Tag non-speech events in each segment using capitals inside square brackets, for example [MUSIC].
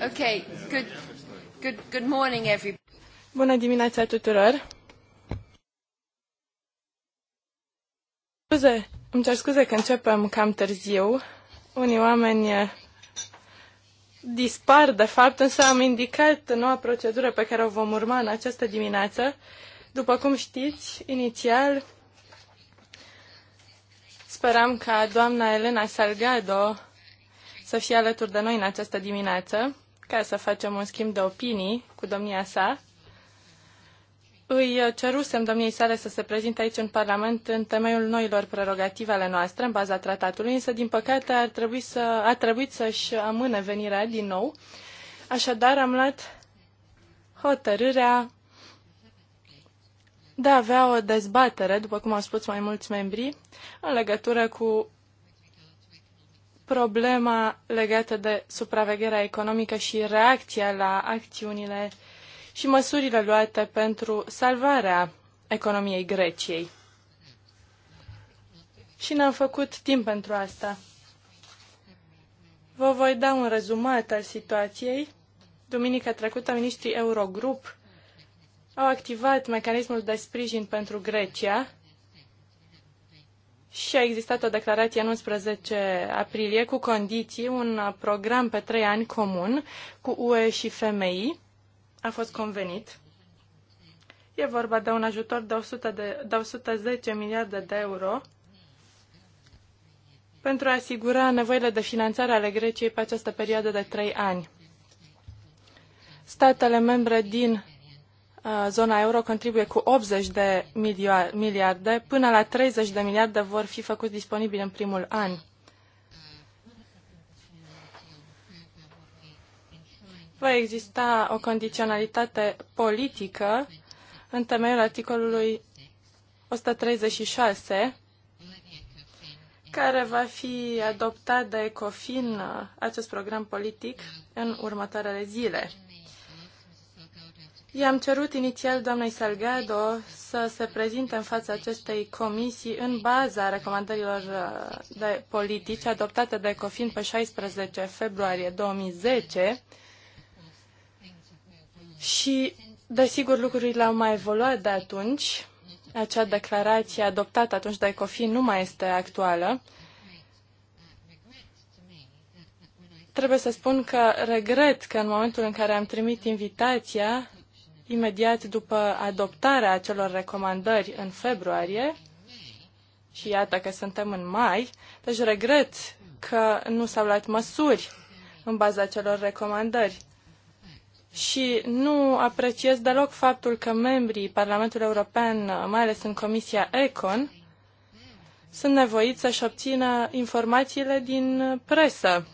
Okay, good, good, good morning everybody. Bună dimineața tuturor. Scuze, îmi cer scuze că începem cam târziu. Unii oameni eh, dispar, de fapt, însă am indicat noua procedură pe care o vom urma în această dimineață. După cum știți, inițial speram ca doamna Elena Salgado să fie alături de noi în această dimineață ca să facem un schimb de opinii cu domnia sa. Îi cerusem domniei sale să se prezinte aici în Parlament în temeiul noilor prerogative ale noastre, în baza tratatului, însă, din păcate, ar trebui să, a trebuit să-și amâne venirea din nou. Așadar, am luat hotărârea de a avea o dezbatere, după cum au spus mai mulți membri, în legătură cu problema legată de supravegherea economică și reacția la acțiunile și măsurile luate pentru salvarea economiei Greciei. Și ne-am făcut timp pentru asta. Vă voi da un rezumat al situației. Duminica trecută, ministrii Eurogrup au activat mecanismul de sprijin pentru Grecia, și a existat o declarație în 11 aprilie cu condiții, un program pe trei ani comun cu UE și FMI a fost convenit. E vorba de un ajutor de, 100 de, de 110 miliarde de euro pentru a asigura nevoile de finanțare ale Greciei pe această perioadă de trei ani. Statele membre din Uh, zona euro contribuie cu 80 de miliarde, până la 30 de miliarde vor fi făcuți disponibili în primul an. Va exista o condiționalitate politică în temeiul articolului 136, care va fi adoptat de ECOFIN, uh, acest program politic, în următoarele zile. I-am cerut inițial doamnei Salgado să se prezinte în fața acestei comisii în baza recomandărilor uh, de politici adoptate de COFIN pe 16 februarie 2010 și, desigur, lucrurile au mai evoluat de atunci. Acea declarație adoptată atunci de COFIN nu mai este actuală. Trebuie să spun că regret că în momentul în care am trimit invitația, imediat după adoptarea acelor recomandări în februarie, și iată că suntem în mai, deci regret că nu s-au luat măsuri în baza acelor recomandări. Și nu apreciez deloc faptul că membrii Parlamentului European, mai ales în Comisia ECON, sunt nevoiți să-și obțină informațiile din presă.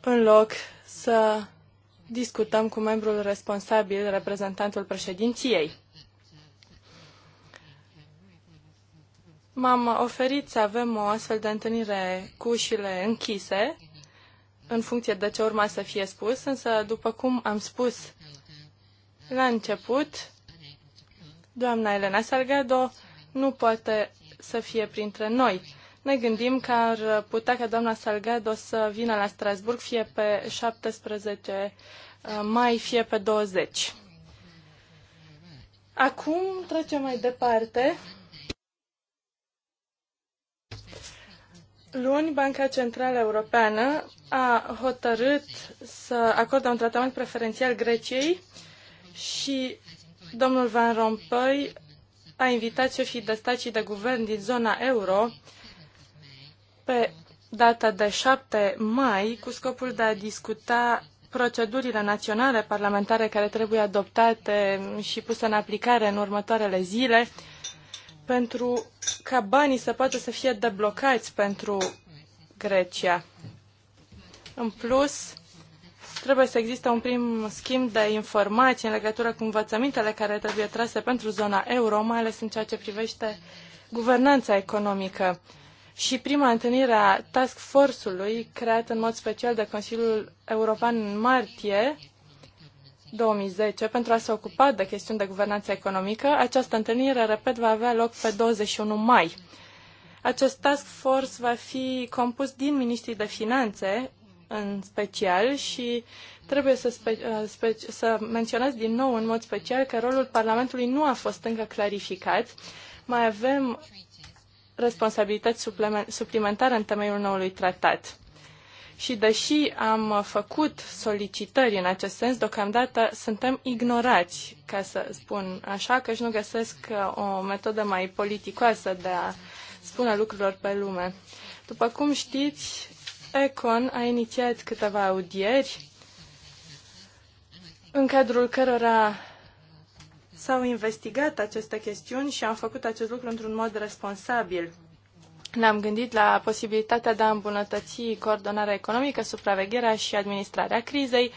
În loc să discutăm cu membrul responsabil, reprezentantul președinției. M-am oferit să avem o astfel de întâlnire cu ușile închise, în funcție de ce urma să fie spus, însă, după cum am spus la început, doamna Elena Salgado nu poate să fie printre noi ne gândim că ar putea ca doamna Salgado să vină la Strasburg fie pe 17 uh, mai, fie pe 20. Acum trecem mai departe. Luni, Banca Centrală Europeană a hotărât să acorde un tratament preferențial Greciei și domnul Van Rompuy a invitat șefii de stat și de guvern din zona euro pe data de 7 mai cu scopul de a discuta procedurile naționale parlamentare care trebuie adoptate și puse în aplicare în următoarele zile pentru ca banii să poată să fie deblocați pentru Grecia. În plus, trebuie să existe un prim schimb de informații în legătură cu învățămintele care trebuie trase pentru zona euro, mai ales în ceea ce privește guvernanța economică și prima întâlnire a Task Force-ului, creat în mod special de Consiliul European în martie 2010 pentru a se ocupa de chestiuni de guvernanță economică. Această întâlnire, repet, va avea loc pe 21 mai. Acest task force va fi compus din miniștrii de finanțe, în special, și trebuie să, spe- uh, spe- să menționez din nou în mod special că rolul Parlamentului nu a fost încă clarificat. Mai avem responsabilități suplimentare în temeiul noului tratat. Și deși am făcut solicitări în acest sens, deocamdată suntem ignorați, ca să spun așa, că și nu găsesc uh, o metodă mai politicoasă de a spune lucrurilor pe lume. După cum știți, Econ a inițiat câteva audieri în cadrul cărora s-au investigat aceste chestiuni și am făcut acest lucru într-un mod responsabil. Ne-am gândit la posibilitatea de a îmbunătăți coordonarea economică, supravegherea și administrarea crizei,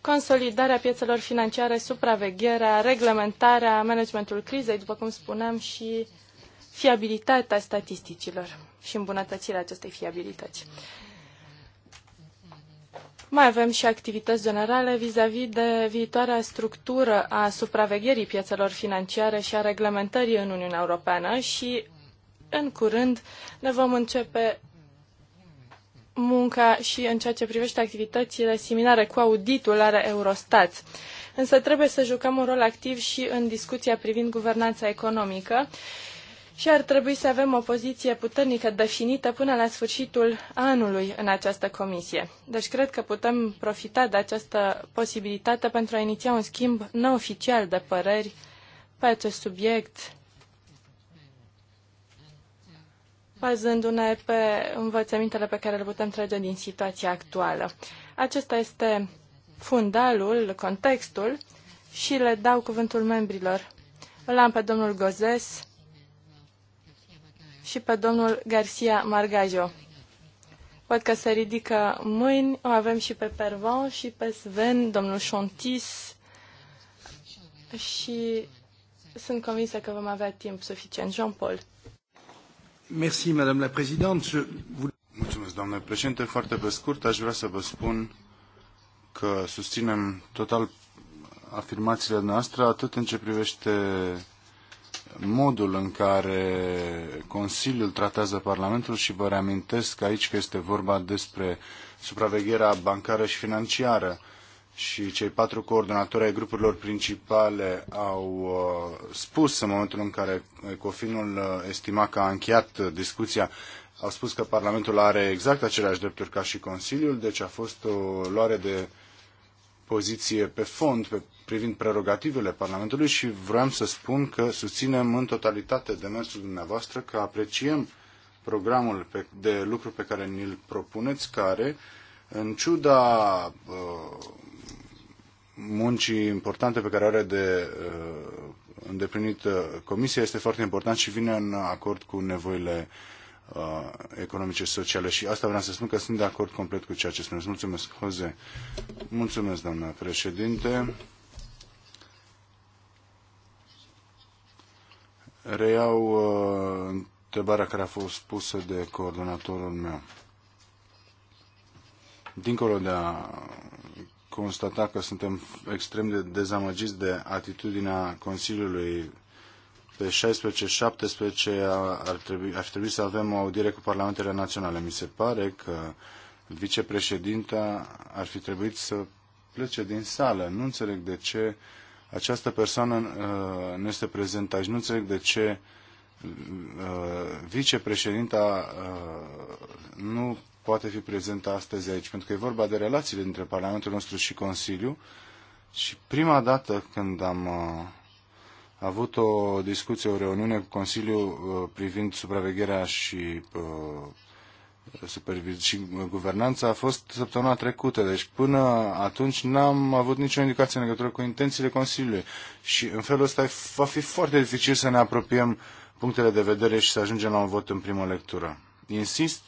consolidarea piețelor financiare, supravegherea, reglementarea, managementul crizei, după cum spuneam, și fiabilitatea statisticilor și îmbunătățirea acestei fiabilități. Mai avem și activități generale vis-a-vis de viitoarea structură a supravegherii piețelor financiare și a reglementării în Uniunea Europeană și în curând ne vom începe munca și în ceea ce privește activitățile similare cu auditul are Eurostat. Însă trebuie să jucăm un rol activ și în discuția privind guvernanța economică și ar trebui să avem o poziție puternică definită până la sfârșitul anului în această comisie. Deci cred că putem profita de această posibilitate pentru a iniția un schimb neoficial de păreri pe acest subiect, bazându-ne pe învățămintele pe care le putem trage din situația actuală. Acesta este fundalul, contextul și le dau cuvântul membrilor. Îl am pe domnul Gozes, și pe domnul Garcia Margajo. Văd că se ridică mâini, o avem și pe Pervan și pe Sven, domnul Șontis și sunt convinsă că vom avea timp suficient. Jean-Paul. Merci, Madame la Présidente. Mulțumesc, doamnă președinte. Foarte pe scurt, aș vrea să vă spun că susținem total afirmațiile noastre, atât în ce privește modul în care Consiliul tratează Parlamentul și vă reamintesc aici că este vorba despre supravegherea bancară și financiară și cei patru coordonatori ai grupurilor principale au uh, spus în momentul în care Cofinul uh, estima că a încheiat uh, discuția, au spus că Parlamentul are exact aceleași drepturi ca și Consiliul, deci a fost o luare de poziție pe fond, pe privind prerogativele Parlamentului și vreau să spun că susținem în totalitate demersul dumneavoastră, că apreciem programul de lucru pe care ni-l propuneți, care, în ciuda uh, muncii importante pe care are de uh, îndeplinit uh, Comisia, este foarte important și vine în acord cu nevoile uh, economice și sociale. Și asta vreau să spun că sunt de acord complet cu ceea ce spuneți. Mulțumesc, Jose. Mulțumesc, doamna președinte. Reiau uh, întrebarea care a fost pusă de coordonatorul meu. Dincolo de a constata că suntem extrem de dezamăgiți de atitudinea Consiliului pe 16-17 ar trebui, ar trebui să avem o audiere cu parlamentele naționale. Mi se pare că vicepreședinta ar fi trebuit să plece din sală. Nu înțeleg de ce această persoană uh, nu este prezentă aici. Nu înțeleg de ce uh, vicepreședinta uh, nu poate fi prezentă astăzi aici, pentru că e vorba de relațiile dintre Parlamentul nostru și Consiliu. Și prima dată când am avut o discuție, o reuniune cu Consiliu privind supravegherea și și uh, guvernanța a fost săptămâna trecută, deci până atunci n-am avut nicio indicație în legătură cu intențiile Consiliului și în felul ăsta va fi foarte dificil să ne apropiem punctele de vedere și să ajungem la un vot în primă lectură. Insist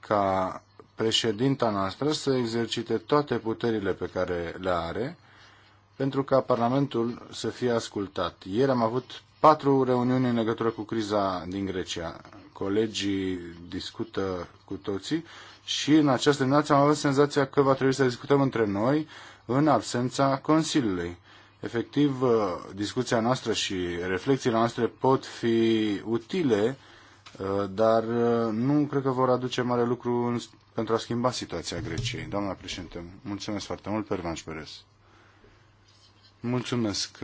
ca președinta noastră să exercite toate puterile pe care le are pentru ca Parlamentul să fie ascultat. Ieri am avut patru reuniuni în legătură cu criza din Grecia. Colegii discută cu toții și în această dimineață am avut senzația că va trebui să discutăm între noi în absența Consiliului. Efectiv, uh, discuția noastră și reflexiile noastre pot fi utile, uh, dar uh, nu cred că vor aduce mare lucru pentru a schimba situația Greciei. Doamna președinte, mulțumesc foarte mult, Pervan Perez. Mulțumesc,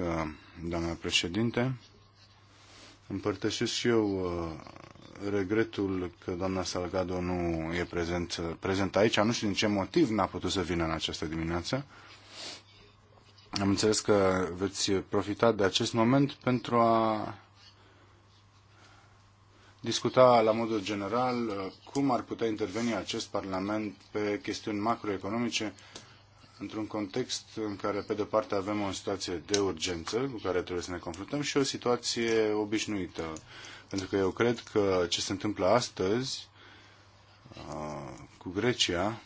doamna președinte. Împărtășesc și eu uh, regretul că doamna Salgado nu e prezent, prezent aici. Nu știu din ce motiv n-a putut să vină în această dimineață. Am înțeles că veți profita de acest moment pentru a discuta la modul general uh, cum ar putea interveni acest Parlament pe chestiuni macroeconomice într-un context în care, pe de parte, avem o situație de urgență cu care trebuie să ne confruntăm și o situație obișnuită. Pentru că eu cred că ce se întâmplă astăzi uh, cu Grecia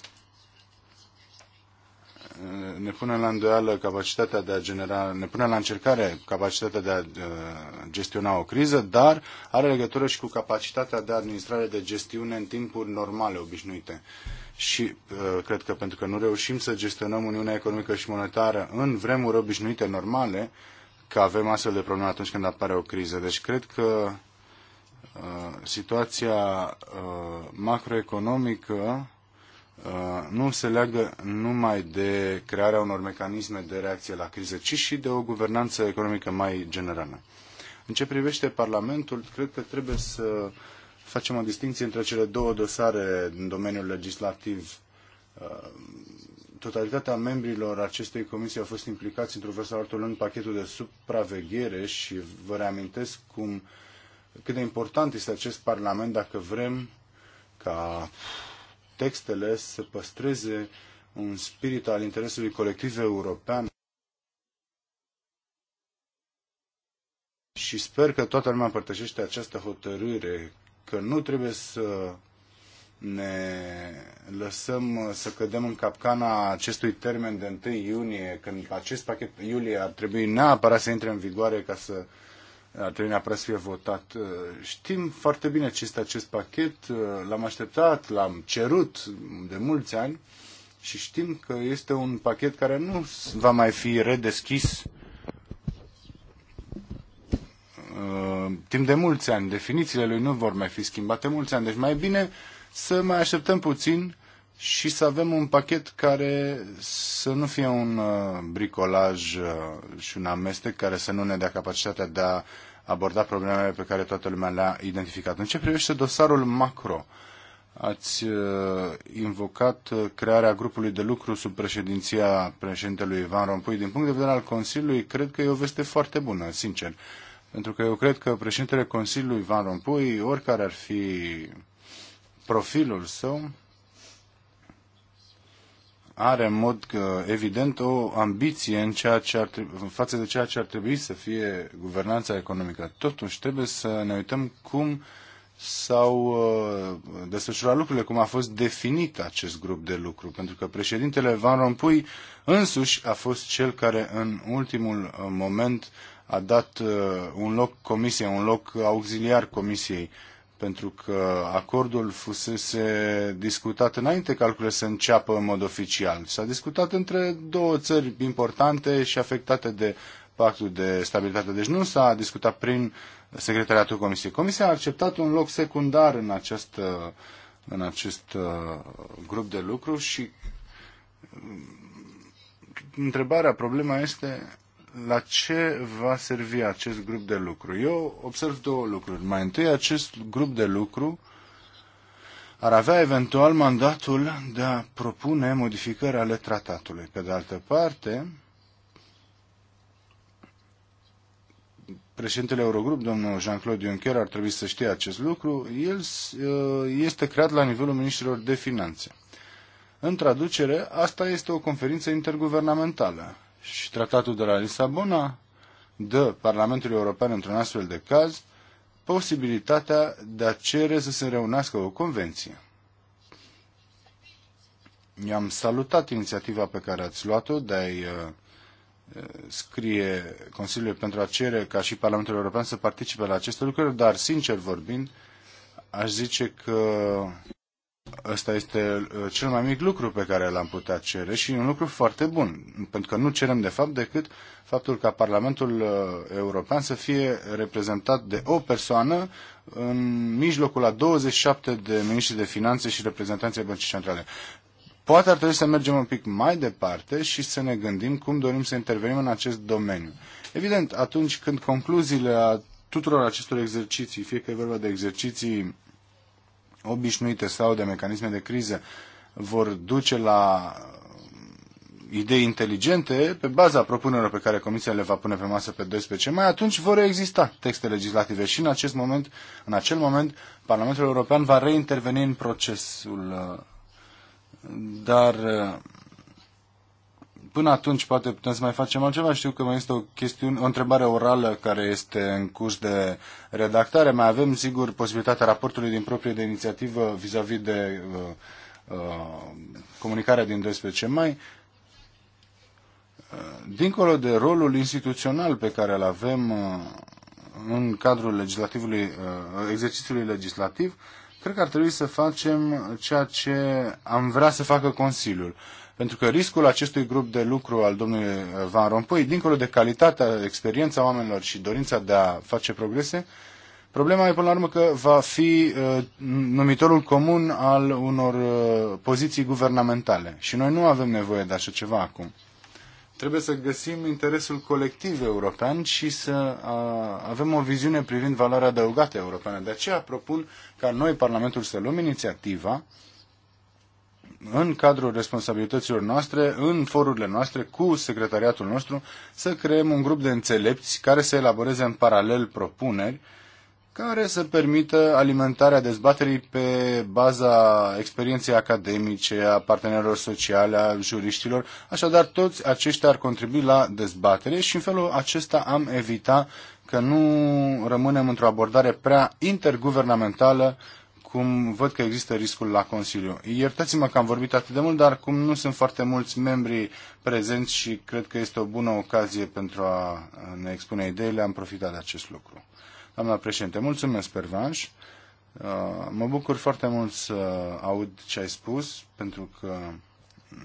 ne pune la îndoială capacitatea de a genera, ne pune la încercare capacitatea de a uh, gestiona o criză, dar are legătură și cu capacitatea de administrare de gestiune în timpuri normale, obișnuite. Și uh, cred că pentru că nu reușim să gestionăm Uniunea Economică și Monetară în vremuri obișnuite normale, că avem astfel de probleme atunci când apare o criză. Deci cred că uh, situația macroeconomică Uh, nu se leagă numai de crearea unor mecanisme de reacție la criză, ci și de o guvernanță economică mai generală. În ce privește Parlamentul, cred că trebuie să facem o distinție între cele două dosare în domeniul legislativ. Uh, totalitatea membrilor acestei comisii au fost implicați într-un fel sau altul în pachetul de supraveghere și vă reamintesc cum, cât de important este acest Parlament dacă vrem ca textele să păstreze un spirit al interesului colectiv european și sper că toată lumea împărtășește această hotărâre că nu trebuie să ne lăsăm să cădem în capcana acestui termen de 1 iunie, când acest pachet iulie ar trebui neapărat să intre în vigoare ca să ar trebui neapărat să fie votat. Uh, știm foarte bine ce este acest pachet, uh, l-am așteptat, l-am cerut de mulți ani și știm că este un pachet care nu va mai fi redeschis uh, timp de mulți ani. Definițiile lui nu vor mai fi schimbate mulți ani, deci mai bine să mai așteptăm puțin și să avem un pachet care să nu fie un uh, bricolaj uh, și un amestec care să nu ne dea capacitatea de a aborda problemele pe care toată lumea le-a identificat. În ce privește dosarul macro, ați uh, invocat crearea grupului de lucru sub președinția președintelui Ivan Rompuy. Din punct de vedere al Consiliului, cred că e o veste foarte bună, sincer. Pentru că eu cred că președintele Consiliului Ivan Rompuy, oricare ar fi profilul său, are în mod uh, evident o ambiție în ceea ce ar trebui, față de ceea ce ar trebui să fie guvernanța economică. Totuși trebuie să ne uităm cum s-au uh, desfășurat lucrurile, cum a fost definit acest grup de lucru. Pentru că președintele Van Rompuy însuși a fost cel care în ultimul uh, moment a dat un loc comisiei, un loc auxiliar comisiei pentru că acordul fusese discutat înainte ca lucrurile să înceapă în mod oficial. S-a discutat între două țări importante și afectate de pactul de stabilitate. Deci nu s-a discutat prin secretariatul Comisiei. Comisia a acceptat un loc secundar în acest, în acest uh, grup de lucru și mm, întrebarea, problema este la ce va servi acest grup de lucru? Eu observ două lucruri. Mai întâi, acest grup de lucru ar avea eventual mandatul de a propune modificări ale tratatului. Pe de altă parte, președintele Eurogrup, domnul Jean-Claude Juncker, ar trebui să știe acest lucru. El uh, este creat la nivelul ministrilor de finanțe. În traducere, asta este o conferință interguvernamentală. Și tratatul de la Lisabona dă Parlamentului European într-un astfel de caz posibilitatea de a cere să se reunească o convenție. I-am salutat inițiativa pe care ați luat-o de a uh, uh, scrie Consiliului pentru a cere ca și Parlamentul European să participe la aceste lucruri, dar, sincer vorbind, aș zice că Ăsta este uh, cel mai mic lucru pe care l-am putea cere și un lucru foarte bun, pentru că nu cerem de fapt decât faptul ca Parlamentul uh, European să fie reprezentat de o persoană în mijlocul a 27 de miniștri de finanțe și reprezentanții băncii centrale. Poate ar trebui să mergem un pic mai departe și să ne gândim cum dorim să intervenim în acest domeniu. Evident, atunci când concluziile a tuturor acestor exerciții, fie că e vorba de exerciții obișnuite sau de mecanisme de criză vor duce la uh, idei inteligente pe baza propunerilor pe care Comisia le va pune pe masă pe 12 mai, atunci vor exista texte legislative și în acest moment, în acel moment, Parlamentul European va reinterveni în procesul. Uh, dar uh, Până atunci poate putem să mai facem altceva. Știu că mai este o, chestiune, o întrebare orală care este în curs de redactare. Mai avem, sigur, posibilitatea raportului din proprie de inițiativă vis-a-vis -vis de uh, uh, comunicarea din 12 mai. Uh, dincolo de rolul instituțional pe care îl avem uh, în cadrul legislativului, uh, exercițiului legislativ, cred că ar trebui să facem ceea ce am vrea să facă Consiliul. Uh, pentru că riscul acestui grup de lucru al domnului Van Rompuy, dincolo de calitatea, experiența oamenilor și dorința de a face progrese, problema e până la urmă că va fi uh, numitorul comun al unor uh, poziții guvernamentale. Și noi nu avem nevoie de așa ceva acum. Trebuie să găsim interesul colectiv european și să uh, avem o viziune privind valoarea adăugată europeană. De aceea propun ca noi, Parlamentul, să luăm inițiativa uh, în cadrul responsabilităților noastre, în forurile noastre, cu secretariatul nostru, să creăm un grup de înțelepți care să elaboreze în paralel propuneri care să permită alimentarea dezbaterii pe baza experienței academice, a partenerilor sociale, a juriștilor. Așadar, toți aceștia ar contribui la dezbatere și în felul acesta am evita că nu rămânem într-o abordare prea interguvernamentală cum văd că există riscul la Consiliu. Iertați-mă că am vorbit atât de mult, dar cum nu sunt foarte mulți membri prezenți și cred că este o bună ocazie pentru a ne expune ideile, am profitat de acest lucru. Doamna președinte, mulțumesc, Pervanș. Uh, mă bucur foarte mult să aud ce ai spus, pentru că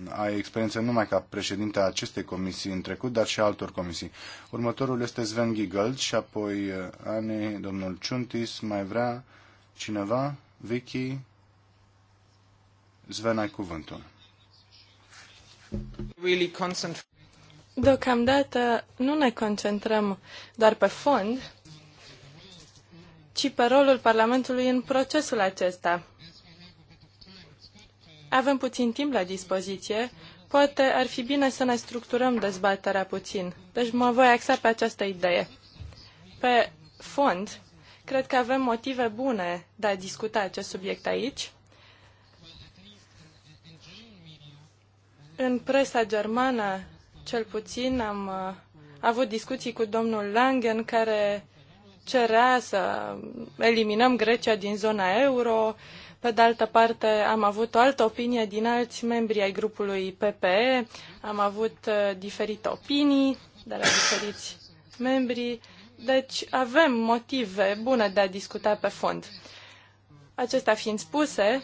ai experiență numai ca președinte a acestei comisii în trecut, dar și a altor comisii. Următorul este Sven Giegold și apoi uh, Ani, domnul Ciuntis, mai vrea cineva? Vicky, zvenai cuvântul. Really Deocamdată nu ne concentrăm doar pe fond, ci pe rolul Parlamentului în procesul acesta. Avem puțin timp la dispoziție, poate ar fi bine să ne structurăm dezbaterea puțin. Deci mă voi axa pe această idee. Pe fond, Cred că avem motive bune de a discuta acest subiect aici. În presa germană, cel puțin, am uh, avut discuții cu domnul Langen, care cerea să eliminăm Grecia din zona euro. Pe de altă parte, am avut o altă opinie din alți membri ai grupului PPE, am avut uh, diferite opinii de la diferiți membri deci avem motive bune de a discuta pe fond. Acestea fiind spuse,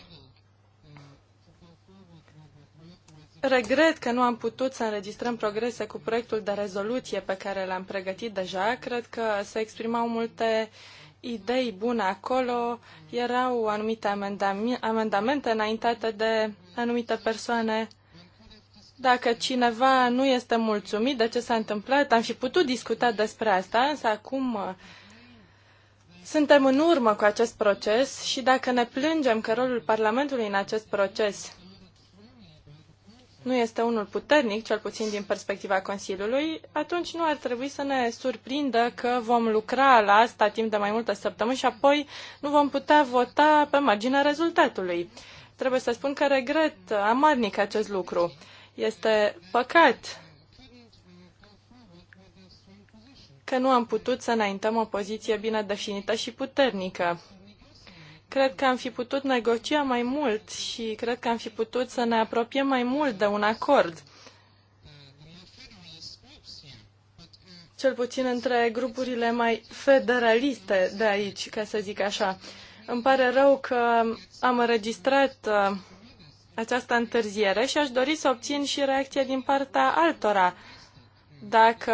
regret că nu am putut să înregistrăm progrese cu proiectul de rezoluție pe care l-am pregătit deja. Cred că se exprimau multe idei bune acolo. Erau anumite amendamente înaintate de anumite persoane dacă cineva nu este mulțumit de ce s-a întâmplat, am fi putut discuta despre asta, însă acum uh, suntem în urmă cu acest proces și dacă ne plângem că rolul Parlamentului în acest proces nu este unul puternic, cel puțin din perspectiva Consiliului, atunci nu ar trebui să ne surprindă că vom lucra la asta timp de mai multe săptămâni și apoi nu vom putea vota pe marginea rezultatului. Trebuie să spun că regret amarnic acest lucru. Este păcat că nu am putut să înaintăm o poziție bine definită și puternică. Cred că am fi putut negocia mai mult și cred că am fi putut să ne apropiem mai mult de un acord. Cel puțin între grupurile mai federaliste de aici, ca să zic așa. Îmi pare rău că am înregistrat uh, această întârziere și aș dori să obțin și reacție din partea altora. Dacă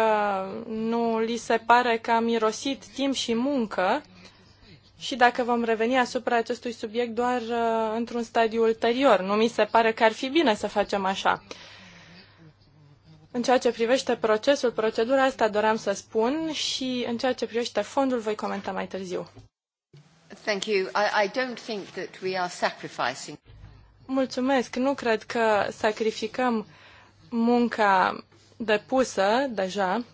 nu li se pare că am irosit timp și muncă și dacă vom reveni asupra acestui subiect doar uh, într-un stadiu ulterior, nu mi se pare că ar fi bine să facem așa. În ceea ce privește procesul, procedura asta doream să spun și în ceea ce privește fondul voi comenta mai târziu. Thank you. I, I don't think that we are sacrificing. Mulțumesc. Nu cred că sacrificăm munca depusă deja.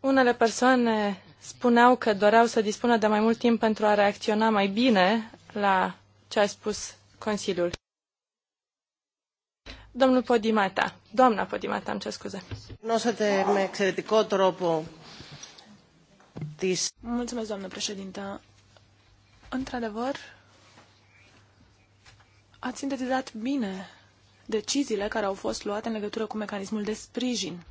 Unele persoane spuneau că doreau să dispună de mai mult timp pentru a reacționa mai bine la ce a spus Consiliul. Domnul Podimata, doamna Podimata, îmi ce scuze. Mulțumesc, doamnă președintă. Într-adevăr, ați sintetizat bine deciziile care au fost luate în legătură cu mecanismul de sprijin.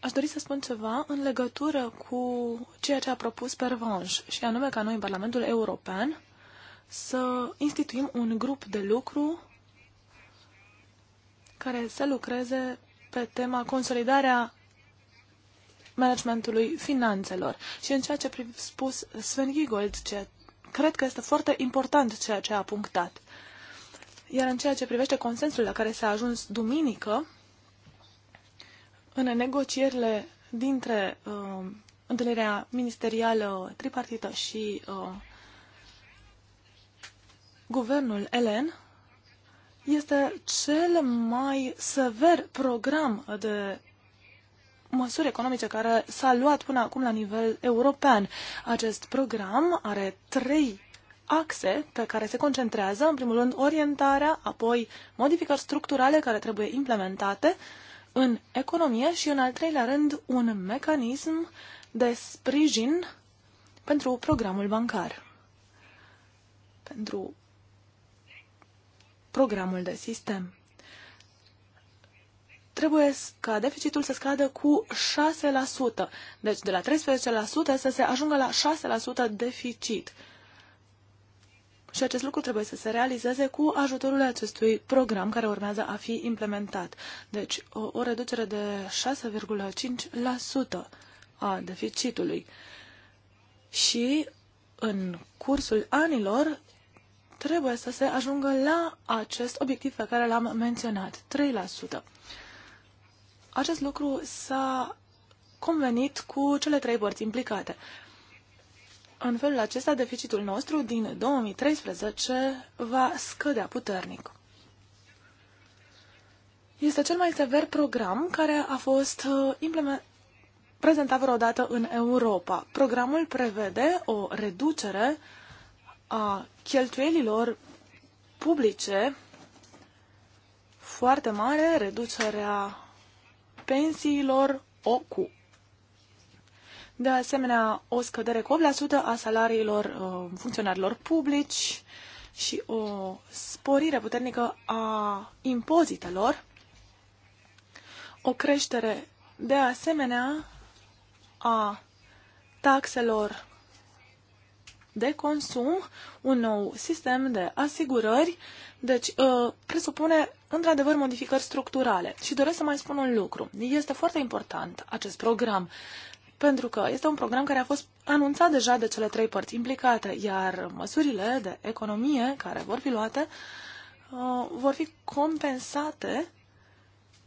Aș dori să spun ceva în legătură cu ceea ce a propus Pervanj, și anume ca noi în Parlamentul European să instituim un grup de lucru care să lucreze pe tema consolidarea managementului finanțelor. Și în ceea ce a spus Sven Giegold, ce cred că este foarte important ceea ce a punctat. Iar în ceea ce privește consensul la care s-a ajuns duminică, în negocierile dintre uh, întâlnirea ministerială tripartită și uh, guvernul Elen, este cel mai sever program de măsuri economice care s-a luat până acum la nivel european. Acest program are trei axe pe care se concentrează, în primul rând, orientarea, apoi modificări structurale care trebuie implementate în economie și, în al treilea rând, un mecanism de sprijin pentru programul bancar, pentru programul de sistem trebuie ca deficitul să scadă cu 6%. Deci de la 13% să se ajungă la 6% deficit. Și acest lucru trebuie să se realizeze cu ajutorul acestui program care urmează a fi implementat. Deci o, o reducere de 6,5% a deficitului. Și în cursul anilor trebuie să se ajungă la acest obiectiv pe care l-am menționat, 3% acest lucru s-a convenit cu cele trei părți implicate. În felul acesta, deficitul nostru din 2013 va scădea puternic. Este cel mai sever program care a fost uh, implementat prezentat vreodată în Europa. Programul prevede o reducere a cheltuielilor publice foarte mare, reducerea pensiilor o cu. De asemenea, o scădere cu 8% a salariilor uh, funcționarilor publici și o sporire puternică a impozitelor, o creștere de asemenea a taxelor de consum, un nou sistem de asigurări, deci uh, presupune într-adevăr, modificări structurale. Și doresc să mai spun un lucru. Este foarte important acest program, pentru că este un program care a fost anunțat deja de cele trei părți implicate, iar măsurile de economie care vor fi luate uh, vor fi compensate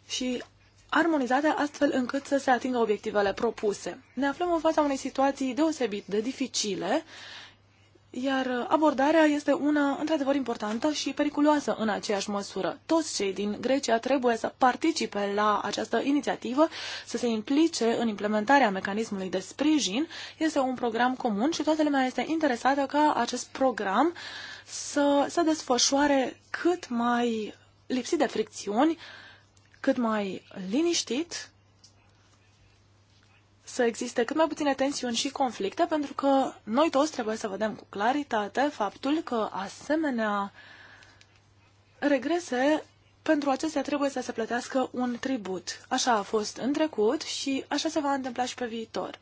și armonizate astfel încât să se atingă obiectivele propuse. Ne aflăm în fața unei situații deosebit de dificile iar uh, abordarea este una într-adevăr importantă și periculoasă în aceeași măsură. Toți cei din Grecia trebuie să participe la această inițiativă, să se implice în implementarea mecanismului de sprijin. Este un program comun și toată lumea este interesată ca acest program să se desfășoare cât mai lipsit de fricțiuni, cât mai liniștit să existe cât mai puține tensiuni și conflicte, pentru că noi toți trebuie să vedem cu claritate faptul că asemenea regrese pentru acestea trebuie să se plătească un tribut. Așa a fost în trecut și așa se va întâmpla și pe viitor.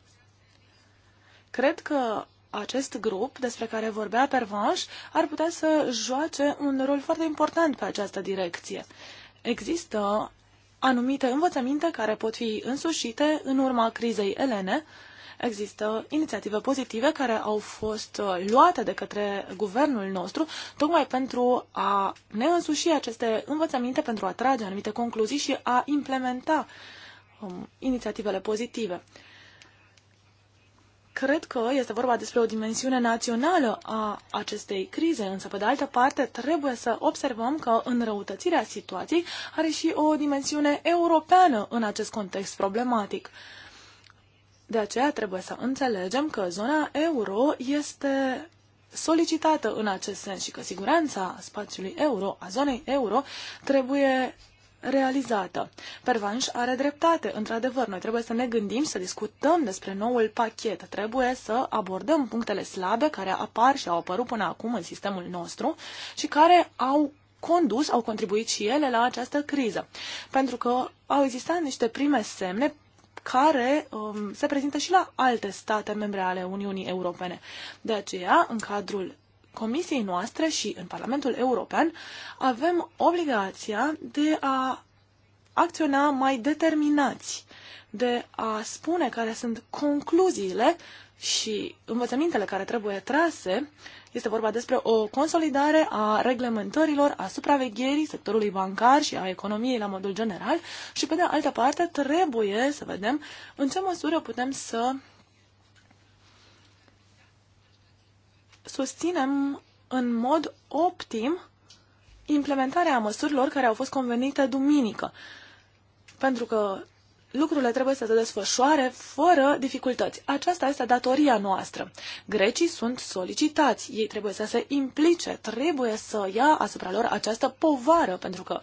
Cred că acest grup despre care vorbea Pervanș ar putea să joace un rol foarte important pe această direcție. Există anumite învățăminte care pot fi însușite în urma crizei elene. Există inițiative pozitive care au fost uh, luate de către guvernul nostru tocmai pentru a ne însuși aceste învățăminte, pentru a trage anumite concluzii și a implementa um, inițiativele pozitive. Cred că este vorba despre o dimensiune națională a acestei crize, însă, pe de altă parte, trebuie să observăm că înrăutățirea situației are și o dimensiune europeană în acest context problematic. De aceea trebuie să înțelegem că zona euro este solicitată în acest sens și că siguranța spațiului euro, a zonei euro, trebuie realizată. Pervanș are dreptate, într-adevăr, noi trebuie să ne gândim să discutăm despre noul pachet, trebuie să abordăm punctele slabe care apar și au apărut până acum în sistemul nostru și care au condus, au contribuit și ele la această criză. Pentru că au existat niște prime semne care um, se prezintă și la alte state membre ale Uniunii Europene. De aceea, în cadrul comisiei noastre și în Parlamentul European avem obligația de a acționa mai determinați, de a spune care sunt concluziile și învățămintele care trebuie trase. Este vorba despre o consolidare a reglementărilor, a supravegherii sectorului bancar și a economiei la modul general și, pe de altă parte, trebuie să vedem în ce măsură putem să susținem în mod optim implementarea măsurilor care au fost convenite duminică. Pentru că lucrurile trebuie să se desfășoare fără dificultăți. Aceasta este datoria noastră. Grecii sunt solicitați, ei trebuie să se implice, trebuie să ia asupra lor această povară, pentru că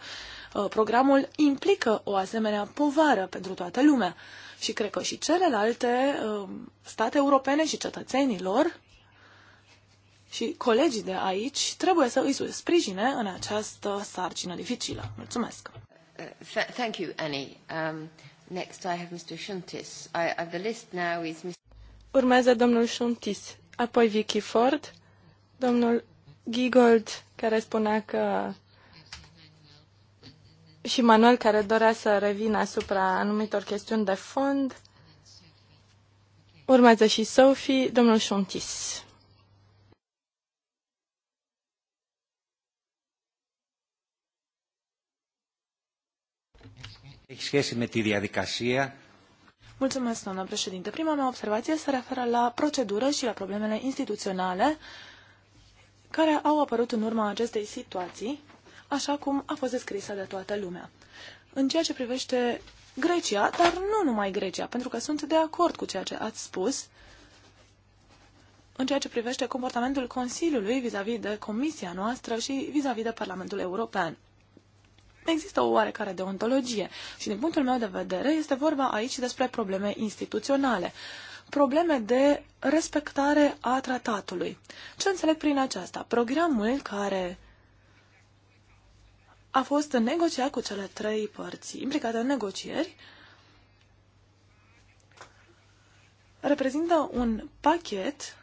uh, programul implică o asemenea povară pentru toată lumea. Și cred că și celelalte uh, state europene și cetățenii lor și colegii de aici trebuie să îi sprijine în această sarcină dificilă. Mulțumesc! Uh, thank you, Annie. Um, next I have Mr. Shuntis. I, uh, the list now is Mr. Urmează domnul Shuntis, apoi Vicky Ford, domnul Gigold, care spunea că și Manuel, care dorea să revină asupra anumitor chestiuni de fond. Urmează și Sophie, domnul Shuntis. Mulțumesc, doamna președinte. Prima mea observație se referă la procedură și la problemele instituționale care au apărut în urma acestei situații, așa cum a fost descrisă de toată lumea. În ceea ce privește Grecia, dar nu numai Grecia, pentru că sunt de acord cu ceea ce ați spus, în ceea ce privește comportamentul Consiliului vis-a-vis -vis de Comisia noastră și vis-a-vis -vis de Parlamentul European. Există o oarecare deontologie și, din punctul meu de vedere, este vorba aici despre probleme instituționale, probleme de respectare a tratatului. Ce înțeleg prin aceasta? Programul care a fost negociat cu cele trei părți implicate în negocieri reprezintă un pachet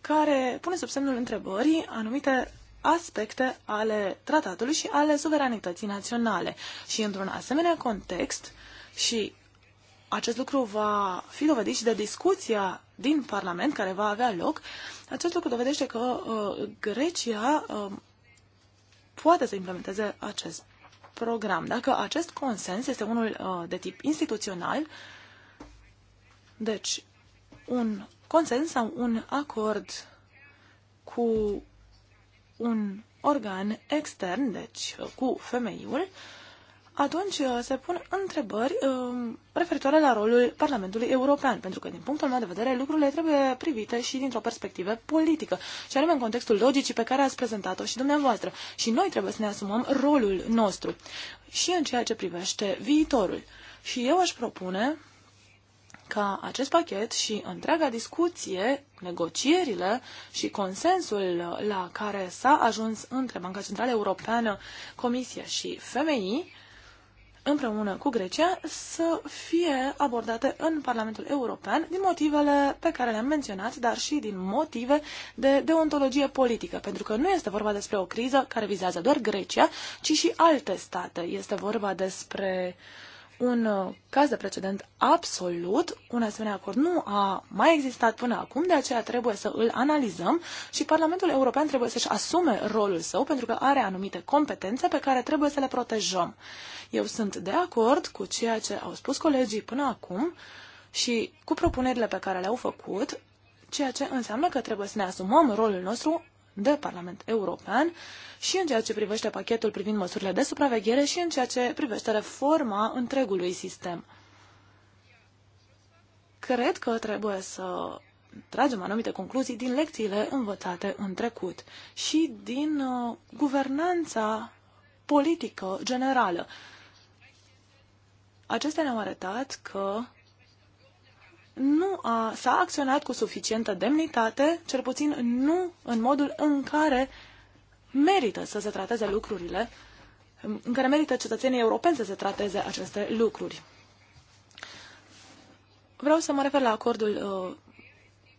care pune sub semnul întrebării anumite aspecte ale tratatului și ale suveranității naționale. Și într-un asemenea context, și acest lucru va fi dovedit și de discuția din Parlament care va avea loc, acest lucru dovedește că uh, Grecia uh, poate să implementeze acest program. Dacă acest consens este unul uh, de tip instituțional, deci un consens sau un acord cu un organ extern, deci cu femeiul, atunci uh, se pun întrebări um, referitoare la rolul Parlamentului European, pentru că, din punctul meu de vedere, lucrurile trebuie privite și dintr-o perspectivă politică, și anume în contextul logicii pe care ați prezentat-o și dumneavoastră. Și noi trebuie să ne asumăm rolul nostru și în ceea ce privește viitorul. Și eu aș propune ca acest pachet și întreaga discuție, negocierile și consensul la care s-a ajuns între Banca Centrală Europeană, Comisia și FMI, împreună cu Grecia, să fie abordate în Parlamentul European din motivele pe care le-am menționat, dar și din motive de deontologie politică, pentru că nu este vorba despre o criză care vizează doar Grecia, ci și alte state. Este vorba despre uh, un uh, caz de precedent absolut, un asemenea acord nu a mai existat până acum, de aceea trebuie să îl analizăm și Parlamentul European trebuie să-și asume rolul său pentru că are anumite competențe pe care trebuie să le protejăm. Eu sunt de acord cu ceea ce au spus colegii până acum și cu propunerile pe care le-au făcut, ceea ce înseamnă că trebuie să ne asumăm rolul nostru de Parlament European și în ceea ce privește pachetul privind măsurile de supraveghere și în ceea ce privește reforma întregului sistem. Cred că trebuie să tragem anumite concluzii din lecțiile învățate în trecut și din uh, guvernanța politică generală. Acestea ne-au arătat că nu a, s-a acționat cu suficientă demnitate, cel puțin nu în modul în care merită să se trateze lucrurile, în care merită cetățenii europeni să se trateze aceste lucruri. Vreau să mă refer la acordul uh,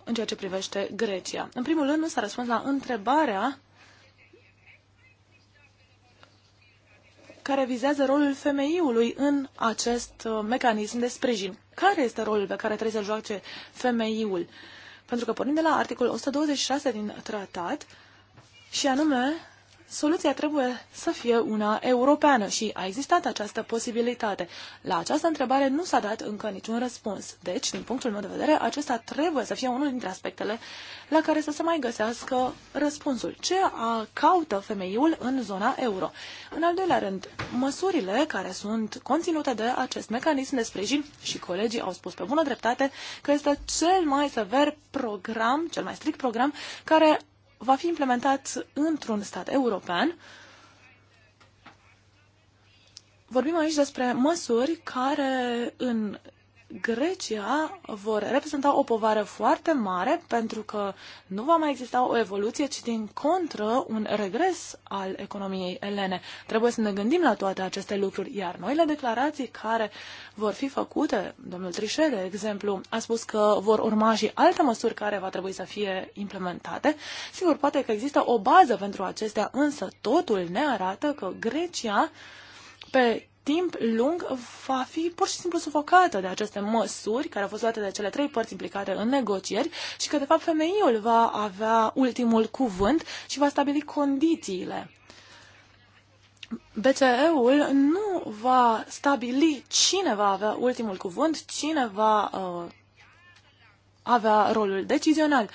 în ceea ce privește Grecia. În primul rând, nu s-a răspuns la întrebarea care vizează rolul femeiului în acest uh, mecanism de sprijin care este rolul pe care trebuie să-l joace femeiul. Pentru că pornind de la articolul 126 din tratat, și anume soluția trebuie să fie una europeană și a existat această posibilitate. La această întrebare nu s-a dat încă niciun răspuns. Deci, din punctul meu de vedere, acesta trebuie să fie unul dintre aspectele la care să se mai găsească răspunsul. Ce a caută femeiul în zona euro? În al doilea rând, măsurile care sunt conținute de acest mecanism de sprijin și colegii au spus pe bună dreptate că este cel mai sever program, cel mai strict program care va fi implementat într-un stat european. Vorbim aici despre măsuri care, în Grecia vor reprezenta o povară foarte mare pentru că nu va mai exista o evoluție, ci din contră un regres al economiei elene. Trebuie să ne gândim la toate aceste lucruri, iar noile declarații care vor fi făcute, domnul Trișel, de exemplu, a spus că vor urma și alte măsuri care va trebui să fie implementate. Sigur, poate că există o bază pentru acestea, însă totul ne arată că Grecia pe timp lung va fi pur și simplu sufocată de aceste măsuri care au fost luate de cele trei părți implicate în negocieri și că, de fapt, femeiul va avea ultimul cuvânt și va stabili condițiile. BCE-ul nu va stabili cine va avea ultimul cuvânt, cine va uh, avea rolul decizional.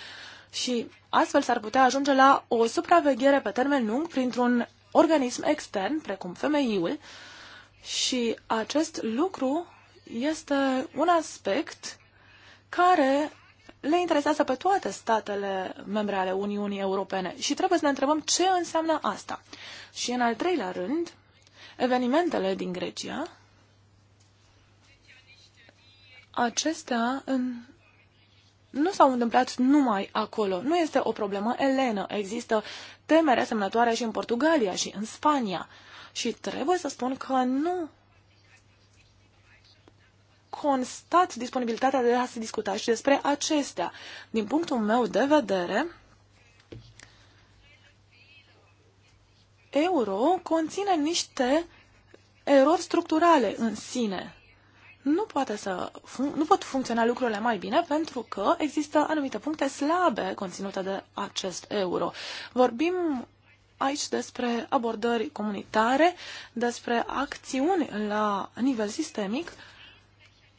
Și astfel s-ar putea ajunge la o supraveghere pe termen lung printr-un organism extern, precum femeiul, uh, și acest lucru este un aspect care le interesează pe toate statele membre ale Uniunii Europene și trebuie să ne întrebăm ce înseamnă asta. Și în al treilea rând, evenimentele din Grecia, acestea în... nu s-au întâmplat numai acolo. Nu este o problemă elenă. Există temere asemănătoare și în Portugalia și în Spania. Și trebuie să spun că nu constat disponibilitatea de a se discuta și despre acestea. Din punctul meu de vedere, euro conține niște erori structurale în sine. Nu, poate să nu pot funcționa lucrurile mai bine pentru că există anumite puncte slabe conținute de acest euro. Vorbim aici despre abordări comunitare, despre acțiuni la nivel sistemic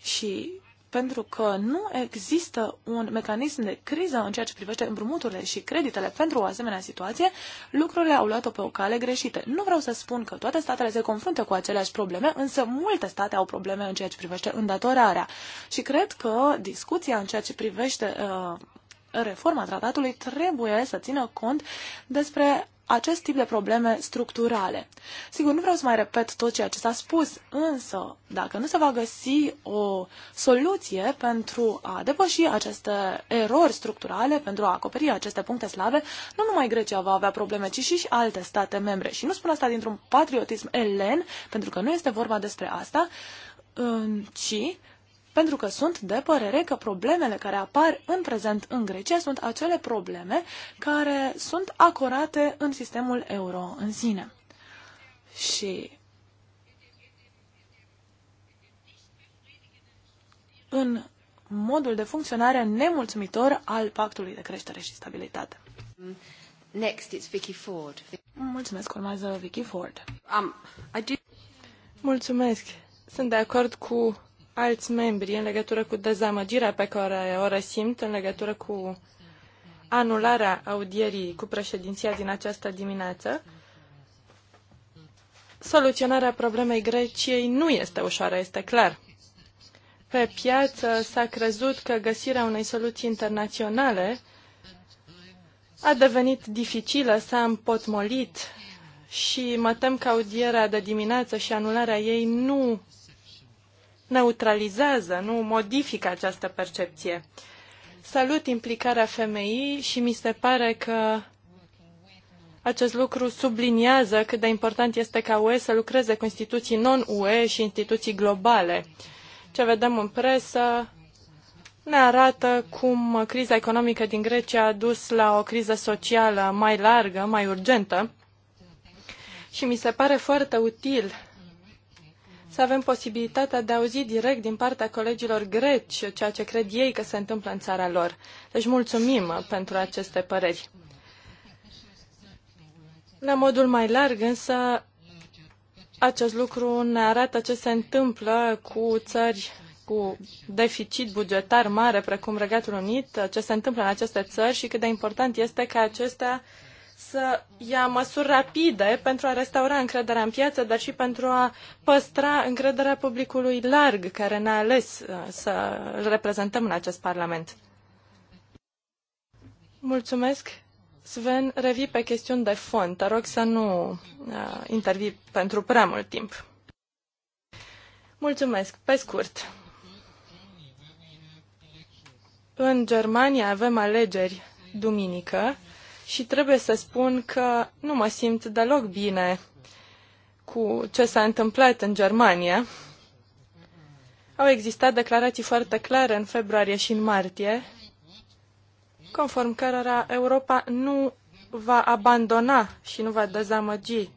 și pentru că nu există un mecanism de criză în ceea ce privește împrumuturile și creditele pentru o asemenea situație, lucrurile au luat-o pe o cale greșită. Nu vreau să spun că toate statele se confruntă cu aceleași probleme, însă multe state au probleme în ceea ce privește îndatorarea. Și cred că discuția în ceea ce privește uh, reforma tratatului trebuie să țină cont despre acest tip de probleme structurale. Sigur, nu vreau să mai repet tot ceea ce s-a spus, însă dacă nu se va găsi o soluție pentru a depăși aceste erori structurale, pentru a acoperi aceste puncte slabe, nu numai Grecia va avea probleme, ci și alte state membre. Și nu spun asta dintr-un patriotism elen, pentru că nu este vorba despre asta, ci pentru că sunt de părere că problemele care apar în prezent în Grecia sunt acele probleme care sunt acorate în sistemul euro în sine. Și în modul de funcționare nemulțumitor al Pactului de Creștere și Stabilitate. Next, it's Vicky Ford. Mulțumesc, urmează Vicky Ford. Um, I do... Mulțumesc. Sunt de acord cu alți membri în legătură cu dezamăgirea pe care o resimt în legătură cu anularea audierii cu președinția din această dimineață. Soluționarea problemei Greciei nu este ușoară, este clar. Pe piață s-a crezut că găsirea unei soluții internaționale a devenit dificilă, s-a împotmolit și mă tem că audierea de dimineață și anularea ei nu neutralizează, nu modifică această percepție. Salut implicarea femeii și mi se pare că acest lucru subliniază cât de important este ca UE să lucreze cu instituții non-UE și instituții globale. Ce vedem în presă ne arată cum criza economică din Grecia a dus la o criză socială mai largă, mai urgentă și mi se pare foarte util să avem posibilitatea de a auzi direct din partea colegilor greci ceea ce cred ei că se întâmplă în țara lor. Deci mulțumim pentru aceste păreri. La modul mai larg, însă, acest lucru ne arată ce se întâmplă cu țări cu deficit bugetar mare, precum Regatul Unit, ce se întâmplă în aceste țări și cât de important este ca acestea să ia măsuri rapide pentru a restaura încrederea în piață, dar și pentru a păstra încrederea publicului larg care ne-a ales uh, să îl reprezentăm în acest Parlament. Mulțumesc. Sven, revii pe chestiuni de fond. Te rog să nu uh, intervii pentru prea mult timp. Mulțumesc. Pe scurt. În Germania avem alegeri duminică și trebuie să spun că nu mă simt deloc bine cu ce s-a întâmplat în Germania. Au existat declarații foarte clare în februarie și în martie, conform cărora Europa nu va abandona și nu va dezamăgi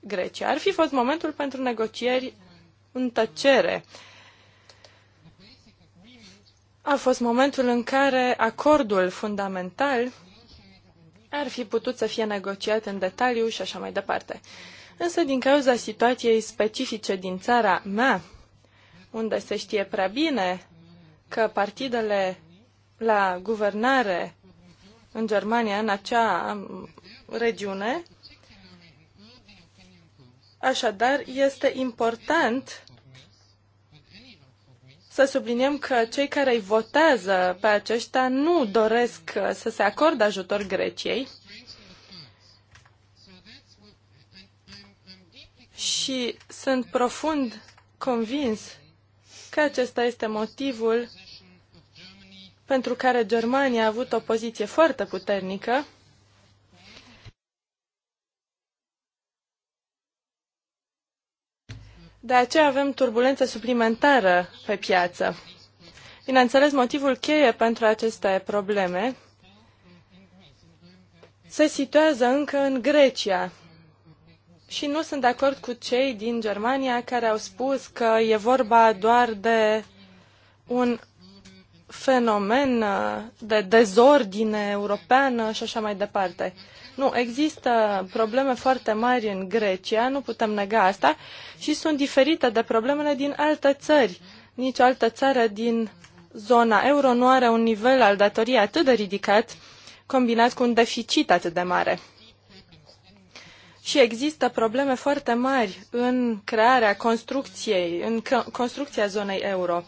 Grecia. Ar fi fost momentul pentru negocieri în tăcere. A fost momentul în care acordul fundamental ar fi putut să fie negociat în detaliu și așa mai departe. Însă, din cauza situației specifice din țara mea, unde se știe prea bine că partidele la guvernare în Germania, în acea regiune, așadar este important să subliniem că cei care îi votează pe aceștia nu doresc uh, să se acorde ajutor Greciei. Și sunt profund convins că acesta este motivul pentru care Germania a avut o poziție foarte puternică De aceea avem turbulență suplimentară pe piață. Bineînțeles, motivul cheie pentru aceste probleme se situează încă în Grecia. Și nu sunt de acord cu cei din Germania care au spus că e vorba doar de un fenomen de dezordine europeană și așa mai departe. Nu, există probleme foarte mari în Grecia, nu putem nega asta, și sunt diferite de problemele din alte țări. Nici altă țară din zona euro nu are un nivel al datoriei atât de ridicat, combinat cu un deficit atât de mare. Și există probleme foarte mari în crearea construcției, în construcția zonei euro.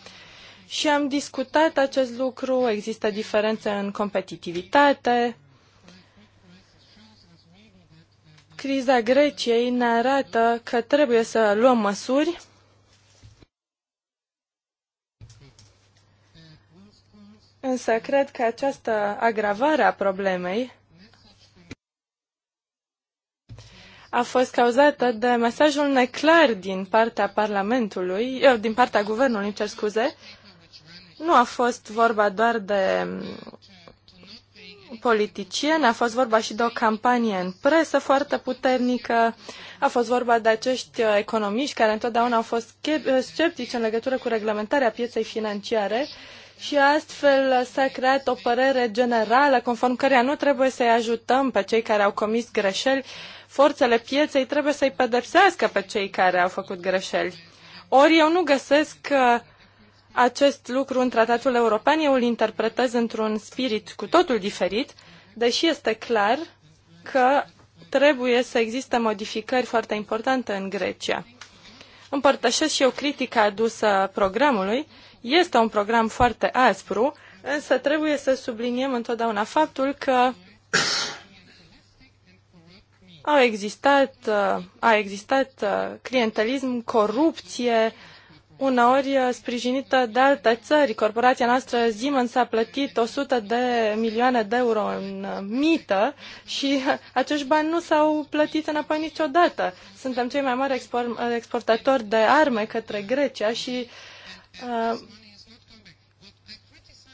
Și am discutat acest lucru, există diferențe în competitivitate, Criza Greciei ne arată că trebuie să luăm măsuri Însă cred că această agravare a problemei a fost cauzată de mesajul neclar din partea Parlamentului, din partea Guvernului, îmi cer scuze. Nu a fost vorba doar de politicieni, a fost vorba și de o campanie în presă foarte puternică, a fost vorba de acești uh, economiști care întotdeauna au fost uh, sceptici în legătură cu reglementarea pieței financiare și astfel s-a creat o părere generală conform căreia nu trebuie să-i ajutăm pe cei care au comis greșeli, forțele pieței trebuie să-i pedepsească pe cei care au făcut greșeli. Ori eu nu găsesc uh, acest lucru în tratatul european, eu îl interpretez într-un spirit cu totul diferit, deși este clar că trebuie să existe modificări foarte importante în Grecia. Împărtășesc și eu critica adusă programului. Este un program foarte aspru, însă trebuie să subliniem întotdeauna faptul că au existat, uh, a existat uh, clientelism, corupție, uneori uh, sprijinită de alte țări. Corporația noastră Siemens a plătit 100 de milioane de euro în uh, mită și uh, acești bani nu s-au plătit înapoi niciodată. Suntem cei mai mari exportatori de arme către Grecia și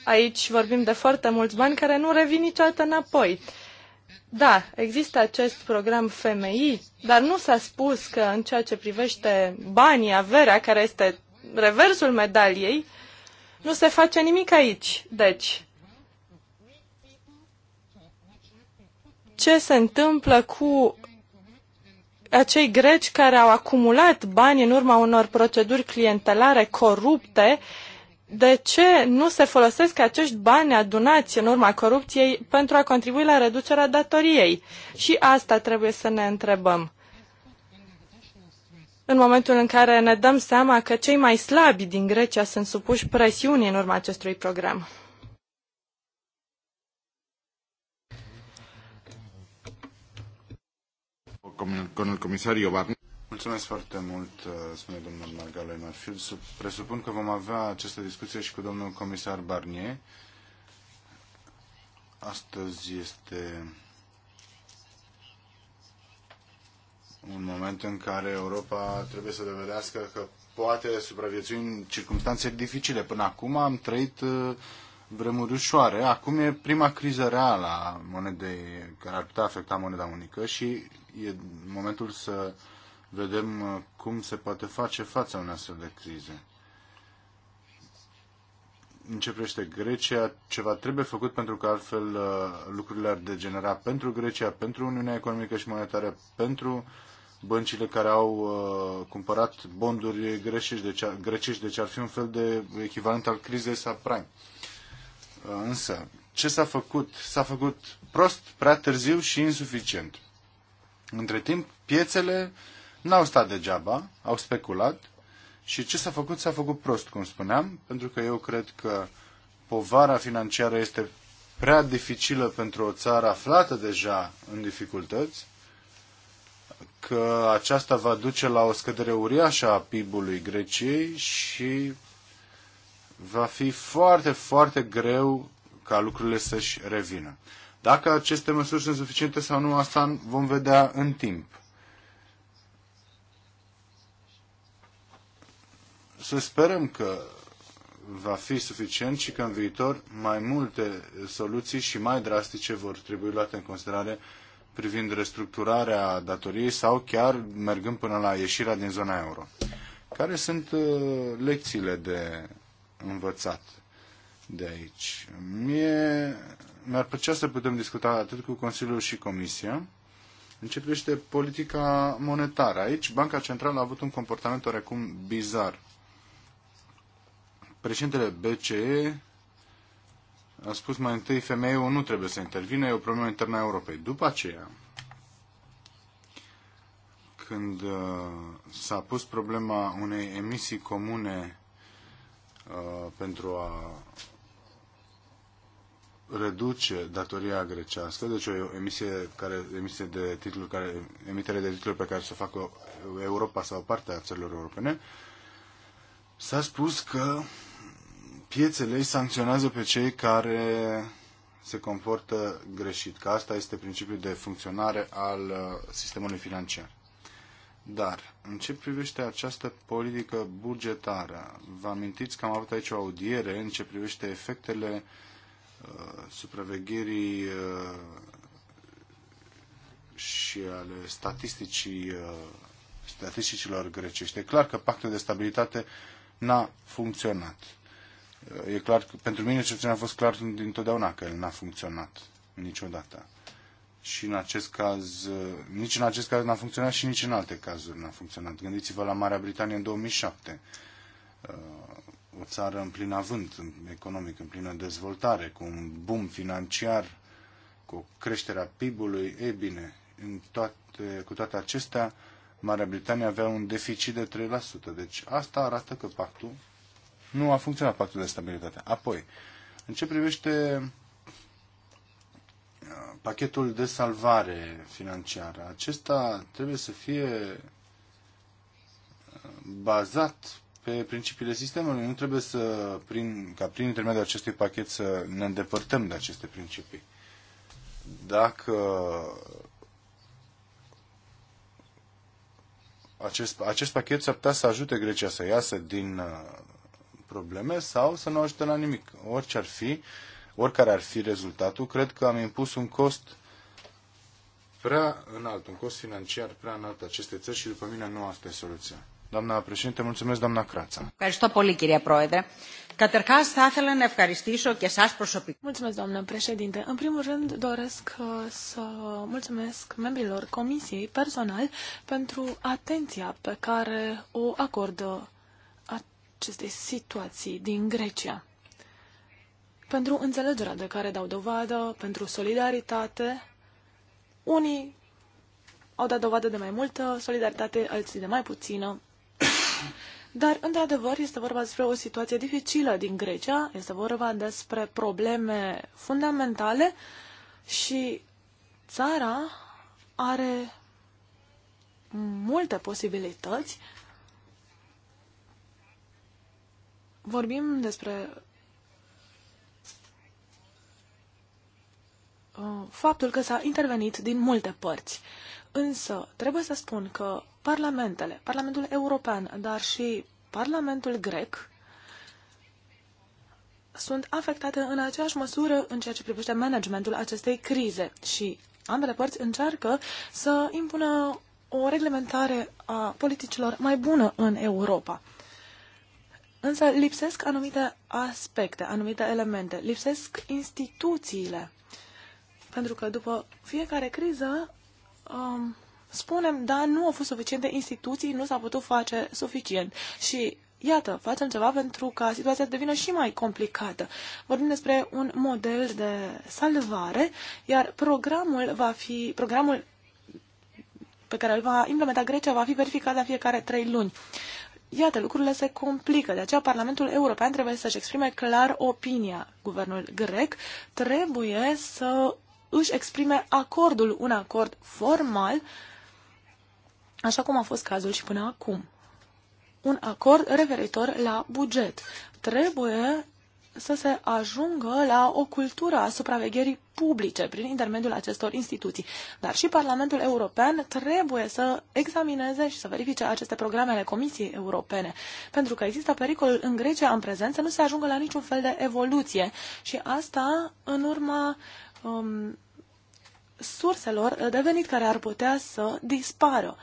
aici vorbim de foarte mulți bani care nu revin niciodată înapoi. Da, există acest program FMI, dar nu s-a spus că în ceea ce privește banii, averea, care este reversul medaliei, nu se face nimic aici. Deci, ce se întâmplă cu acei greci care au acumulat bani în urma unor proceduri clientelare corupte, de ce nu se folosesc acești bani adunați în urma corupției pentru a contribui la reducerea datoriei? Și asta trebuie să ne întrebăm în momentul în care ne dăm seama că cei mai slabi din Grecia sunt supuși presiunii în urma acestui program. Mulțumesc foarte mult, uh, spune domnul Margalena Field. Presupun că vom avea această discuție și cu domnul comisar Barnier. Astăzi este un moment în care Europa trebuie să dovedească că poate supraviețui în circunstanțe dificile. Până acum am trăit uh, vremuri ușoare. Acum e prima criză reală a monedei care ar putea afecta moneda unică și e momentul să vedem uh, cum se poate face față unei astfel de crize. Începește Grecia, ceva trebuie făcut pentru că altfel uh, lucrurile ar degenera pentru Grecia, pentru Uniunea Economică și Monetară, pentru uh, băncile care au uh, cumpărat bonduri grecești, deci, grecești, deci ar fi un fel de echivalent al crizei subprime. Uh, însă, ce s-a făcut? S-a făcut prost, prea târziu și insuficient. Între timp, piețele n-au stat degeaba, au speculat și ce s-a făcut? S-a făcut prost, cum spuneam, pentru că eu cred că povara financiară este prea dificilă pentru o țară aflată deja în dificultăți că aceasta va duce la o scădere uriașă a PIB-ului Greciei și va fi foarte, foarte greu ca lucrurile să-și revină. Dacă aceste măsuri sunt suficiente sau nu, asta vom vedea în timp. Să sperăm că va fi suficient și că în viitor mai multe soluții și mai drastice vor trebui luate în considerare privind restructurarea datoriei sau chiar mergând până la ieșirea din zona euro. Care sunt uh, lecțiile de învățat de aici? Mie mi-ar plăcea să putem discuta atât cu Consiliul și Comisia. Începește politica monetară. Aici Banca Centrală a avut un comportament oarecum bizar. Președintele BCE a spus mai întâi femeiul nu trebuie să intervină, e o problemă internă a Europei. După aceea, când uh, s-a pus problema unei emisii comune uh, pentru a reduce datoria grecească, deci o emisie, care, emisie de titluri care, emitere de titluri pe care să facă Europa sau partea țărilor europene, s-a spus că piețele îi sancționează pe cei care se comportă greșit, că asta este principiul de funcționare al uh, sistemului financiar. Dar, în ce privește această politică bugetară, vă amintiți că am avut aici o audiere în ce privește efectele uh, supravegherii uh, și ale statisticii, uh, statisticilor grecești. E clar că pactul de stabilitate n-a funcționat. E clar, pentru mine ce a fost clar dintotdeauna că el n-a funcționat niciodată. Și în acest caz, eh, nici în acest caz n-a funcționat și nici în alte cazuri n-a funcționat. Gândiți-vă la Marea Britanie în 2007 eh, o țară în plin avânt economic, în plină dezvoltare, cu un boom financiar, cu o creștere a PIB-ului, e bine, în toate, cu toate acestea, Marea Britanie avea un deficit de 3%. Deci asta arată că pactul nu a funcționat pactul de stabilitate. Apoi, în ce privește uh, pachetul de salvare financiară, acesta trebuie să fie uh, bazat pe principiile sistemului. Nu trebuie să, prin, ca prin intermediul acestui pachet să ne îndepărtăm de aceste principii. Dacă acest, acest pachet s-ar putea să ajute Grecia să iasă din uh, probleme sau să nu ajută la nimic. Orice ar fi, oricare ar fi rezultatul, cred că am impus un cost prea înalt, un cost financiar prea înalt aceste țări și după mine nu asta e soluția. Doamna președinte, mulțumesc, doamna Crața. Ευχαριστώ πολύ, κυρία Πρόεδρε. Καταρχάς, θα ήθελα να ευχαριστήσω και εσάς προσωπικά. Mulțumesc, doamnă președinte. În primul rând, doresc uh, să mulțumesc membrilor comisiei personal pentru atenția pe care o acordă acestei situații din Grecia. Pentru înțelegerea de care dau dovadă, pentru solidaritate, unii au dat dovadă de mai multă solidaritate, alții de mai puțină. [COUGHS] Dar, într-adevăr, este vorba despre o situație dificilă din Grecia, este vorba despre probleme fundamentale și țara are multe posibilități vorbim despre uh, faptul că s-a intervenit din multe părți. Însă, trebuie să spun că parlamentele, Parlamentul European, dar și Parlamentul grec, sunt afectate în aceeași măsură în ceea ce privește managementul acestei crize și ambele părți încearcă să impună o reglementare a politicilor mai bună în Europa. Însă lipsesc anumite aspecte, anumite elemente, lipsesc instituțiile. Pentru că după fiecare criză um, spunem, da, nu au fost suficiente instituții, nu s-a putut face suficient. Și iată, facem ceva pentru ca situația să devină și mai complicată. Vorbim despre un model de salvare, iar programul va fi, programul pe care îl va implementa Grecia va fi verificat la fiecare trei luni iată, lucrurile se complică. De aceea Parlamentul European trebuie să-și exprime clar opinia. Guvernul grec trebuie să își exprime acordul, un acord formal, așa cum a fost cazul și până acum. Un acord referitor la buget. Trebuie să se ajungă la o cultură a supravegherii publice prin intermediul acestor instituții. Dar și Parlamentul European trebuie să examineze și să verifice aceste programe ale Comisiei Europene, pentru că există pericolul în Grecia în prezent să nu se ajungă la niciun fel de evoluție și asta în urma um, surselor de venit care ar putea să dispară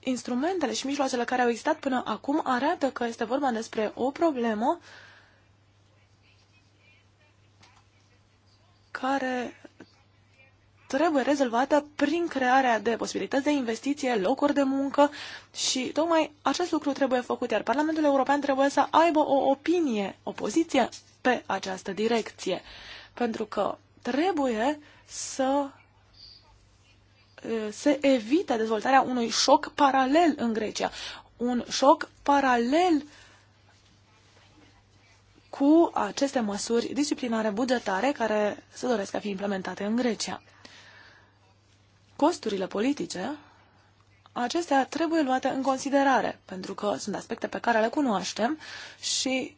instrumentele și mijloacele care au existat până acum arată că este vorba despre o problemă care trebuie rezolvată prin crearea de posibilități de investiție, locuri de muncă și tocmai acest lucru trebuie făcut, iar Parlamentul European trebuie să aibă o opinie, o poziție pe această direcție, pentru că trebuie să se evită dezvoltarea unui șoc paralel în Grecia. Un șoc paralel cu aceste măsuri disciplinare bugetare care se doresc a fi implementate în Grecia. Costurile politice, acestea trebuie luate în considerare, pentru că sunt aspecte pe care le cunoaștem și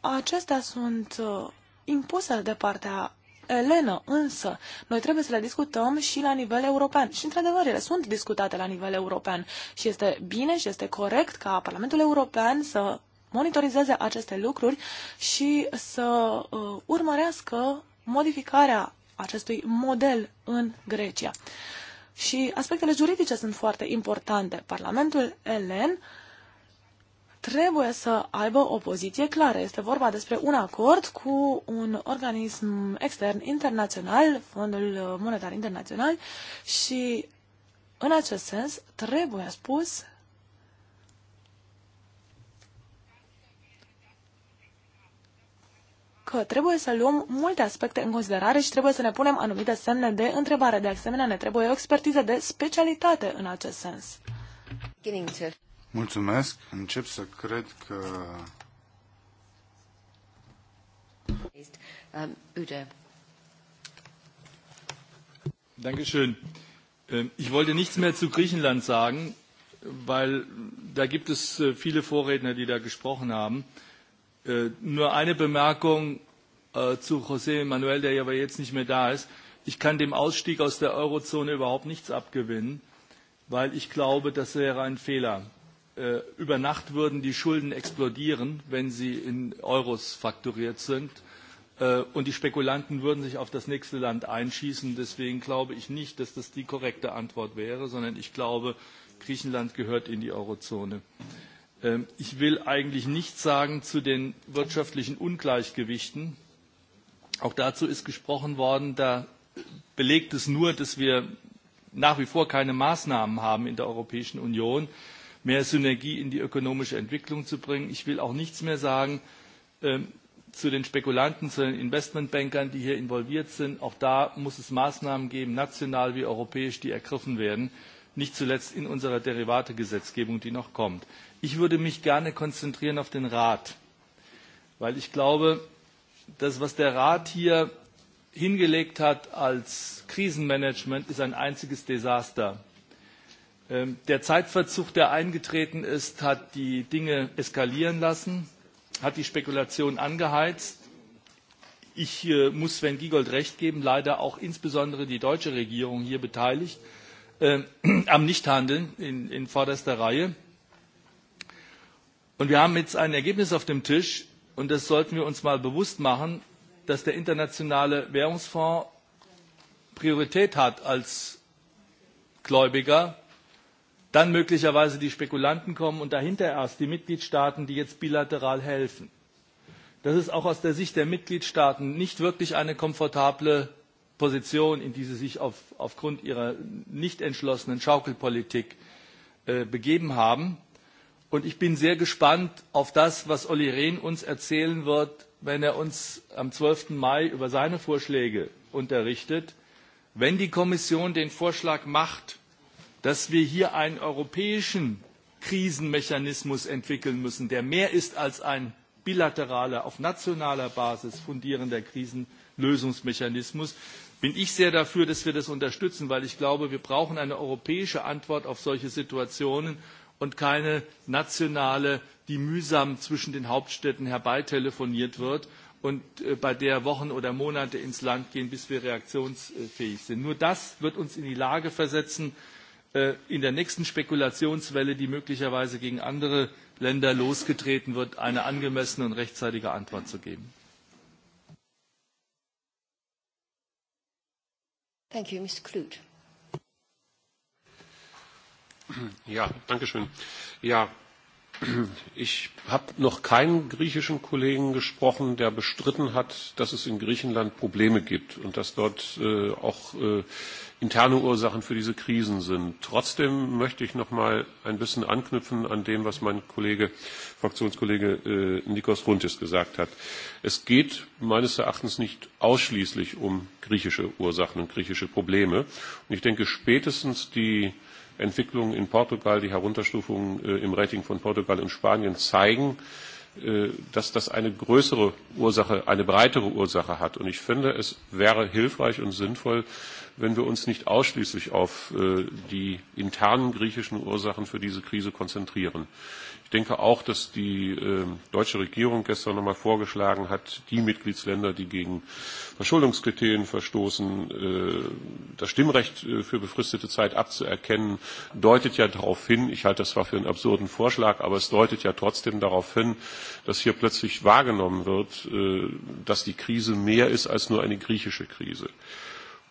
acestea sunt uh, impuse de partea Elena, însă noi trebuie să le discutăm și la nivel european. Și, într-adevăr, ele sunt discutate la nivel european și este bine și este corect ca Parlamentul European să monitorizeze aceste lucruri și să uh, urmărească modificarea acestui model în Grecia. Și aspectele juridice sunt foarte importante. Parlamentul Elen uh, trebuie să aibă o poziție clară. Este vorba despre un acord cu un organism extern internațional, Fondul Monetar Internațional, și în acest sens trebuie spus că trebuie să luăm multe aspecte în considerare și trebuie să ne punem anumite semne de întrebare. De asemenea, ne trebuie o expertiză de specialitate în acest sens. Mulțumesc. Încep să cred că... Um, Dankeschön. Ähm, ich wollte nichts mehr zu Griechenland sagen, weil da gibt es äh, viele Vorredner, die da gesprochen haben. Äh, nur eine Bemerkung äh, zu José Manuel, der ja aber jetzt nicht mehr da ist. Ich kann dem Ausstieg aus der Eurozone überhaupt nichts abgewinnen, weil ich glaube, das wäre ein Fehler. Äh, über Nacht würden die Schulden explodieren, wenn sie in Euros fakturiert sind. Äh, und die Spekulanten würden sich auf das nächste Land einschießen. Deswegen glaube ich nicht, dass das die korrekte Antwort wäre, sondern ich glaube, Griechenland gehört in die Eurozone. Ähm, ich will eigentlich nichts sagen zu den wirtschaftlichen Ungleichgewichten. Auch dazu ist gesprochen worden. Da belegt es nur, dass wir nach wie vor keine Maßnahmen haben in der Europäischen Union mehr Synergie in die ökonomische Entwicklung zu bringen. Ich will auch nichts mehr sagen äh, zu den Spekulanten, zu den Investmentbankern, die hier involviert sind. Auch da muss es Maßnahmen geben, national wie europäisch, die ergriffen werden, nicht zuletzt in unserer Derivategesetzgebung, die noch kommt. Ich würde mich gerne konzentrieren auf den Rat, weil ich glaube, das, was der Rat hier hingelegt hat als Krisenmanagement, ist ein einziges Desaster. Ähm, der Zeitverzug, der eingetreten ist, hat die Dinge eskalieren lassen, hat die Spekulation angeheizt. Ich äh, muss Sven Giegold recht geben, leider auch insbesondere die deutsche Regierung hier beteiligt äh, [CLEARS THROAT] am Nichthandeln in, in vorderster Reihe. Und wir haben jetzt ein Ergebnis auf dem Tisch, und das sollten wir uns mal bewusst machen, dass der Internationale Währungsfonds Priorität hat als Gläubiger dann möglicherweise die Spekulanten kommen und dahinter erst die Mitgliedstaaten, die jetzt bilateral helfen. Das ist auch aus der Sicht der Mitgliedstaaten nicht wirklich eine komfortable Position, in die sie sich auf, aufgrund ihrer nicht entschlossenen Schaukelpolitik äh, begeben haben. Und ich bin sehr gespannt auf das, was Olli Rehn uns erzählen wird, wenn er uns am 12. Mai über seine Vorschläge unterrichtet. Wenn die Kommission den Vorschlag macht, dass wir hier einen europäischen Krisenmechanismus entwickeln müssen, der mehr ist als ein bilateraler, auf nationaler Basis fundierender Krisenlösungsmechanismus, bin ich sehr dafür, dass wir das unterstützen, weil ich glaube, wir brauchen eine europäische Antwort auf solche Situationen und keine nationale, die mühsam zwischen den Hauptstädten herbeitelefoniert wird und äh, bei der Wochen oder Monate ins Land gehen, bis wir reaktionsfähig sind. Nur das wird uns in die Lage versetzen, Äh, in der nächsten Spekulationswelle, die möglicherweise gegen andere Länder losgetreten wird, eine angemessene und rechtzeitige Antwort zu geben. Thank you, Mr. Klut. Ja, danke schön. Ja, ich habe noch keinen griechischen Kollegen gesprochen, der bestritten hat, dass es in Griechenland Probleme gibt und dass dort äh, auch äh, interne Ursachen für diese Krisen sind. Trotzdem möchte ich noch mal ein bisschen anknüpfen an dem, was mein Kollege, Fraktionskollege äh, Nikos Runtis gesagt hat. Es geht meines Erachtens nicht ausschließlich um griechische Ursachen und griechische Probleme. Und ich denke, spätestens die Entwicklungen in Portugal, die Herunterstufung äh, im Rating von Portugal und Spanien zeigen, äh, Äh, dass das eine größere Ursache, eine breitere Ursache hat. Und ich finde, es wäre hilfreich und sinnvoll, wenn wir uns nicht ausschließlich auf äh, die internen griechischen Ursachen für diese Krise konzentrieren. Ich denke auch, dass die äh, deutsche Regierung gestern noch einmal vorgeschlagen hat, die Mitgliedsländer, die gegen Verschuldungskriterien verstoßen, äh, das Stimmrecht äh, für befristete Zeit abzuerkennen, deutet ja darauf hin, ich halte das zwar für einen absurden Vorschlag, aber es deutet ja trotzdem darauf hin, dass hier plötzlich wahrgenommen wird, äh, dass die Krise mehr ist als nur eine griechische Krise.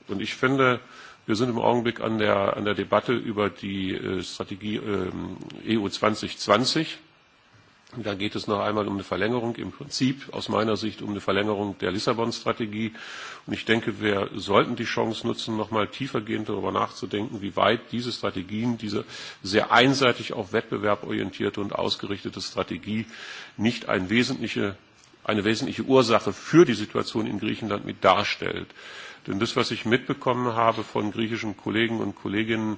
Und ich finde, äh, Wir sind im Augenblick an der, an der Debatte über die äh, Strategie ähm, EU 2020. Da geht es noch einmal um eine Verlängerung, im Prinzip aus meiner Sicht um eine Verlängerung der Lissabon-Strategie. Und ich denke, wir sollten die Chance nutzen, nochmal tiefergehend darüber nachzudenken, wie weit diese Strategien, diese sehr einseitig auf Wettbewerb orientierte und ausgerichtete Strategie nicht ein wesentliche, eine wesentliche Ursache für die Situation in Griechenland mit darstellt. Denn das, was ich mitbekommen habe von griechischen Kollegen und Kolleginnen,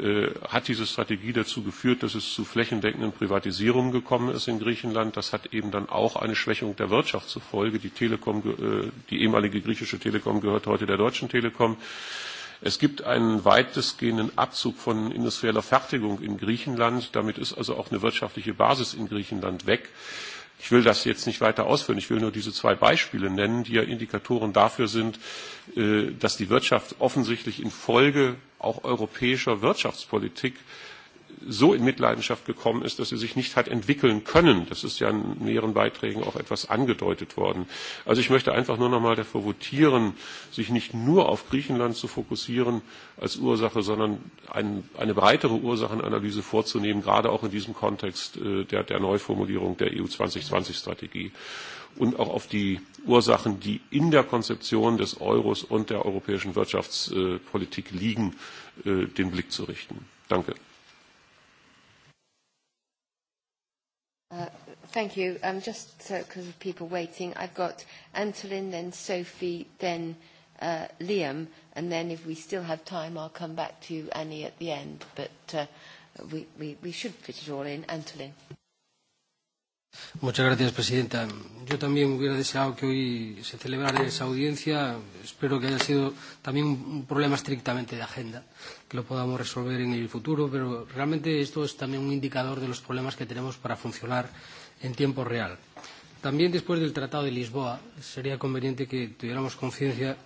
äh, hat diese Strategie dazu geführt, dass es zu flächendeckenden Privatisierungen gekommen ist in Griechenland. Das hat eben dann auch eine Schwächung der Wirtschaft zur Folge. Die, Telekom, äh, die ehemalige griechische Telekom gehört heute der deutschen Telekom. Es gibt einen weitestgehenden Abzug von industrieller Fertigung in Griechenland. Damit ist also auch eine wirtschaftliche Basis in Griechenland weg. Äh, Ich will das jetzt nicht weiter ausführen. Ich will nur diese zwei Beispiele nennen, die ja Indikatoren dafür sind, äh, dass die Wirtschaft offensichtlich infolge auch europäischer Wirtschaftspolitik so in Mitleidenschaft gekommen ist, dass sie sich nicht hat entwickeln können. Das ist ja in mehreren Beiträgen auch etwas angedeutet worden. Also ich möchte einfach nur noch mal davor votieren, sich nicht nur auf Griechenland zu fokussieren als Ursache, sondern ein, eine breitere Ursachenanalyse vorzunehmen, gerade auch in diesem Kontext äh, der, der Neuformulierung der EU 2020-Strategie und auch auf die Ursachen, die in der Konzeption des Euros und der europäischen Wirtschaftspolitik liegen, äh, den Blick zu richten. Danke. Uh, thank you. Um, just because uh, of people waiting, I've got Antolin, then Sophie, then uh, Liam, and then if we still have time, I'll come back to you, Annie, at the end. But uh, we, we, we should fit it all in. Antolin. Muchas gracias, Presidenta. Yo también hubiera deseado que hoy se celebrara esa audiencia. Espero que haya sido también un problema estrictamente de agenda, que lo podamos resolver en el futuro, pero realmente esto es también un indicador de los problemas que tenemos para funcionar en tiempo real. También después del Tratado de Lisboa sería conveniente que tuviéramos conciencia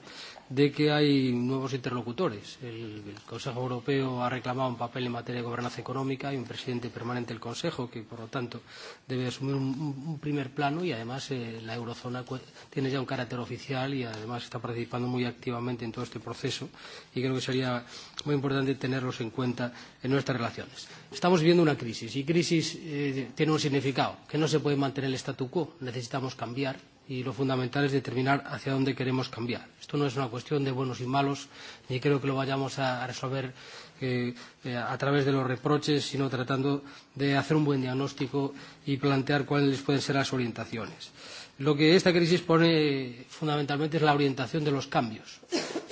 de que hay nuevos interlocutores. El, el Consejo Europeo ha reclamado un papel en materia de gobernanza económica y un presidente permanente del Consejo que, por lo tanto, debe asumir un, un primer plano y, además, eh, la eurozona tiene ya un carácter oficial y, además, está participando muy activamente en todo este proceso y creo que sería muy importante tenerlos en cuenta en nuestras relaciones. Estamos viviendo una crisis y crisis eh, tiene un significado, que no se puede mantener el statu quo, necesitamos cambiar y lo fundamental es determinar hacia dónde queremos cambiar. Esto no es una cuestión de buenos y malos, ni creo que lo vayamos a, resolver eh, eh, a través de los reproches, sino tratando de hacer un buen diagnóstico y plantear cuáles pueden ser las orientaciones. Lo que esta crisis pone eh, fundamentalmente es la orientación de los cambios.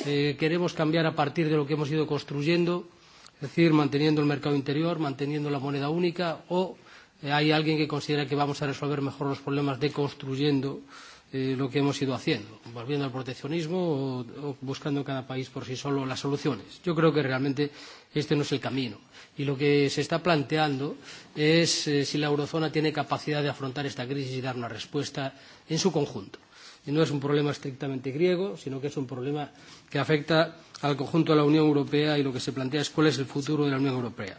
Eh, queremos cambiar a partir de lo que hemos ido construyendo, es decir, manteniendo el mercado interior, manteniendo la moneda única o eh, hay alguien que considera que vamos a resolver mejor los problemas deconstruyendo eh, lo que hemos ido haciendo, volviendo al proteccionismo o, o buscando cada país por sí solo las soluciones. Yo creo que realmente este no es el camino. Y lo que se está planteando es eh, si la eurozona tiene capacidad de afrontar esta crisis y dar una respuesta en su conjunto. Y no es un problema estrictamente griego, sino que es un problema que afecta al conjunto de la Unión Europea y lo que se plantea es cuál es el futuro de la Unión Europea.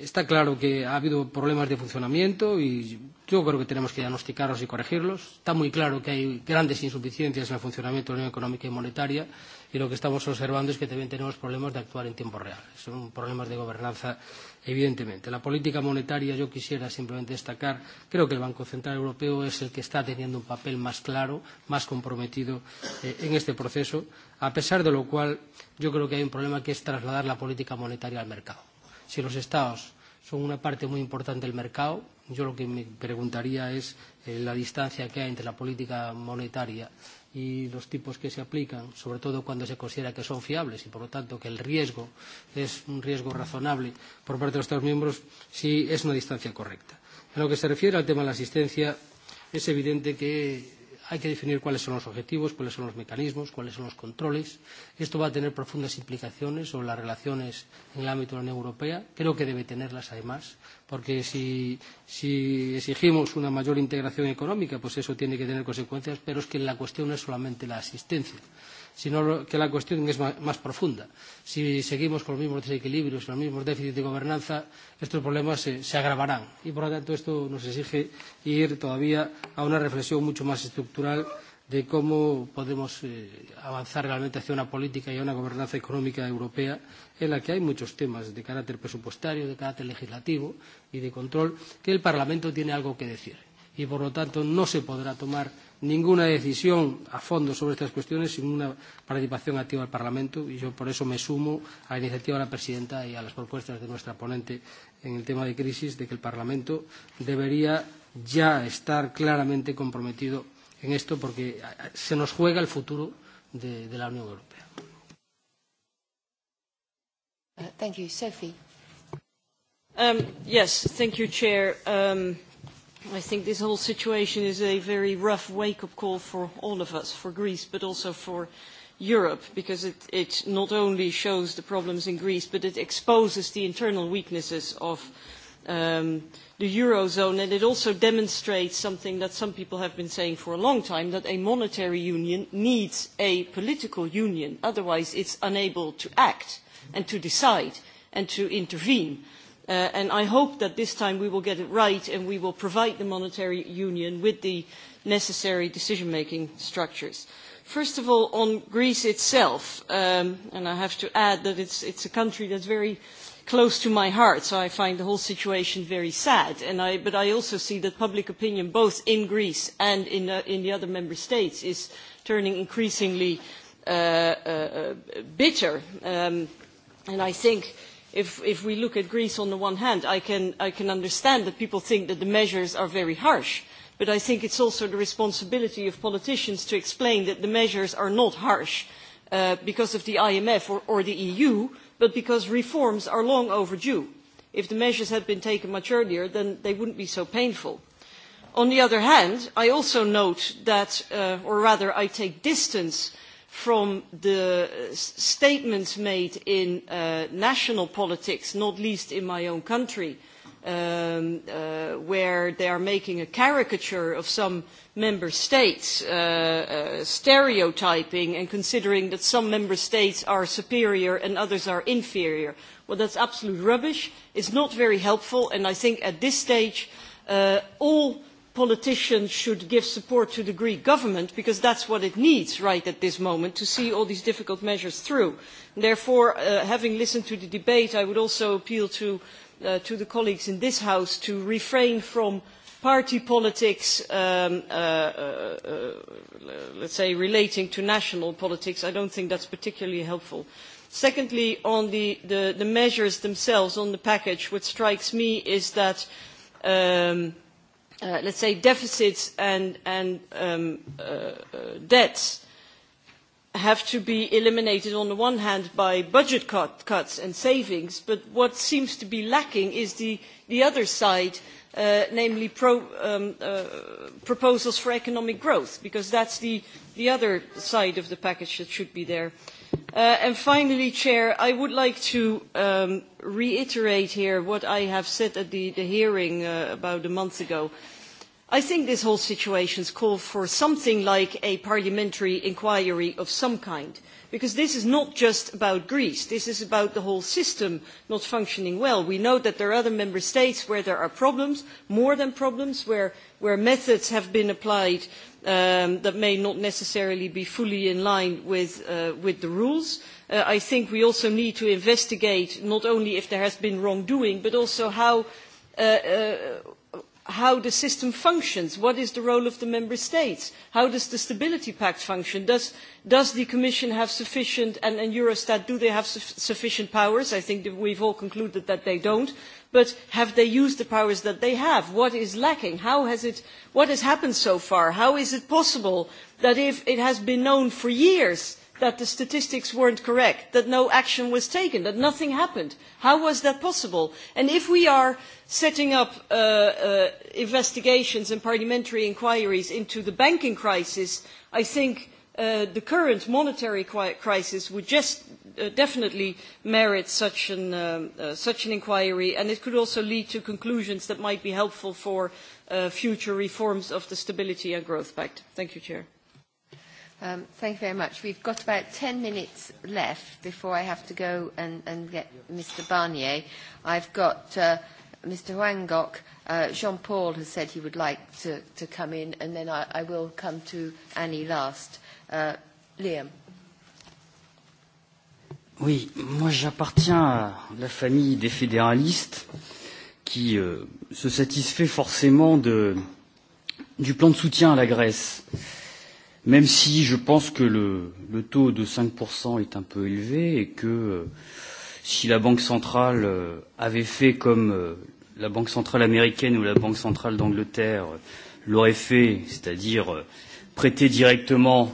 Está claro que ha habido problemas de funcionamiento y yo creo que tenemos que diagnosticarlos y corregirlos. Está muy claro que hay grandes insuficiencias en el funcionamiento de la Unión Económica y Monetaria y lo que estamos observando es que también tenemos problemas de actuar en tiempo real. Son problemas de gobernanza, evidentemente. La política monetaria yo quisiera simplemente destacar, creo que el Banco Central Europeo es el que está teniendo un papel más claro, más comprometido eh, en este proceso, a pesar de lo cual yo creo que hay un problema que es trasladar la política monetaria al mercado Si los Estados son una parte muy importante del mercado, yo lo que me preguntaría es eh, la distancia que hay entre la política monetaria y los tipos que se aplican, sobre todo cuando se considera que son fiables y, por lo tanto, que el riesgo es un riesgo razonable por parte de los Estados miembros, si es una distancia correcta. En lo que se refiere al tema de la asistencia, es evidente que hay que definir cuáles son los objetivos, cuáles son los mecanismos, cuáles son los controles. Esto va a tener profundas implicaciones sobre las relaciones en el ámbito de la Unión Europea. Creo que debe tenerlas, además, porque si, si exigimos una mayor integración económica, pues eso tiene que tener consecuencias, pero es que la cuestión no es solamente la asistencia sino que la cuestión es más, profunda. Si seguimos con los mismos desequilibrios, con los mismos déficits de gobernanza, estos problemas se, se agravarán. Y, por lo tanto, esto nos exige ir todavía a una reflexión mucho más estructural de cómo podemos eh, avanzar realmente hacia una política y a una gobernanza económica europea en la que hay muchos temas de carácter presupuestario, de carácter legislativo y de control, que el Parlamento tiene algo que decir y, por lo tanto, no se podrá tomar ninguna decisión a fondo sobre estas cuestiones sin una participación activa del Parlamento y yo por eso me sumo a la iniciativa de la presidenta y a las propuestas de nuestra ponente en el tema de crisis de que el Parlamento debería ya estar claramente comprometido en esto porque se nos juega el futuro de, de la Unión Europea. Uh, thank you. Sophie. Um, yes, thank you, Chair. Um, I think this whole situation is a very rough wake-up call for all of us, for Greece, but also for Europe, because it, it not only shows the problems in Greece, but it exposes the internal weaknesses of um, the Eurozone, and it also demonstrates something that some people have been saying for a long time, that a monetary union needs a political union, otherwise it's unable to act and to decide and to intervene. Uh, and I hope that this time we will get it right and we will provide the monetary union with the necessary decision-making structures. First of all, on Greece itself, um, and I have to add that it's, it's a country that's very close to my heart, so I find the whole situation very sad. I, but I also see that public opinion, both in Greece and in, uh, in the other member states, is turning increasingly uh, uh, uh bitter. Um, and I think if, if we look at Greece on the one hand, I can, I can understand that people think that the measures are very harsh. But I think it's also the responsibility of politicians to explain that the measures are not harsh uh, because of the IMF or, or the EU, but because reforms are long overdue. If the measures had been taken much earlier, then they wouldn't be so painful. On the other hand, I also note that, uh, or rather I take distance from the statements made in uh, national politics, not least in my own country, um, uh, where they are making a caricature of some member states, uh, uh, stereotyping and considering that some member states are superior and others are inferior. Well, that's absolute rubbish. It's not very helpful, and I think at this stage, uh, all politicians should give support to the Greek government because that's what it needs right at this moment to see all these difficult measures through. Therefore, uh, having listened to the debate, I would also appeal to, uh, to the colleagues in this House to refrain from party politics, um, uh, uh, uh let's say, relating to national politics. I don't think that's particularly helpful. Secondly, on the, the, the measures themselves, on the package, what strikes me is that um, Uh, let's say, deficits and, and um, uh, uh, debts have to be eliminated on the one hand by budget cut, cuts and savings, but what seems to be lacking is the, the other side, uh, namely pro, um, uh, proposals for economic growth, because that's the, the other side of the package that should be there. Uh, Uh, and finally, Chair, I would like to um, reiterate here what I have said at the, hearing uh, about a month ago. I think this whole situation calls for something like a parliamentary inquiry of some kind because this is not just about greece this is about the whole system not functioning well. we know that there are other member states where there are problems more than problems where, methods have been applied um, that may not necessarily be fully in line with, uh, the rules. Uh, i think we also need to investigate not only if there has been wrongdoing but also how uh, how the system functions what is the role of the member states how does the stability pact function does, does the commission have sufficient and, and eurostat do they have su sufficient powers i think we have all concluded that they do not but have they used the powers that they have what is lacking how has it, what has happened so far how is it possible that if it has been known for years that the statistics weren't correct, that no action was taken, that nothing happened. How was that possible? And if we are setting up uh, uh, investigations and parliamentary inquiries into the banking crisis, I think uh, the current monetary crisis would just uh, definitely merit such an, um, uh, such an, inquiry, and it could also lead to conclusions that might be helpful for uh, future reforms of the Stability and Growth Pact. Thank you, Chair. Um, thank you very much. We've got about 10 minutes left before I have to go and, and get Mr. Barnier. I've got uh, Mr. Huangok. Uh, Jean-Paul has said he would like to, to come in, and then I, I will come to Annie last. Uh, Liam. Oui, moi j'appartiens à la famille des fédéralistes qui euh, se satisfait forcément de, du plan de soutien à la Grèce. Euh, même si je pense que le, le taux de 5% est un peu élevé et que euh, si la Banque centrale euh, avait fait comme euh, la Banque centrale américaine ou la Banque centrale d'Angleterre l'aurait fait, c'est-à-dire prêter directement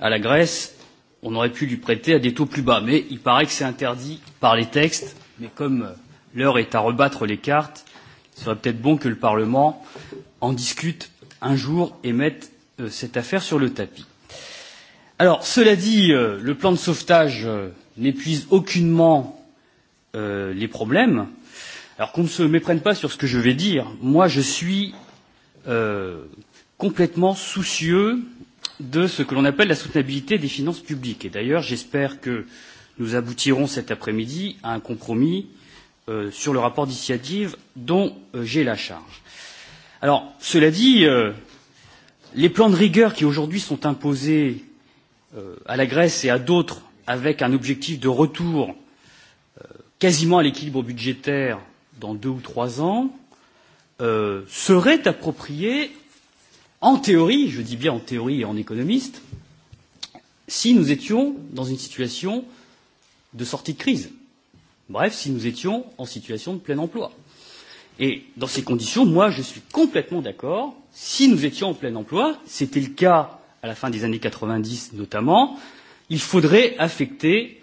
à la Grèce, on aurait pu lui prêter à des taux plus bas. Mais il paraît que c'est interdit par les textes, mais comme l'heure est à rebattre les cartes, il serait peut-être bon que le Parlement en discute un jour et mette Euh, cette affaire sur le tapis. Alors, cela dit, euh, le plan de sauvetage euh, n'épuise aucunement les problèmes. Alors qu'on ne se méprenne pas sur ce que je vais dire, moi je suis euh, complètement soucieux de ce que l'on appelle la soutenabilité des finances publiques. Et d'ailleurs, j'espère que nous aboutirons cet après-midi à un compromis euh, sur le rapport d'initiative dont euh, j'ai la charge. Alors, cela dit, euh, les plans de rigueur qui aujourd'hui sont imposés euh, à la Grèce et à d'autres avec un objectif de retour euh, quasiment à l'équilibre budgétaire dans deux ou trois ans euh, seraient appropriés en théorie, je dis bien en théorie et en économiste, si nous étions dans une situation de sortie de crise. Bref, si nous étions en situation de plein emploi. Et dans ces conditions, moi, je suis complètement d'accord. Si nous étions en plein emploi, c'était le cas à la fin des années 90 notamment, il faudrait affecter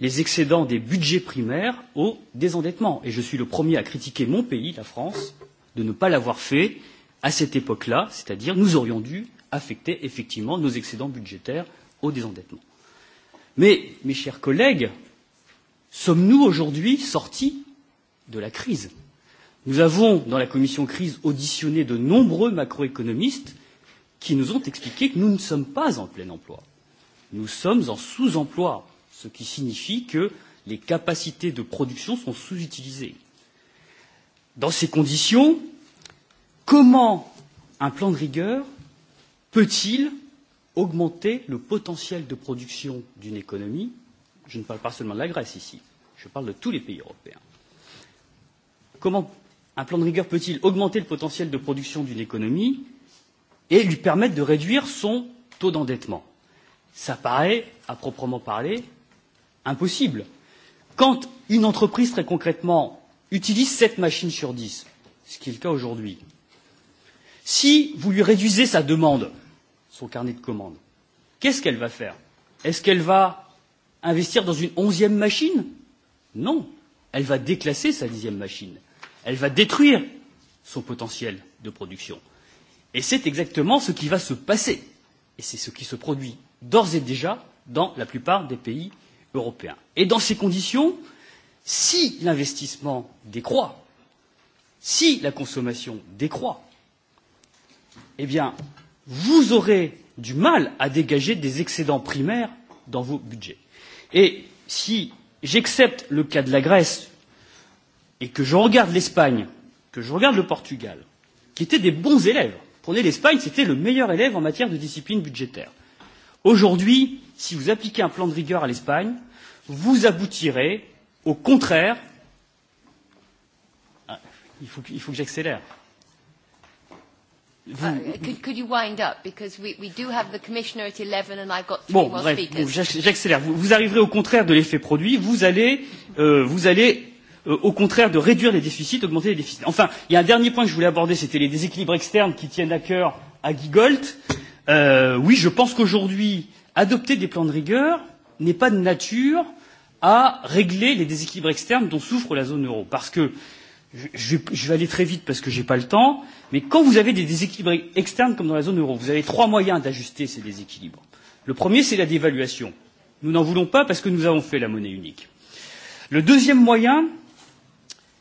les excédents des budgets primaires au désendettement. Et je suis le premier à critiquer mon pays, la France, de ne pas l'avoir fait à cette époque-là, c'est-à-dire nous aurions dû affecter effectivement nos excédents budgétaires au désendettement. Mais, mes chers collègues, sommes-nous aujourd'hui sortis de la crise Nous avons, dans la commission crise, auditionné de nombreux macroéconomistes qui nous ont expliqué que nous ne sommes pas en plein emploi. Nous sommes en sous-emploi, ce qui signifie que les capacités de production sont sous-utilisées. Dans ces conditions, comment un plan de rigueur peut-il augmenter le potentiel de production d'une économie Je ne parle pas seulement de la Grèce ici, je parle de tous les pays européens. Comment un plan de rigueur peut il augmenter le potentiel de production d'une économie et lui permettre de réduire son taux d'endettement? ça paraît à proprement parler impossible. quand une entreprise très concrètement utilise sept machines sur dix ce qui est le cas aujourd'hui si vous lui réduisez sa demande son carnet de commandes qu'est ce qu'elle va faire? est ce qu'elle va investir dans une onzième machine? non elle va déclasser sa dixième machine elle va détruire son potentiel de production. Et c'est exactement ce qui va se passer. Et c'est ce qui se produit d'ores et déjà dans la plupart des pays européens. Et dans ces conditions, si l'investissement décroît, si la consommation décroît, eh bien, vous aurez du mal à dégager des excédents primaires dans vos budgets. Et si j'accepte le cas de la Grèce, et que je regarde l'Espagne, que je regarde le Portugal, qui étaient des bons élèves. Prenez l'Espagne, c'était le meilleur élève en matière de discipline budgétaire. Aujourd'hui, si vous appliquez un plan de rigueur à l'Espagne, vous aboutirez au contraire. Ah, il faut, il faut que j'accélère. Uh, could, could you wind up because we, we do have the commissioner at 11 and I've got three bon, more bref, speakers. Bon, j'accélère. Vous, vous arriverez au contraire de l'effet produit. Vous allez, euh, vous allez euh, au contraire de réduire les déficits, d'augmenter les déficits. Enfin, il y a un dernier point que je voulais aborder, c'était les déséquilibres externes qui tiennent à cœur à Guy Gigolt. Euh, oui, je pense qu'aujourd'hui, adopter des plans de rigueur n'est pas de nature à régler les déséquilibres externes dont souffre la zone euro. Parce que, je, je vais aller très vite parce que je n'ai pas le temps, mais quand vous avez des déséquilibres externes comme dans la zone euro, vous avez trois moyens d'ajuster ces déséquilibres. Le premier, c'est la dévaluation. Nous n'en voulons pas parce que nous avons fait la monnaie unique. Le deuxième moyen,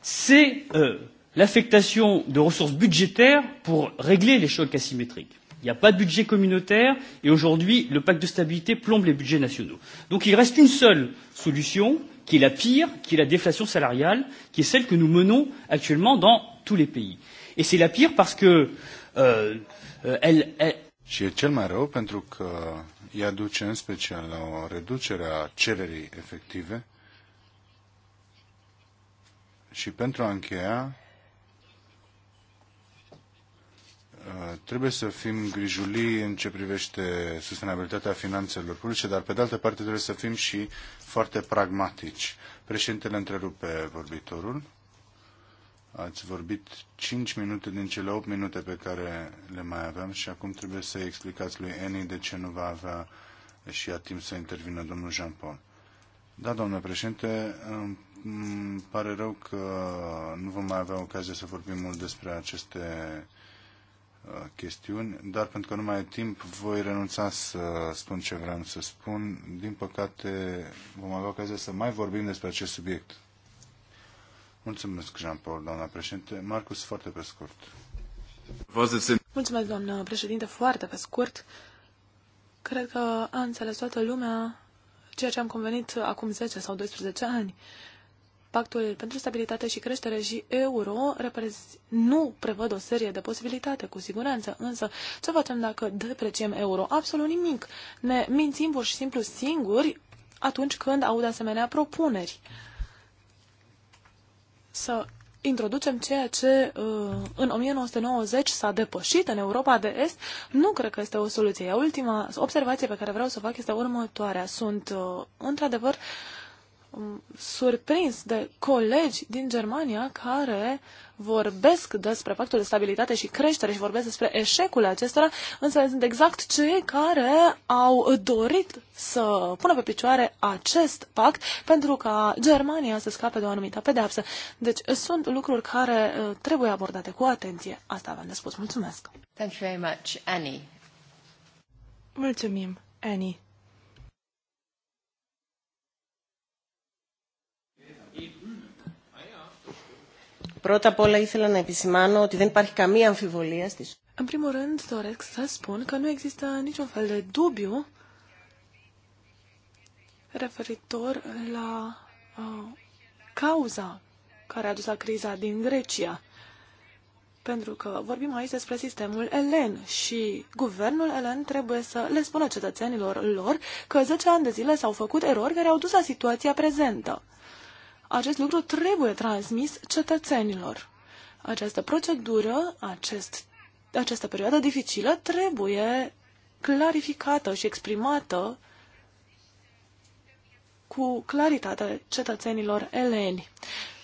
c'est euh, l'affectation de ressources budgétaires pour régler les chocs asymétriques. Il n'y a pas de budget communautaire et aujourd'hui, le pacte de stabilité plombe les budgets nationaux. Donc il reste une seule solution, qui est la pire, qui est la déflation salariale, qui est celle que nous menons actuellement dans tous les pays. Et c'est la pire parce que euh, euh elle, elle... Și e cel mai rău pentru că ea duce în special la o reducere a cererii efective și pentru a încheia, uh, trebuie să fim grijulii în ce privește sustenabilitatea finanțelor publice, dar pe de altă parte trebuie să fim și foarte pragmatici. Președintele întrerupe vorbitorul. Ați vorbit 5 minute din cele 8 minute pe care le mai aveam și acum trebuie să explicați lui Eni de ce nu va avea și a timp să intervină domnul Jean Paul. Da, domnule președinte, îmi îmi mm, pare rău că nu vom mai avea ocazia să vorbim mult despre aceste uh, chestiuni, dar pentru că nu mai e timp, voi renunța să spun ce vreau să spun. Din păcate, vom avea ocazia să mai vorbim despre acest subiect. Mulțumesc, Jean-Paul, doamna președinte. Marcus, foarte pe scurt. Mulțumesc, doamna președinte, foarte pe scurt. Cred că a înțeles toată lumea ceea ce am convenit acum 10 sau 12 ani. Pactul pentru stabilitate și creștere și euro nu prevăd o serie de posibilitate, cu siguranță, însă ce facem dacă depreciem euro? Absolut nimic. Ne mințim pur și simplu singuri atunci când aud asemenea propuneri. Să introducem ceea ce uh, în 1990 s-a depășit în Europa de Est, nu cred că este o soluție. Ultima observație pe care vreau să o fac este următoarea. Sunt, uh, într-adevăr, uh, Mm, surprins de colegi din Germania care vorbesc despre pactul de stabilitate și creștere și vorbesc despre eșecul acestora, însă sunt exact cei care au dorit să pună pe picioare acest pact pentru ca Germania să scape de o anumită pedeapsă. Deci sunt lucruri care uh, trebuie abordate cu atenție. Asta v-am de spus. Mulțumesc! Thank you very much, Annie. Mulțumim, Annie. Πρώτα απ' όλα ήθελα να επισημάνω ότι δεν υπάρχει καμία αμφιβολία στις... În primul rând, doresc să spun că nu există niciun fel de dubiu referitor la uh, cauza care a dus la criza din Grecia. Pentru că vorbim aici despre sistemul elen și guvernul elen trebuie să le spună cetățenilor lor că 10 ani de zile s-au făcut erori care au dus la situația prezentă acest lucru trebuie transmis cetățenilor. Această procedură, acest, această perioadă dificilă trebuie clarificată și exprimată cu claritate cetățenilor eleni.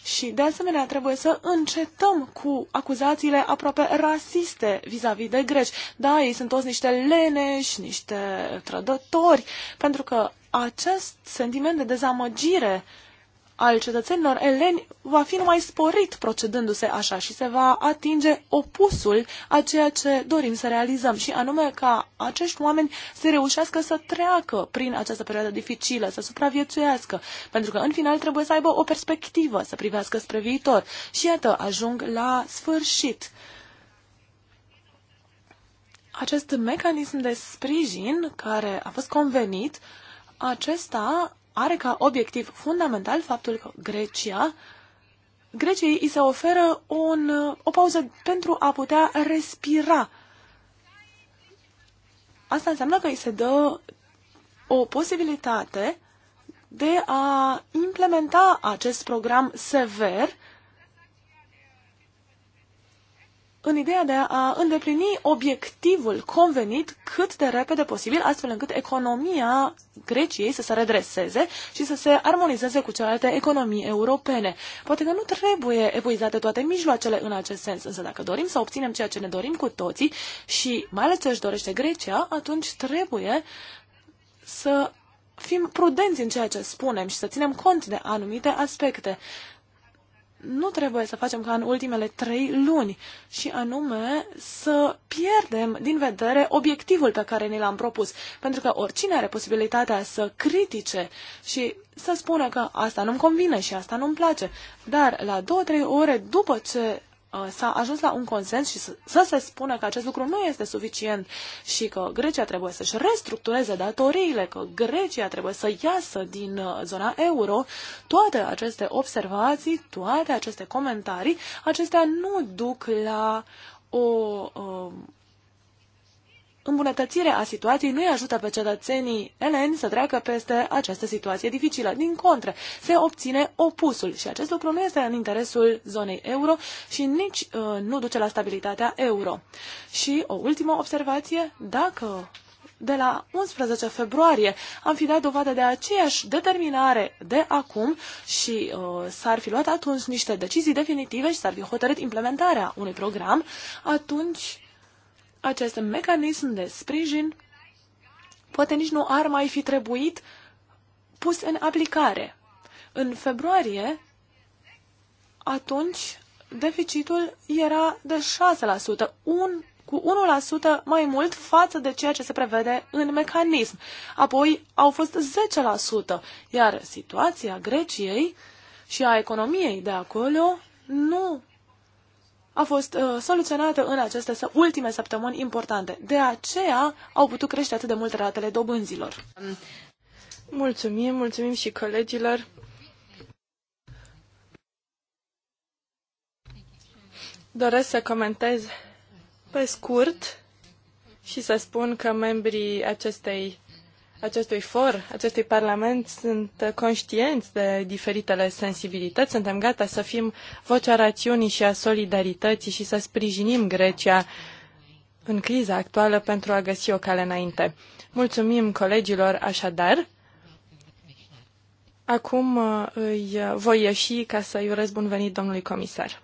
Și, de asemenea, trebuie să încetăm cu acuzațiile aproape rasiste vis-a-vis -vis de greci. Da, ei sunt toți niște leneși, niște trădători, pentru că acest sentiment de dezamăgire al cetățenilor eleni va fi numai sporit procedându-se așa și se va atinge opusul a ceea ce dorim să realizăm și anume ca acești oameni să reușească să treacă prin această perioadă dificilă, să supraviețuiască, pentru că în final trebuie să aibă o perspectivă, să privească spre viitor. Și iată, ajung la sfârșit acest mecanism de sprijin care a fost convenit, acesta are ca obiectiv fundamental faptul că Grecia Greciei îi se oferă un, o pauză pentru a putea respira. Asta înseamnă că îi se dă o posibilitate de a implementa acest program sever în ideea de a îndeplini obiectivul convenit cât de repede posibil, astfel încât economia Greciei să se redreseze și să se armonizeze cu celelalte economii europene. Poate că nu trebuie epuizate toate mijloacele în acest sens, însă dacă dorim să obținem ceea ce ne dorim cu toții și mai ales ce își dorește Grecia, atunci trebuie să fim prudenți în ceea ce spunem și să ținem cont de anumite aspecte nu trebuie să facem ca în ultimele trei luni, și anume să pierdem din vedere obiectivul pe care ni l-am propus. Pentru că oricine are posibilitatea să critique și să spună că asta nu-mi convine și asta nu-mi place, dar la două-trei ore după ce Uh, s-a ajuns la un consens și să, să se spună că acest lucru nu este suficient și că Grecia trebuie să-și restructureze datoriile, că Grecia trebuie să iasă din uh, zona euro, toate aceste observații, toate aceste comentarii, acestea nu duc la o uh, îmbunătățirea a situației nu-i ajută pe cetățenii eleni să treacă peste această situație dificilă. Din contră, se obține opusul și acest lucru nu este în interesul zonei euro și nici uh, nu duce la stabilitatea euro. Și o ultimă observație, dacă de la 11 februarie am fi dat dovadă de aceeași determinare de acum și uh, s-ar fi luat atunci niște decizii definitive și s-ar fi hotărât implementarea unui program, atunci acest mecanism de sprijin poate nici nu ar mai fi trebuit pus în aplicare. În februarie, atunci, deficitul era de 6%, un, cu 1% mai mult față de ceea ce se prevede în mecanism. Apoi au fost 10%, iar situația Greciei și a economiei de acolo nu a fost uh, soluționată în aceste ultime săptămâni importante. De aceea au putut crește atât de mult ratele dobânzilor. Mulțumim, mulțumim și colegilor. Doresc să comentez pe scurt și să spun că membrii acestei acestui for, acestui parlament, sunt conștienți de diferitele sensibilități, suntem gata să fim vocea rațiunii și a solidarității și să sprijinim Grecia în criza actuală pentru a găsi o cale înainte. Mulțumim colegilor așadar. Acum uh, îi voi ieși ca să-i urez bun venit domnului comisar.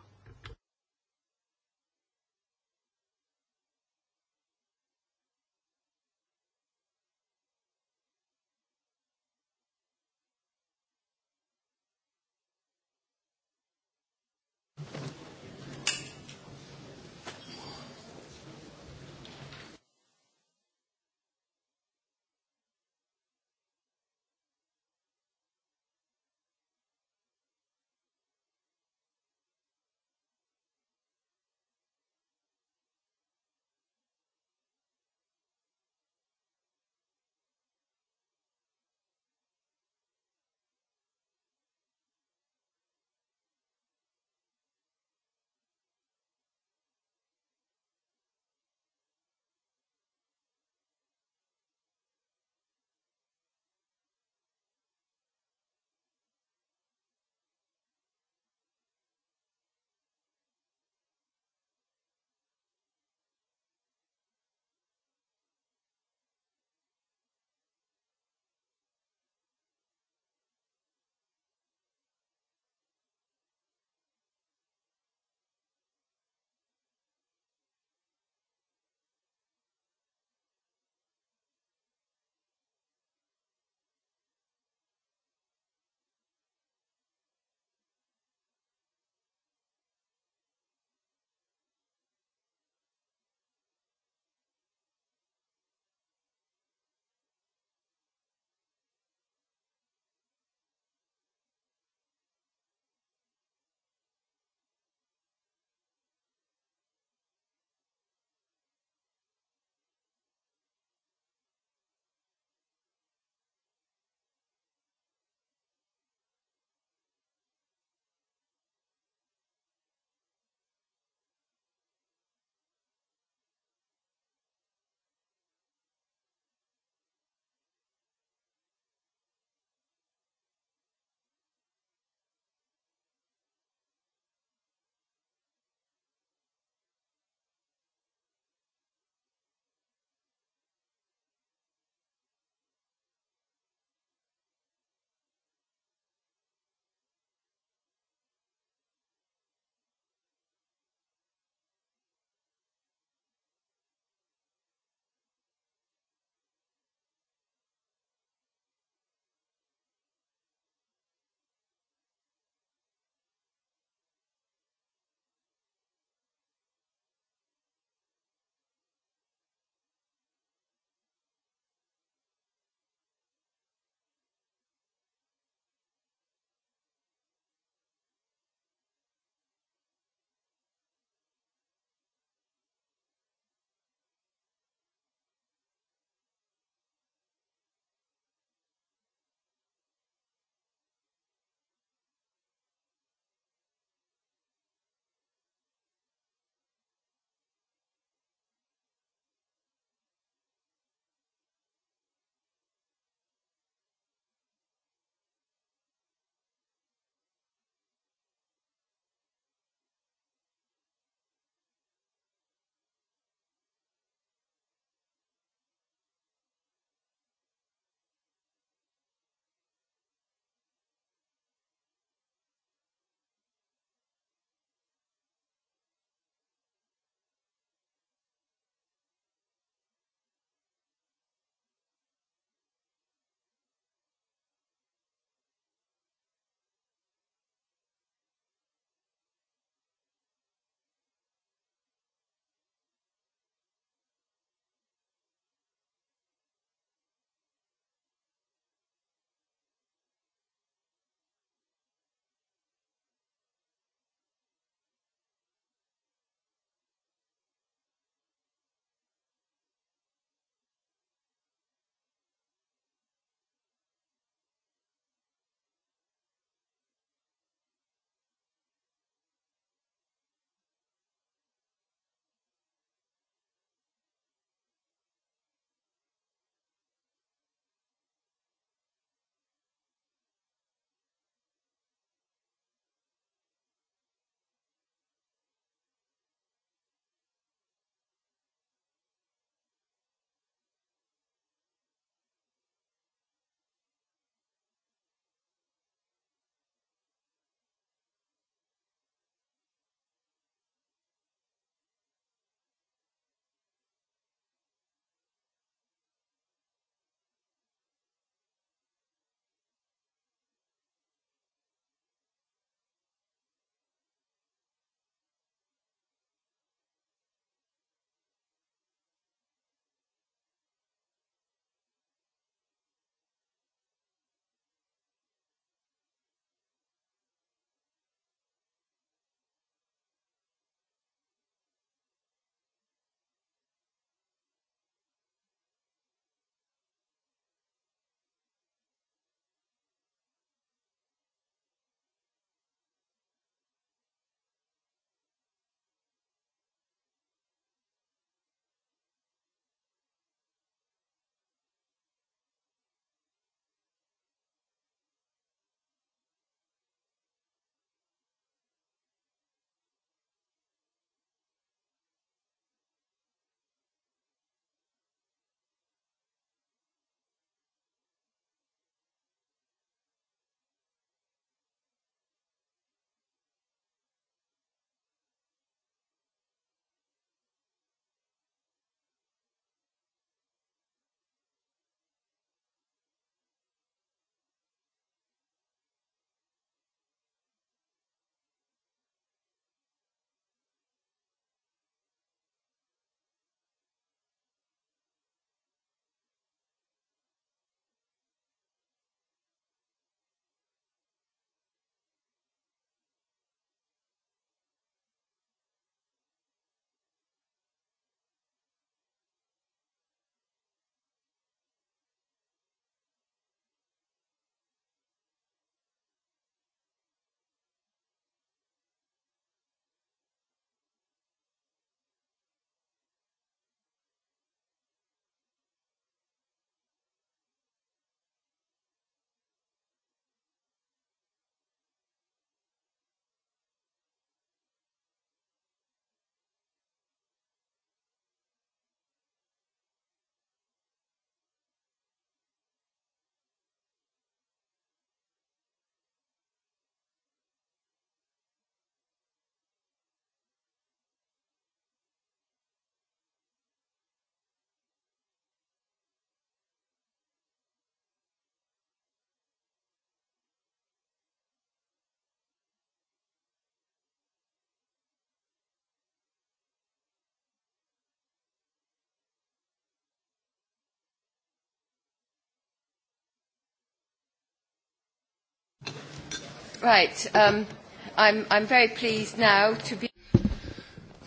Right. Um, I'm, I'm very pleased now to be...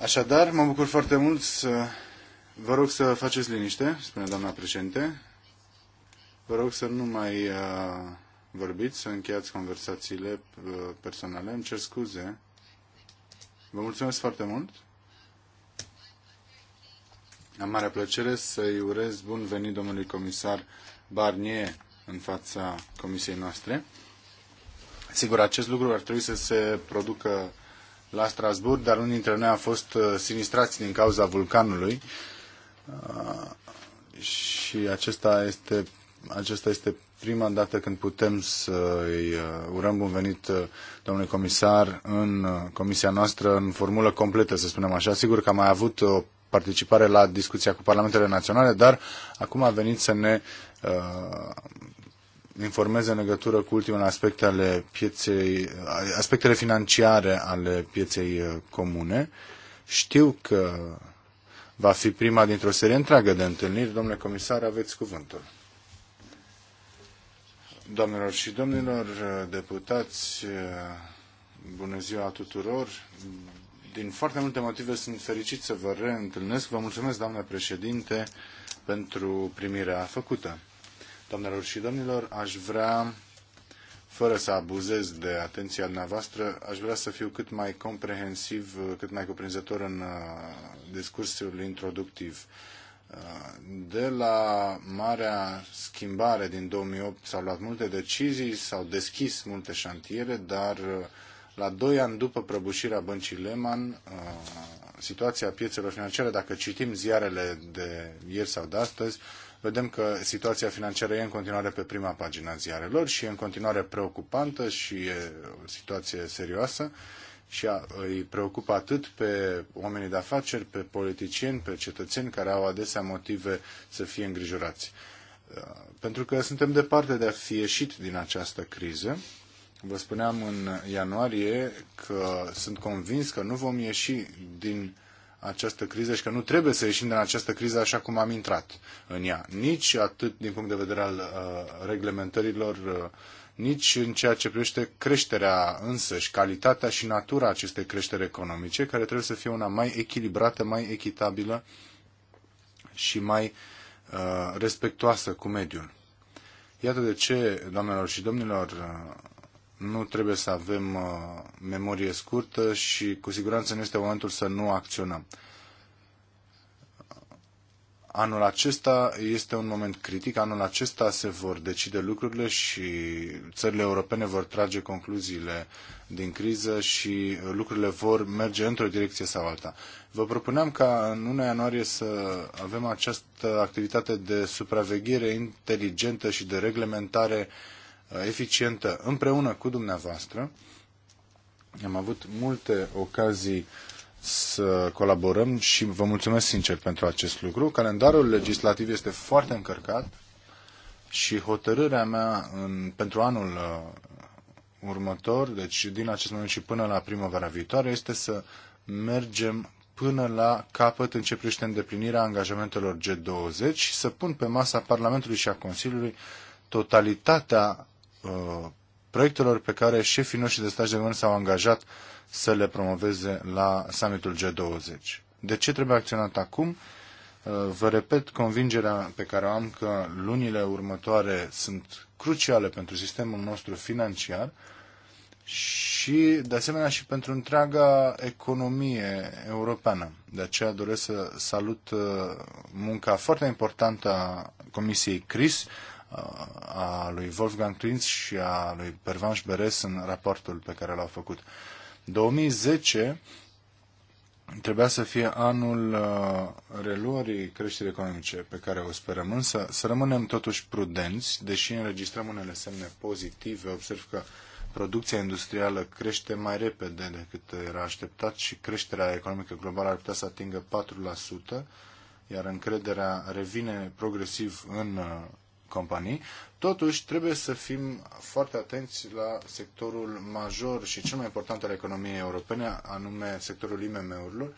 Așadar, mă bucur foarte mult să vă rog să faceți liniște, spune doamna președinte. Vă rog să nu mai uh, vorbiți, să încheiați conversațiile uh, personale. Îmi cer scuze. Vă mulțumesc foarte mult. Am mare plăcere să-i urez bun venit domnului comisar Barnier în fața comisiei noastre. Sigur, acest lucru ar trebui să se producă la Strasburg, dar unii dintre noi a fost uh, sinistrați din cauza vulcanului uh, și acesta este, acesta este prima dată când putem să îi uh, urăm bun venit domnului comisar în comisia noastră în formulă completă, să spunem așa. Sigur că am mai avut o participare la discuția cu parlamentele naționale, dar acum a venit să ne uh, informeze în legătură cu ultimele aspecte ale pieței, aspectele financiare ale pieței uh, comune. Știu că va fi prima dintr-o serie întreagă de întâlniri. Domnule comisar, aveți cuvântul. Doamnelor și domnilor uh, deputați, uh, bună ziua tuturor. Din foarte multe motive sunt fericit să vă reîntâlnesc. Vă mulțumesc, doamnă președinte, pentru primirea făcută. Doamnelor și domnilor, aș vrea, fără să abuzez de atenția dumneavoastră, aș vrea să fiu cât mai comprehensiv, cât mai cuprinzător în uh, discursul introductiv. Uh, de la marea schimbare din 2008 s-au luat multe decizii, s-au deschis multe șantiere, dar uh, la doi ani după prăbușirea băncii Lehman, situația piețelor financiare, dacă citim ziarele de ieri sau de astăzi, vedem că situația financiară e în continuare pe prima pagină a ziarelor și e în continuare preocupantă și e o situație serioasă și a, îi preocupă atât pe oamenii de afaceri, pe politicieni, pe cetățeni care au adesea motive să fie îngrijorați. Pentru că suntem departe de a fi ieșit din această criză. Vă spuneam în ianuarie că sunt convins că nu vom ieși din uh, această criză și că nu trebuie să ieșim din această criză așa cum am intrat în ea. Nici atât din punct de vedere al uh, reglementărilor, uh, nici în ceea ce privește creșterea însăși, calitatea și natura acestei creșteri economice, care trebuie să fie una mai echilibrată, mai echitabilă și mai uh, respectoasă cu mediul. Iată de ce, doamnelor și domnilor, uh, nu trebuie să avem uh, memorie scurtă și cu siguranță nu este momentul să nu acționăm. Anul acesta este un moment critic, anul acesta se vor decide lucrurile și țările europene vor trage concluziile din criză și lucrurile vor merge într-o direcție sau alta. Vă propuneam ca în 1 ianuarie să avem această activitate de supraveghere inteligentă și de reglementare uh, Uh, eficientă împreună cu dumneavoastră. Am avut multe ocazii să colaborăm și vă mulțumesc sincer pentru acest lucru. Calendarul legislativ este foarte încărcat și hotărârea mea în, pentru anul uh, următor, deci din acest moment și până la primăvara viitoare, este să mergem până la capăt în ce privește îndeplinirea angajamentelor G20 și să pun pe masa Parlamentului și a Consiliului totalitatea Uh, proiectelor pe care șefii noștri de staj de guvern s-au angajat să le promoveze la summitul G20. De ce trebuie acționat acum? Uh, vă repet convingerea pe care o am că lunile următoare sunt cruciale pentru sistemul nostru financiar și, de asemenea, și pentru întreaga economie europeană. De aceea doresc să salut uh, munca foarte importantă a Comisiei CRIS, a lui Wolfgang Klintz și a lui Pervanș Beres în raportul pe care l-au făcut. 2010 trebuia să fie anul uh, reluării creșterii economice pe care o sperăm, însă să rămânem totuși prudenți, deși înregistrăm unele semne pozitive, observ că producția industrială crește mai repede decât era așteptat și creșterea economică globală ar putea să atingă 4%, iar încrederea revine progresiv în uh, companii. Totuși, trebuie să fim foarte atenți la sectorul major și cel mai important al economiei europene, anume sectorul IMM-urilor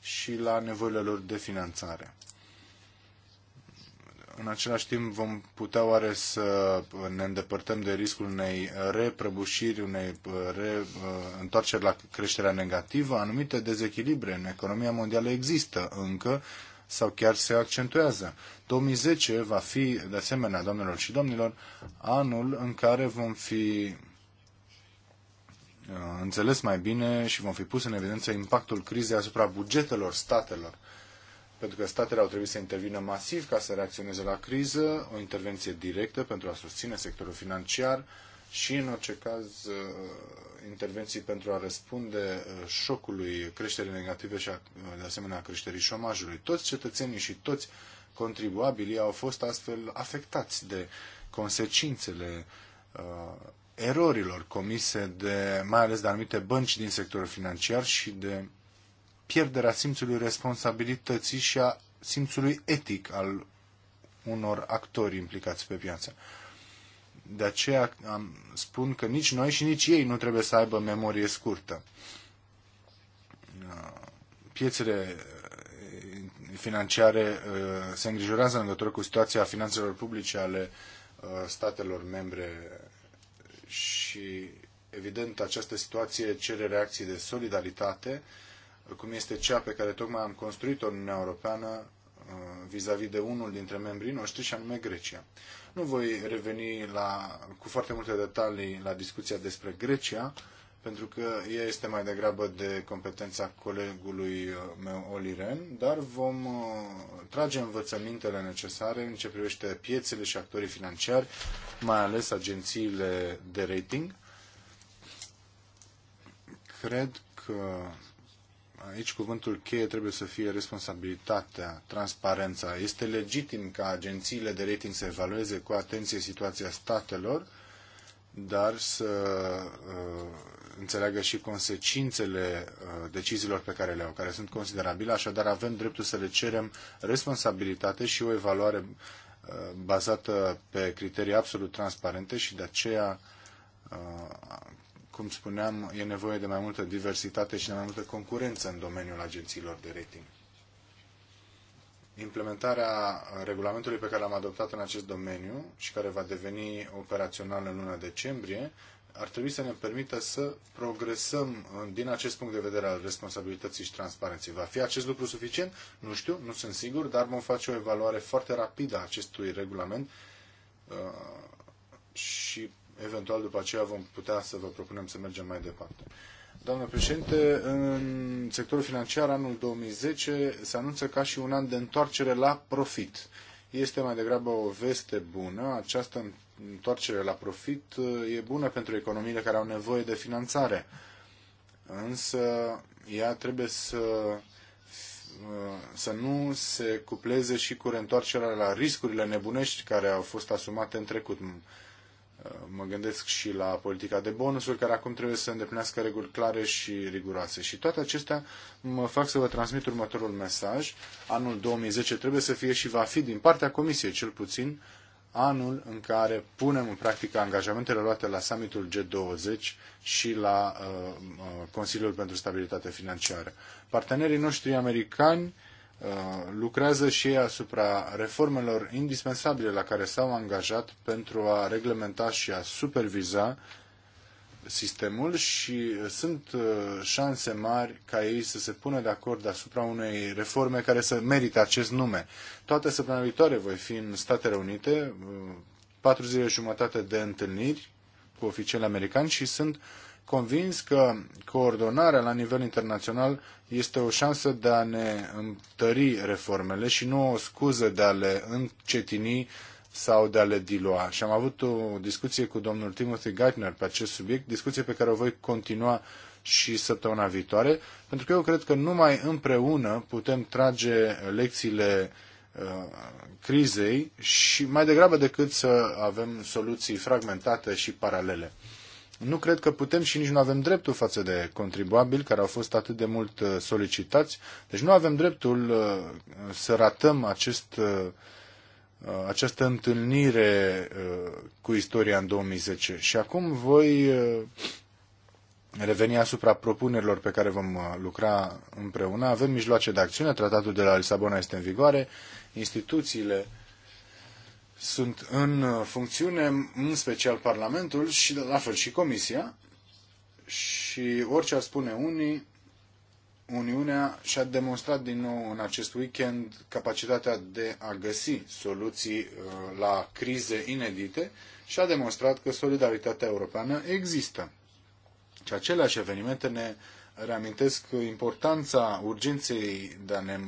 și la nevoile lor de finanțare. În același timp, vom putea oare să ne îndepărtăm de riscul unei reprăbușiri, unei uh, reîntoarceri uh, la creșterea negativă? Anumite dezechilibre în economia mondială există încă sau chiar se accentuează. 2010 va fi, de asemenea, doamnelor și domnilor, anul în care vom fi uh, înțeles mai bine și vom fi pus în evidență impactul crizei asupra bugetelor statelor. Pentru că statele au trebuit să intervină masiv ca să reacționeze la criză, o intervenție directă pentru a susține sectorul financiar, și, în orice caz, uh, intervenții pentru a răspunde uh, șocului creșterii negative și, de asemenea, creșterii șomajului. Toți cetățenii și toți contribuabilii au fost astfel afectați de consecințele uh, erorilor comise de, mai ales de anumite bănci din sectorul financiar și de pierderea simțului responsabilității și a simțului etic al unor actori implicați pe piață. De aceea am, spun că nici noi și nici ei nu trebuie să aibă memorie scurtă. Uh, piețele uh, financiare uh, se îngrijorează în legătură cu situația finanțelor publice ale statelor membre și evident această situație cere reacții de solidaritate, cum este cea pe care tocmai am construit-o în Uniunea Europeană vis-a-vis -vis de unul dintre membrii noștri și anume Grecia. Nu voi reveni la, cu foarte multe detalii la discuția despre Grecia, pentru că ea este mai degrabă de competența colegului uh, meu, Oliren, dar vom uh, trage învățămintele necesare în ce privește piețele și actorii financiari, mai ales agențiile de rating. Cred că Aici cuvântul cheie trebuie să fie responsabilitatea, transparența. Este legitim ca agențiile de rating să evalueze cu atenție situația statelor, dar să uh, înțeleagă și consecințele uh, deciziilor pe care le au, care sunt considerabile, așadar avem dreptul să le cerem responsabilitate și o evaluare uh, bazată pe criterii absolut transparente și de aceea uh, cum spuneam, e nevoie de mai multă diversitate și de mai multă concurență în domeniul agențiilor de rating. Implementarea regulamentului pe care l-am adoptat în acest domeniu și care va deveni operațional în luna decembrie ar trebui să ne permită să progresăm din acest punct de vedere al responsabilității și transparenței. Va fi acest lucru suficient? Nu știu, nu sunt sigur, dar vom face o evaluare foarte rapidă a acestui regulament uh, și eventual după aceea vom putea să vă propunem să mergem mai departe. Doamnă președinte, în sectorul financiar anul 2010 se anunță ca și un an de întoarcere la profit. Este mai degrabă o veste bună. Această întoarcere la profit uh, e bună pentru economiile care au nevoie de finanțare. Însă ea trebuie să, uh, să nu se cupleze și cu reîntoarcerea la riscurile nebunești care au fost asumate în trecut. Mă gândesc și la politica de bonusuri, care acum trebuie să îndeplinească reguli clare și riguroase. Și toate acestea mă fac să vă transmit următorul mesaj. Anul 2010 trebuie să fie și va fi din partea Comisiei, cel puțin, anul în care punem în practică angajamentele luate la summitul G20 și la uh, uh, Consiliul pentru Stabilitate Financiară. Partenerii noștri americani Uh, lucrează și ei asupra reformelor indispensabile la care s-au angajat pentru a reglementa și a superviza sistemul și uh, sunt uh, șanse mari ca ei să se pună de acord asupra unei reforme care să merite acest nume. Toate săptămâna viitoare voi fi în Statele Unite, patru zile jumătate de întâlniri cu oficiali americani și sunt convins că coordonarea la nivel internațional este o șansă de a ne întări reformele și nu o scuză de a le încetini sau de a le dilua. Și am avut o discuție cu domnul Timothy Geithner pe acest subiect, discuție pe care o voi continua și săptămâna viitoare, pentru că eu cred că numai împreună putem trage lecțiile uh, crizei și mai degrabă decât să avem soluții fragmentate și paralele. Nu cred că putem și nici nu avem dreptul față de contribuabili care au fost atât de mult uh, solicitați. Deci nu avem dreptul uh, să ratăm acest, uh, această întâlnire cu istoria în 2010. Și acum voi reveni asupra propunerilor pe care vom lucra împreună. Avem mijloace de acțiune, tratatul de la Lisabona este în vigoare, instituțiile sunt în uh, funcțiune, în special Parlamentul și la fel și Comisia. Și orice ar spune unii, Uniunea și-a demonstrat din nou în acest weekend capacitatea de a găsi soluții uh, la crize inedite și a demonstrat că solidaritatea europeană există. Și aceleași evenimente ne reamintesc importanța urgenței de a ne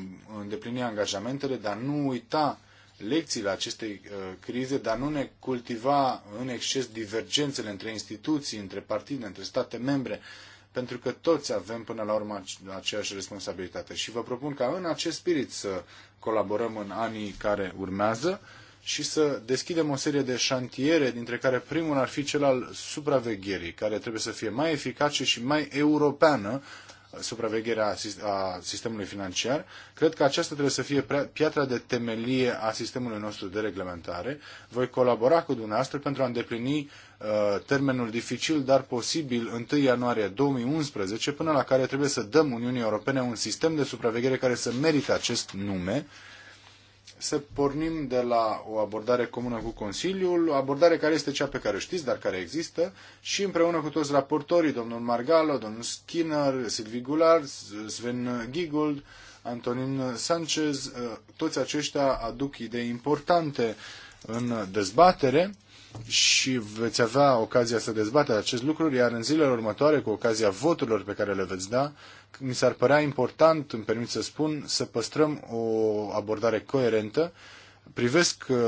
îndeplini angajamentele, dar nu uita lecțiile acestei uh, crize, dar nu ne cultiva în exces divergențele între instituții, între partide, între state membre, pentru că toți avem până la urmă aceeași responsabilitate. Și vă propun ca în acest spirit să colaborăm în anii care urmează și să deschidem o serie de șantiere, dintre care primul ar fi cel al supravegherii, care trebuie să fie mai eficace și mai europeană supraveghere a sistemului financiar, cred că aceasta trebuie să fie piatra de temelie a sistemului nostru de reglementare. Voi colabora cu dumneavoastră pentru a îndeplini uh, termenul dificil, dar posibil, 1 ianuarie 2011, până la care trebuie să dăm Uniunii Europene un sistem de supraveghere care să merite acest nume, să pornim de la o abordare comună cu Consiliul, o abordare care este cea pe care o știți, dar care există, și împreună cu toți raportorii, domnul Margalo, domnul Skinner, Silvi Gular, Sven Giegold, Antonin Sanchez, eh, toți aceștia aduc idei importante în dezbatere și veți avea ocazia să dezbate acest lucru, iar în zilele următoare, cu ocazia voturilor pe care le veți da, mi s-ar părea important, îmi permit să spun, să păstrăm o abordare coerentă. Privesc uh,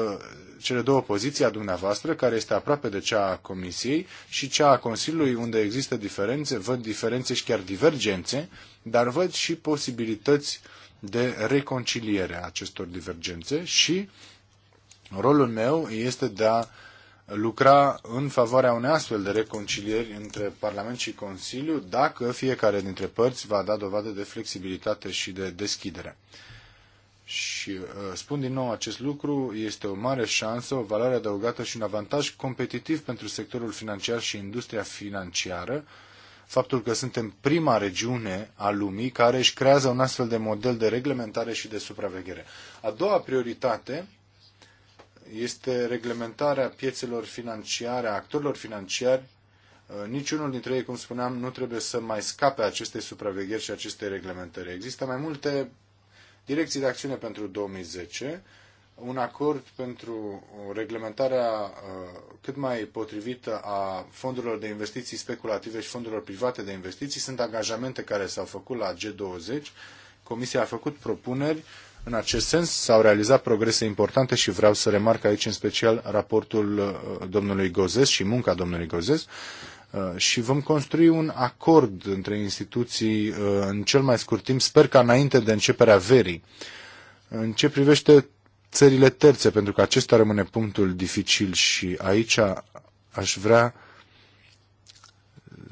cele două poziții a dumneavoastră, care este aproape de cea a Comisiei și cea a Consiliului, unde există diferențe, văd diferențe și chiar divergențe, dar văd și posibilități de reconciliere a acestor divergențe și rolul meu este de a lucra în favoarea unei astfel de reconcilieri între Parlament și Consiliu dacă fiecare dintre părți va da dovadă de flexibilitate și de deschidere. Și uh, spun din nou acest lucru, este o mare șansă, o valoare adăugată și un avantaj competitiv pentru sectorul financiar și industria financiară, faptul că suntem prima regiune a lumii care își creează un astfel de model de reglementare și de supraveghere. A doua prioritate este reglementarea piețelor financiare, a actorilor financiari. Uh, niciunul dintre ei, cum spuneam, nu trebuie să mai scape aceste supravegheri și aceste reglementări. Există mai multe direcții de acțiune pentru 2010, un acord pentru reglementarea uh, cât mai potrivită a fondurilor de investiții speculative și fondurilor private de investiții. Sunt angajamente care s-au făcut la G20. Comisia a făcut propuneri în acest sens s-au realizat progrese importante și vreau să remarc aici în special raportul uh, domnului Gozes și munca domnului Gozes uh, și vom construi un acord între instituții uh, în cel mai scurt timp, sper ca înainte de începerea verii. În ce privește țările terțe, pentru că acesta rămâne punctul dificil și aici aș vrea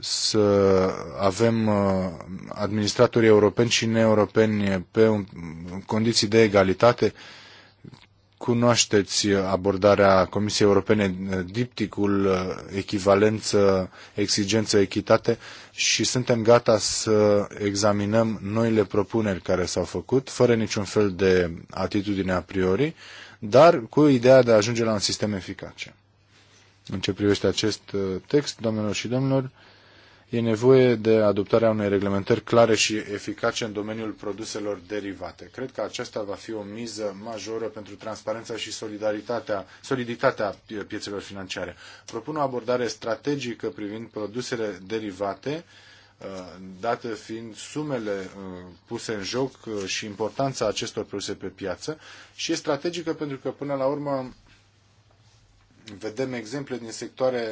să avem uh, administratorii europeni și neeuropeni pe condiții de egalitate. Cunoașteți abordarea Comisiei Europene, uh, dipticul uh, echivalență, exigență, echitate și suntem gata să examinăm noile propuneri care s-au făcut, fără niciun fel de atitudine a priori, dar cu ideea de a ajunge la un sistem eficace. În ce privește acest text, doamnelor și domnilor, e nevoie de adoptarea unei reglementări clare și eficace în domeniul produselor derivate. Cred că aceasta va fi o miză majoră pentru transparența și solidaritatea, soliditatea piețelor financiare. Propun o abordare strategică privind produsele derivate, uh, date fiind sumele uh, puse în joc uh, și importanța acestor produse pe piață și e strategică pentru că până la urmă vedem exemple din sectoare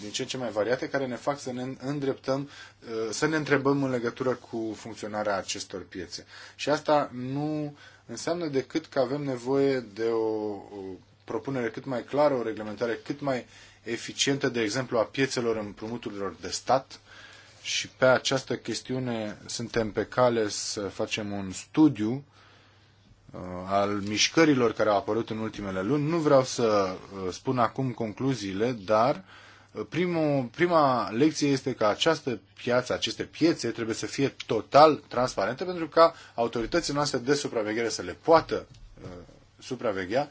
din ce în ce mai variate care ne fac să ne îndreptăm, uh, să ne întrebăm în legătură cu funcționarea acestor piețe. Și asta nu înseamnă decât că avem nevoie de o, propunere cât mai clară, o reglementare cât mai eficientă, de exemplu, a piețelor împrumuturilor de stat. Și pe această chestiune suntem pe cale să facem un studiu Uh, al mișcărilor care au apărut în ultimele luni. Nu vreau să uh, spun acum concluziile, dar uh, primul, prima lecție este că această piață, aceste piețe trebuie să fie total transparente pentru ca autoritățile noastre de supraveghere să le poată uh, supraveghea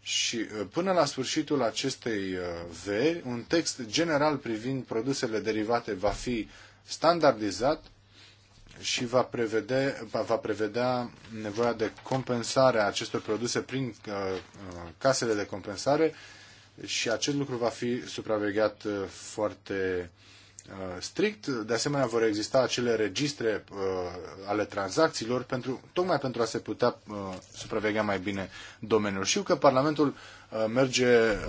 și uh, până la sfârșitul acestei uh, veri, un text general privind produsele derivate va fi standardizat și va, prevede, va prevedea nevoia de compensare a acestor produse prin uh, uh, casele de compensare și acest lucru va fi supravegheat uh, foarte Uh, strict. De asemenea, vor exista acele registre uh, ale tranzacțiilor, pentru, tocmai pentru a se putea uh, supraveghea mai bine domeniul. Știu că Parlamentul uh, merge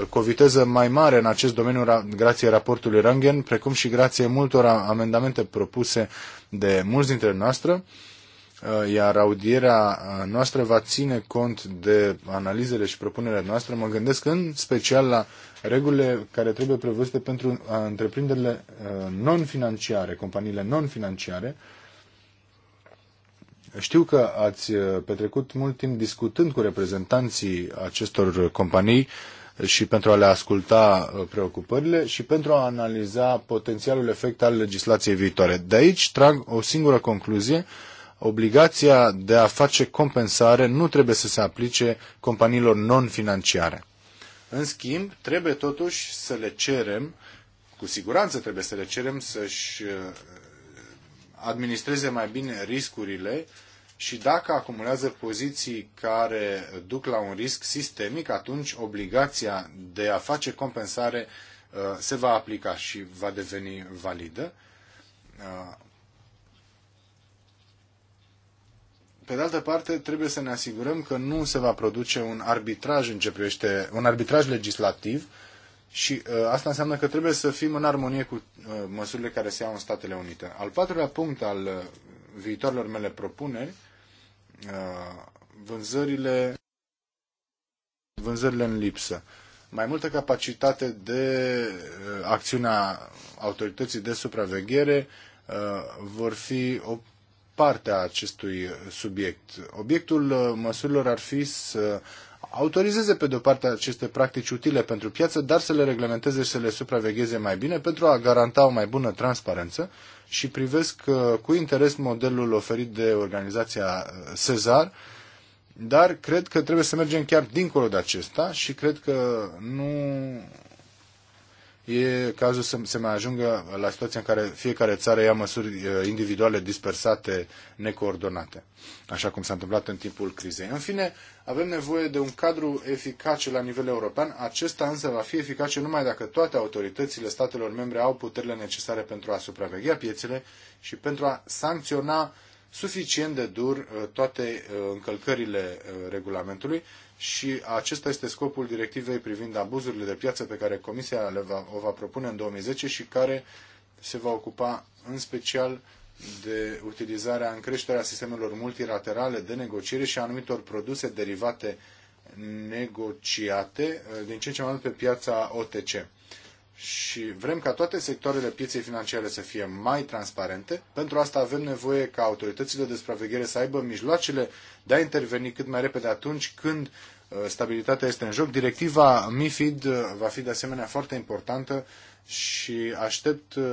cu o viteză mai mare în acest domeniu ra- grație raportului Rangen, precum și grație multor amendamente propuse de mulți dintre noastre, uh, iar audierea uh, noastră va ține cont de analizele și propunerea noastră. Mă gândesc în special la regulile care trebuie prevăzute pentru uh, întreprinderile uh, non-financiare, companiile non-financiare. Știu că ați uh, petrecut mult timp discutând cu reprezentanții acestor companii și pentru a le asculta preocupările și pentru a analiza potențialul efect al legislației viitoare. De aici trag o singură concluzie. Obligația de a face compensare nu trebuie să se aplice companiilor non-financiare. În schimb, trebuie totuși să le cerem, cu siguranță trebuie să le cerem să-și uh, administreze mai bine riscurile și dacă acumulează poziții care duc la un risc sistemic, atunci obligația de a face compensare uh, se va aplica și va deveni validă. Uh, Pe de altă parte, trebuie să ne asigurăm că nu se va produce un arbitraj în ce privește, un arbitraj legislativ și uh, asta înseamnă că trebuie să fim în armonie cu uh, măsurile care se iau în Statele Unite. Al patrulea punct al uh, viitorilor mele propuneri, uh, vânzările, vânzările în lipsă. Mai multă capacitate de uh, acțiunea autorității de supraveghere uh, vor fi o parte a acestui subiect. Obiectul uh, măsurilor ar fi să autorizeze pe de-o parte aceste practici utile pentru piață, dar să le reglementeze și să le supravegheze mai bine pentru a garanta o mai bună transparență și privesc uh, cu interes modelul oferit de organizația uh, Cezar, dar cred că trebuie să mergem chiar dincolo de acesta și cred că nu e cazul să se mai ajungă la situația în care fiecare țară ia măsuri individuale dispersate, necoordonate, așa cum s-a întâmplat în timpul crizei. În fine, avem nevoie de un cadru eficace la nivel european. Acesta însă va fi eficace numai dacă toate autoritățile statelor membre au puterile necesare pentru a supraveghea piețele și pentru a sancționa suficient de dur toate încălcările regulamentului și acesta este scopul directivei privind abuzurile de piață pe care Comisia le va, o va propune în 2010 și care se va ocupa în special de utilizarea în creșterea sistemelor multilaterale de negociere și a anumitor produse derivate negociate uh, din ce în ce mai mult pe piața OTC și vrem ca toate sectoarele pieței financiare să fie mai transparente. Pentru asta avem nevoie ca autoritățile de supraveghere să aibă mijloacele de a interveni cât mai repede atunci când uh, stabilitatea este în joc. Directiva MIFID uh, va fi de asemenea foarte importantă și aștept uh,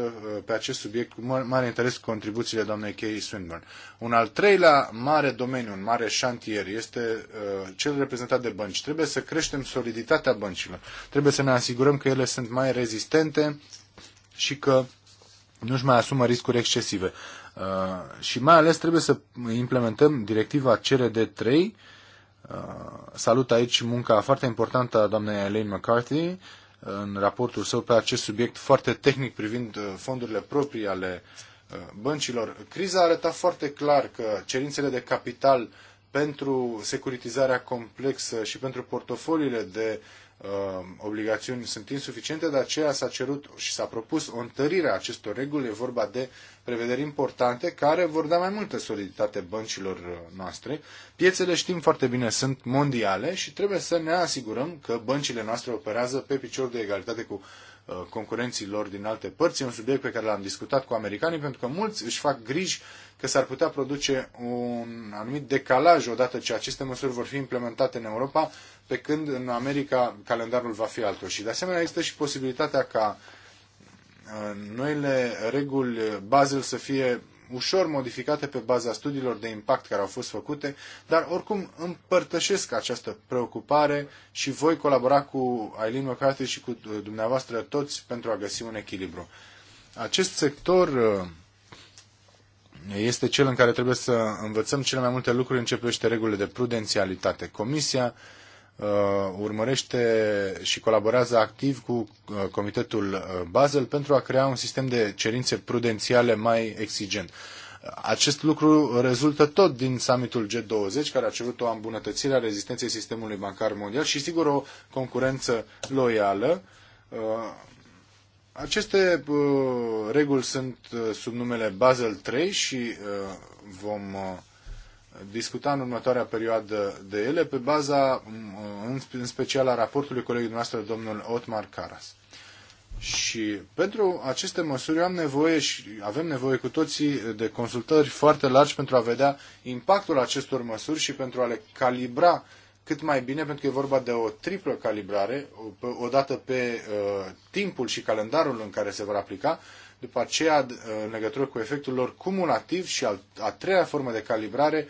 pe acest subiect cu mare interes contribuțiile doamnei Kay Swinburne. Un al treilea mare domeniu, un mare șantier, este uh, cel reprezentat de bănci. Trebuie să creștem soliditatea băncilor. Trebuie să ne asigurăm că ele sunt mai rezistente și că nu-și mai asumă riscuri excesive. Uh, și mai ales trebuie să implementăm directiva CRD3. Salut aici munca foarte importantă a doamnei Elaine McCarthy, în raportul său pe acest subiect foarte tehnic privind uh, fondurile proprii ale uh, băncilor. Criza a arătat foarte clar că cerințele de capital pentru securitizarea complexă și pentru portofoliile de Um, obligațiuni sunt insuficiente, de aceea s-a cerut și s-a propus o întărire a acestor reguli. E vorba de prevederi importante care vor da mai multă soliditate băncilor uh, noastre. Piețele, știm foarte bine, sunt mondiale și trebuie să ne asigurăm că băncile noastre operează pe picior de egalitate cu uh, concurenții lor din alte părți. E un subiect pe care l-am discutat cu americanii pentru că mulți își fac griji că s-ar putea produce un anumit decalaj odată ce aceste măsuri vor fi implementate în Europa pe când în America calendarul va fi altul. Și de asemenea există și posibilitatea ca uh, noile reguli uh, Basel să fie ușor modificate pe baza studiilor de impact care au fost făcute, dar oricum împărtășesc această preocupare și voi colabora cu Aileen McCarthy și cu uh, dumneavoastră toți pentru a găsi un echilibru. Acest sector este cel în care trebuie să învățăm cele mai multe lucruri în ce privește regulile de prudențialitate. Comisia uh, Uh, urmărește și colaborează activ cu uh, Comitetul uh, Basel pentru a crea un sistem de cerințe prudențiale mai exigent. Acest lucru rezultă tot din summitul G20, care a cerut o îmbunătățire a rezistenței sistemului bancar mondial și, sigur, o concurență loială. Aceste reguli sunt sub numele Basel III și vom discuta în următoarea perioadă de ele, pe baza, mm, în special, a raportului colegului noastră, domnul Otmar Caras. Și pentru aceste măsuri am nevoie și avem nevoie cu toții de consultări foarte largi pentru a vedea impactul acestor măsuri și pentru a le calibra cât mai bine, pentru că e vorba de o triplă calibrare, odată pe uh, timpul și calendarul în care se vor aplica, după aceea uh, în legătură cu efectul lor cumulativ și a treia formă de calibrare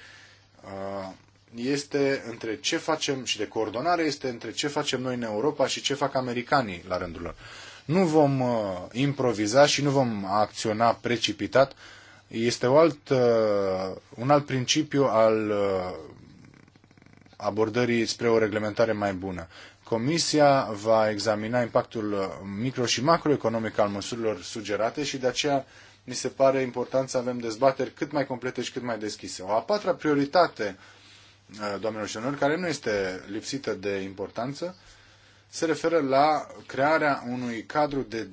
Uh, este între ce facem și de coordonare este între ce facem noi în Europa și ce fac americanii la rândul lor. Nu vom uh, improviza și nu vom acționa precipitat. Este o alt, uh, un alt principiu al uh, abordării spre o reglementare mai bună. Comisia va examina impactul micro și macroeconomic al măsurilor sugerate și de aceea mi se pare important să avem dezbateri cât mai complete și cât mai deschise. O a patra prioritate, uh, doamnelor și domnilor, care nu este lipsită de importanță, se referă la crearea unui cadru de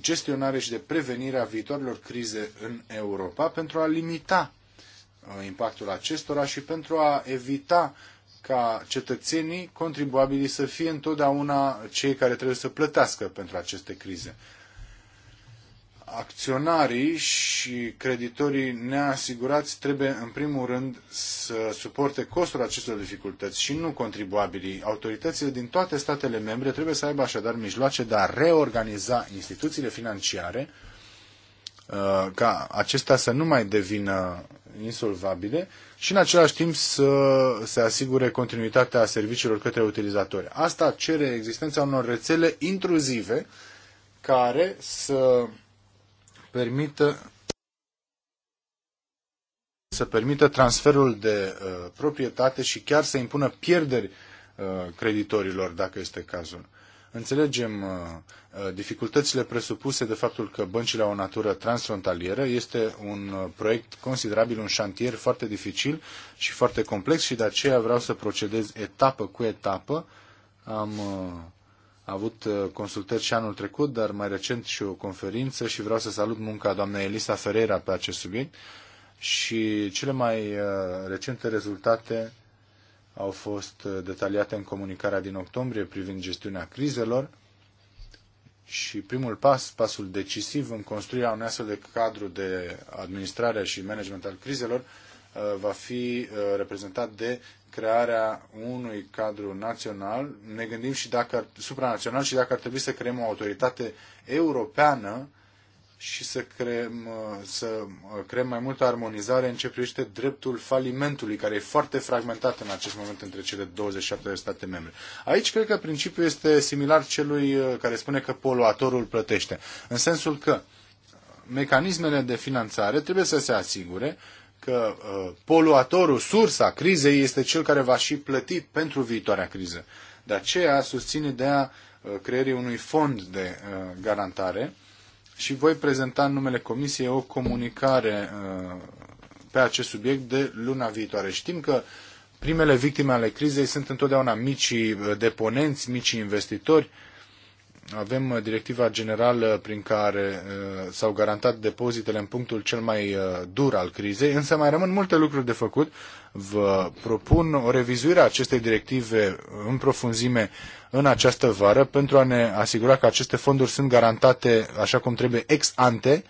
gestionare și de prevenire a viitoarelor crize în Europa pentru a limita uh, impactul acestora și pentru a evita ca cetățenii contribuabili să fie întotdeauna cei care trebuie să plătească pentru aceste crize acționarii și creditorii neasigurați trebuie în primul rând să suporte costul acestor dificultăți și nu contribuabilii. Autoritățile din toate statele membre trebuie să aibă așadar mijloace de a reorganiza instituțiile financiare uh, ca acestea să nu mai devină insolvabile și în același timp să se asigure continuitatea serviciilor către utilizatori. Asta cere existența unor rețele intruzive care să permită să permită transferul de uh, proprietate și chiar să impună pierderi uh, creditorilor, dacă este cazul. Înțelegem uh, uh, dificultățile presupuse de faptul că băncile au o natură transfrontalieră. Este un uh, proiect considerabil, un șantier foarte dificil și foarte complex și de aceea vreau să procedez etapă cu etapă. Am uh, a avut uh, consultări și anul trecut, dar mai recent și o conferință și vreau să salut munca doamnei Elisa Ferreira pe acest subiect. Și cele mai uh, recente rezultate au fost uh, detaliate în comunicarea din octombrie privind gestiunea crizelor și primul pas, pasul decisiv în construirea unui astfel de cadru de administrare și management al crizelor, va fi reprezentat de crearea unui cadru național, ne gândim și dacă ar, supranațional și dacă ar trebui să creăm o autoritate europeană și să creăm, să creăm mai multă armonizare în ce privește dreptul falimentului, care e foarte fragmentat în acest moment între cele 27 de state membre. Aici cred că principiul este similar celui uh, care spune că poluatorul plătește, în sensul că mecanismele de finanțare trebuie să se asigure că uh, poluatorul, sursa crizei, este cel care va și plăti pentru viitoarea criză. De aceea susțin ideea uh, creierii unui fond de uh, garantare și voi prezenta în numele Comisiei o comunicare pe acest subiect de luna viitoare. Știm că primele victime ale crizei sunt întotdeauna micii deponenți, micii investitori, avem uh, directiva generală prin care uh, s-au garantat depozitele în punctul cel mai uh, dur al crizei, însă mai rămân multe lucruri de făcut. Vă propun o revizuire a acestei directive în profunzime în această vară pentru a ne asigura că aceste fonduri sunt garantate așa cum trebuie ex ante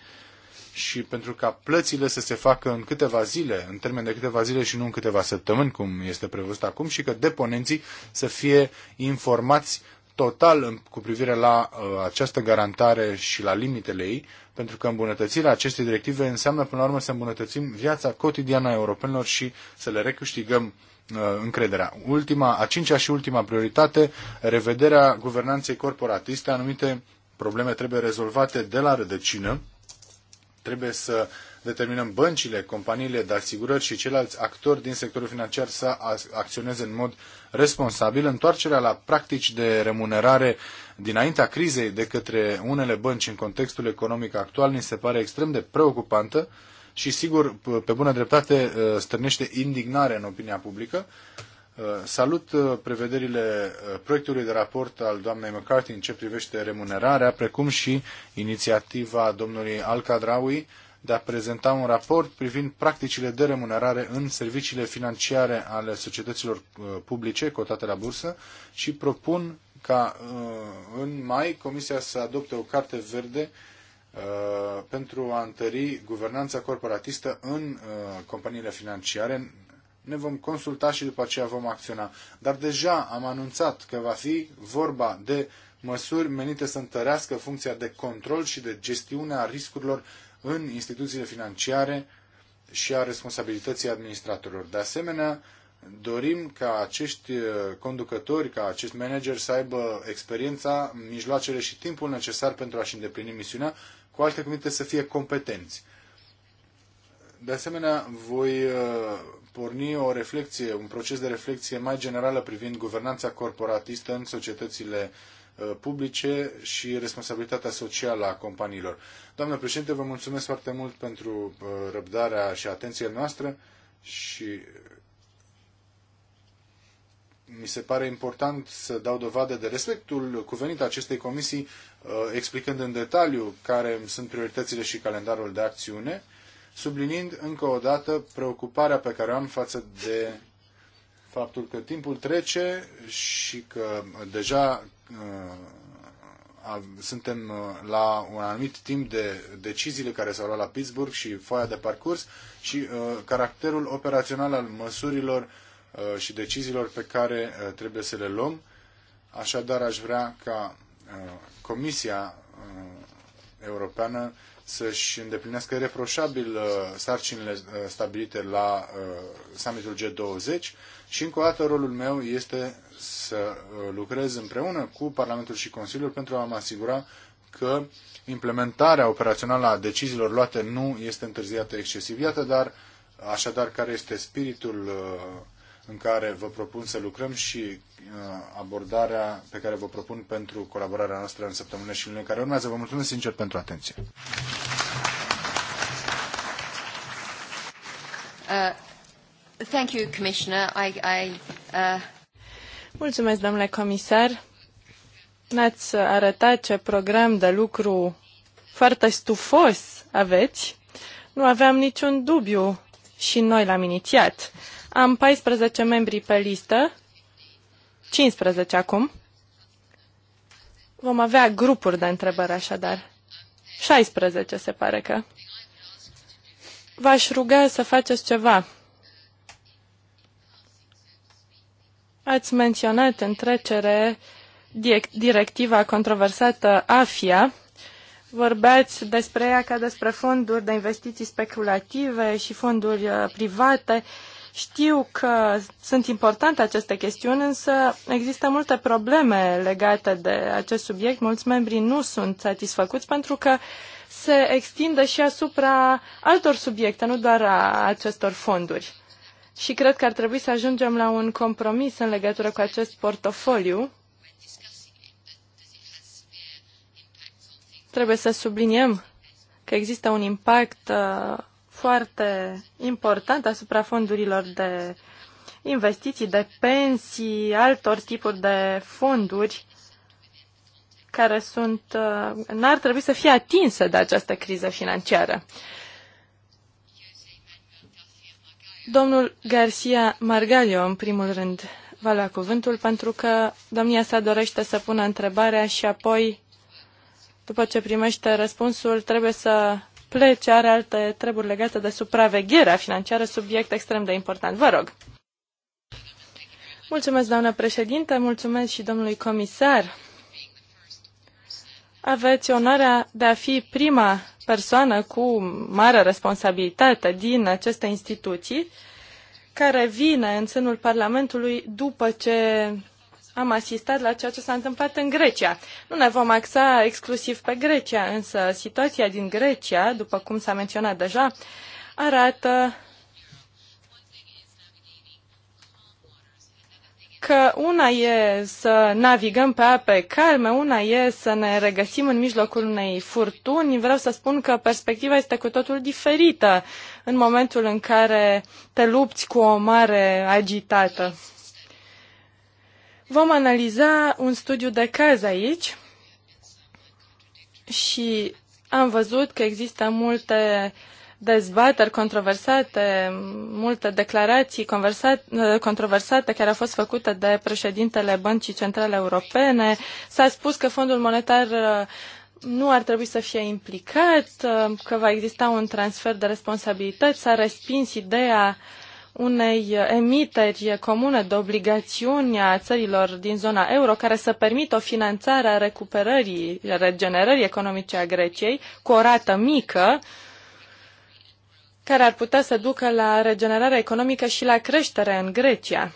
și pentru ca plățile să se facă în câteva zile, în termen de câteva zile și nu în câteva săptămâni, cum este prevăzut acum, și că deponenții să fie informați total cu privire la uh, această garantare și la limitele ei, pentru că îmbunătățirea acestei directive înseamnă până la urmă să îmbunătățim viața cotidiană a europenilor și să le recâștigăm uh, încrederea. Ultima, a cincea și ultima prioritate, revederea guvernanței corporatiste. Anumite probleme trebuie rezolvate de la rădăcină. Trebuie să uh, determinăm băncile, companiile de asigurări și ceilalți actori din sectorul financiar să acționeze în mod responsabil. Întoarcerea la practici de remunerare dinaintea crizei de către unele bănci în contextul economic actual ni se pare extrem de preocupantă și, sigur, pe bună dreptate, uh, stârnește indignare în opinia publică. Uh, salut uh, prevederile proiectului de raport al doamnei McCarthy în ce privește remunerarea, precum și inițiativa domnului Al Kadraoui de a prezenta un raport privind practicile de remunerare în serviciile financiare ale societăților uh, publice cotate la bursă și propun ca uh, în mai Comisia să adopte o carte verde uh, pentru a întări guvernanța corporatistă în companiile financiare. Ne vom consulta și după aceea vom acționa. Dar deja am anunțat că va fi vorba de măsuri menite să întărească funcția de control și de gestiune a riscurilor în instituțiile financiare și a responsabilității administratorilor. De asemenea, dorim ca acești uh, conducători, ca acești manageri să aibă experiența, mijloacele și timpul necesar pentru a-și îndeplini misiunea, cu alte cuvinte să fie competenți. De asemenea, voi uh, porni o reflexie, un proces de reflexie mai generală privind guvernanța corporatistă în societățile Uh, publice și responsabilitatea socială a companiilor. Doamnă președinte, vă mulțumesc foarte mult pentru uh, răbdarea și atenția noastră și mi se pare important să dau dovadă de respectul cuvenit acestei comisii, uh, explicând în detaliu care sunt prioritățile și calendarul de acțiune, sublinind încă o dată preocuparea pe care o am față de faptul că timpul trece și că deja uh, suntem uh, la un anumit timp de deciziile care s-au luat la Pittsburgh și foaia de parcurs și uh, caracterul operațional al măsurilor uh, și deciziilor pe care uh, trebuie să le luăm. Așadar, aș vrea ca uh, Comisia Europeană să-și îndeplinească reproșabil uh, sarcinile uh, stabilite la uh, summitul G20 și încă o dată rolul meu este să lucrez împreună cu Parlamentul și Consiliul pentru a mă asigura că implementarea operațională a deciziilor luate nu este întârziată excesiv. Iată, dar așadar care este spiritul uh, în care vă propun să lucrăm și uh, abordarea pe care vă propun pentru colaborarea noastră în săptămâna și lunile care urmează. Vă mulțumesc sincer pentru atenție. Uh, thank you, Commissioner. I, I, uh... Mulțumesc, domnule comisar. Ne-ați arătat ce program de lucru foarte stufos aveți. Nu aveam niciun dubiu și noi l-am inițiat. Am 14 membri pe listă, 15 acum. Vom avea grupuri de întrebări așadar. 16 se pare că. V-aș ruga să faceți ceva. Ați menționat în trecere directiva controversată AFIA. Vorbeați despre ea ca despre fonduri de investiții speculative și fonduri uh, private. Uh, știu că sunt importante aceste chestiuni, însă există multe probleme legate de acest subiect. Mulți membri nu sunt satisfăcuți pentru că se extinde și asupra altor subiecte, nu doar a acestor fonduri. Și cred că ar trebui să ajungem la un compromis în legătură cu acest portofoliu. Trebuie să subliniem că există un impact uh, foarte important asupra fondurilor de investiții, de pensii, altor tipuri de fonduri care sunt, uh, n-ar trebui să fie atinse de această criză financiară. Domnul Garcia Margalio, în primul rând, va lua cuvântul pentru că domnia sa dorește să pună întrebarea și apoi, după ce primește răspunsul, trebuie să plece, are alte treburi legate de supravegherea financiară, subiect extrem de important. Vă rog! Mulțumesc, doamnă președinte, mulțumesc și domnului comisar. Aveți onoarea de a fi prima persoană cu mare responsabilitate din aceste instituții care vine în sânul Parlamentului după ce am asistat la ceea ce s-a întâmplat în Grecia. Nu ne vom axa exclusiv pe Grecia, însă situația din Grecia, după cum s-a menționat deja, arată că una e să navigăm pe ape calme, una e să ne regăsim în mijlocul unei furtuni. Vreau să spun că perspectiva este cu totul diferită în momentul în care te lupți cu o mare agitată. Vom analiza un studiu de caz aici și am văzut că există multe dezbateri controversate, multe declarații controversate care au fost făcute de președintele Băncii Centrale Europene. S-a spus că Fondul Monetar uh, nu ar trebui să fie implicat, uh, că va exista un transfer de responsabilități, s-a respins ideea uh, unei emiteri comune de obligațiuni a țărilor din zona euro care să permită o finanțare a recuperării, a regenerării economice a Greciei cu o rată mică, care ar putea să ducă la regenerarea economică și la creștere în Grecia.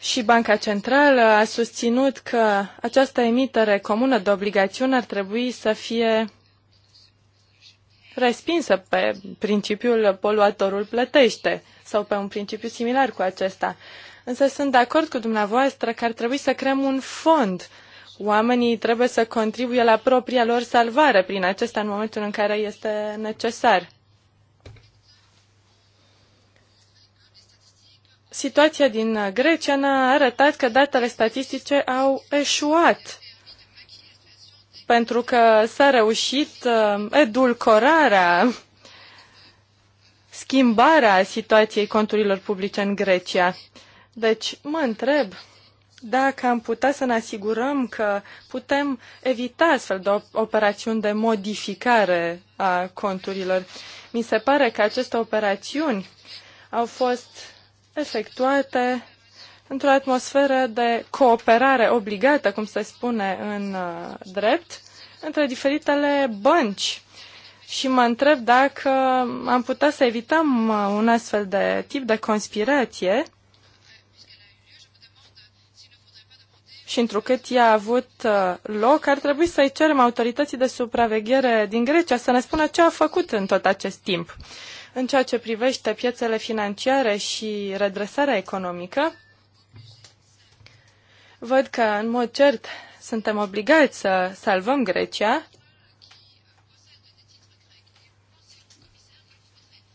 și Banca Centrală a susținut că această emitere comună de obligațiuni ar trebui să fie respinsă pe principiul poluatorul plătește sau pe un principiu similar cu acesta. Însă sunt de acord cu dumneavoastră că ar trebui să creăm un fond. Oamenii trebuie să contribuie la propria lor salvare prin acesta în momentul în care este necesar. situația din uh, Grecia ne-a arătat că datele statistice au eșuat pentru că s-a reușit uh, edulcorarea, schimbarea situației conturilor publice în Grecia. Deci mă întreb dacă am putea să ne asigurăm că putem evita astfel de operațiuni de modificare a conturilor. Mi se pare că aceste operațiuni au fost efectuate într-o atmosferă de cooperare obligată, cum se spune în uh, drept, între diferitele bănci. Și mă întreb dacă am putea să evităm uh, un astfel de tip de conspirație și întrucât ea a avut uh, loc, ar trebui să-i cerem autorității de supraveghere din Grecia să ne spună ce a făcut în tot acest timp. În ceea ce privește piețele financiare și redresarea economică, văd că, în mod cert, suntem obligați să salvăm Grecia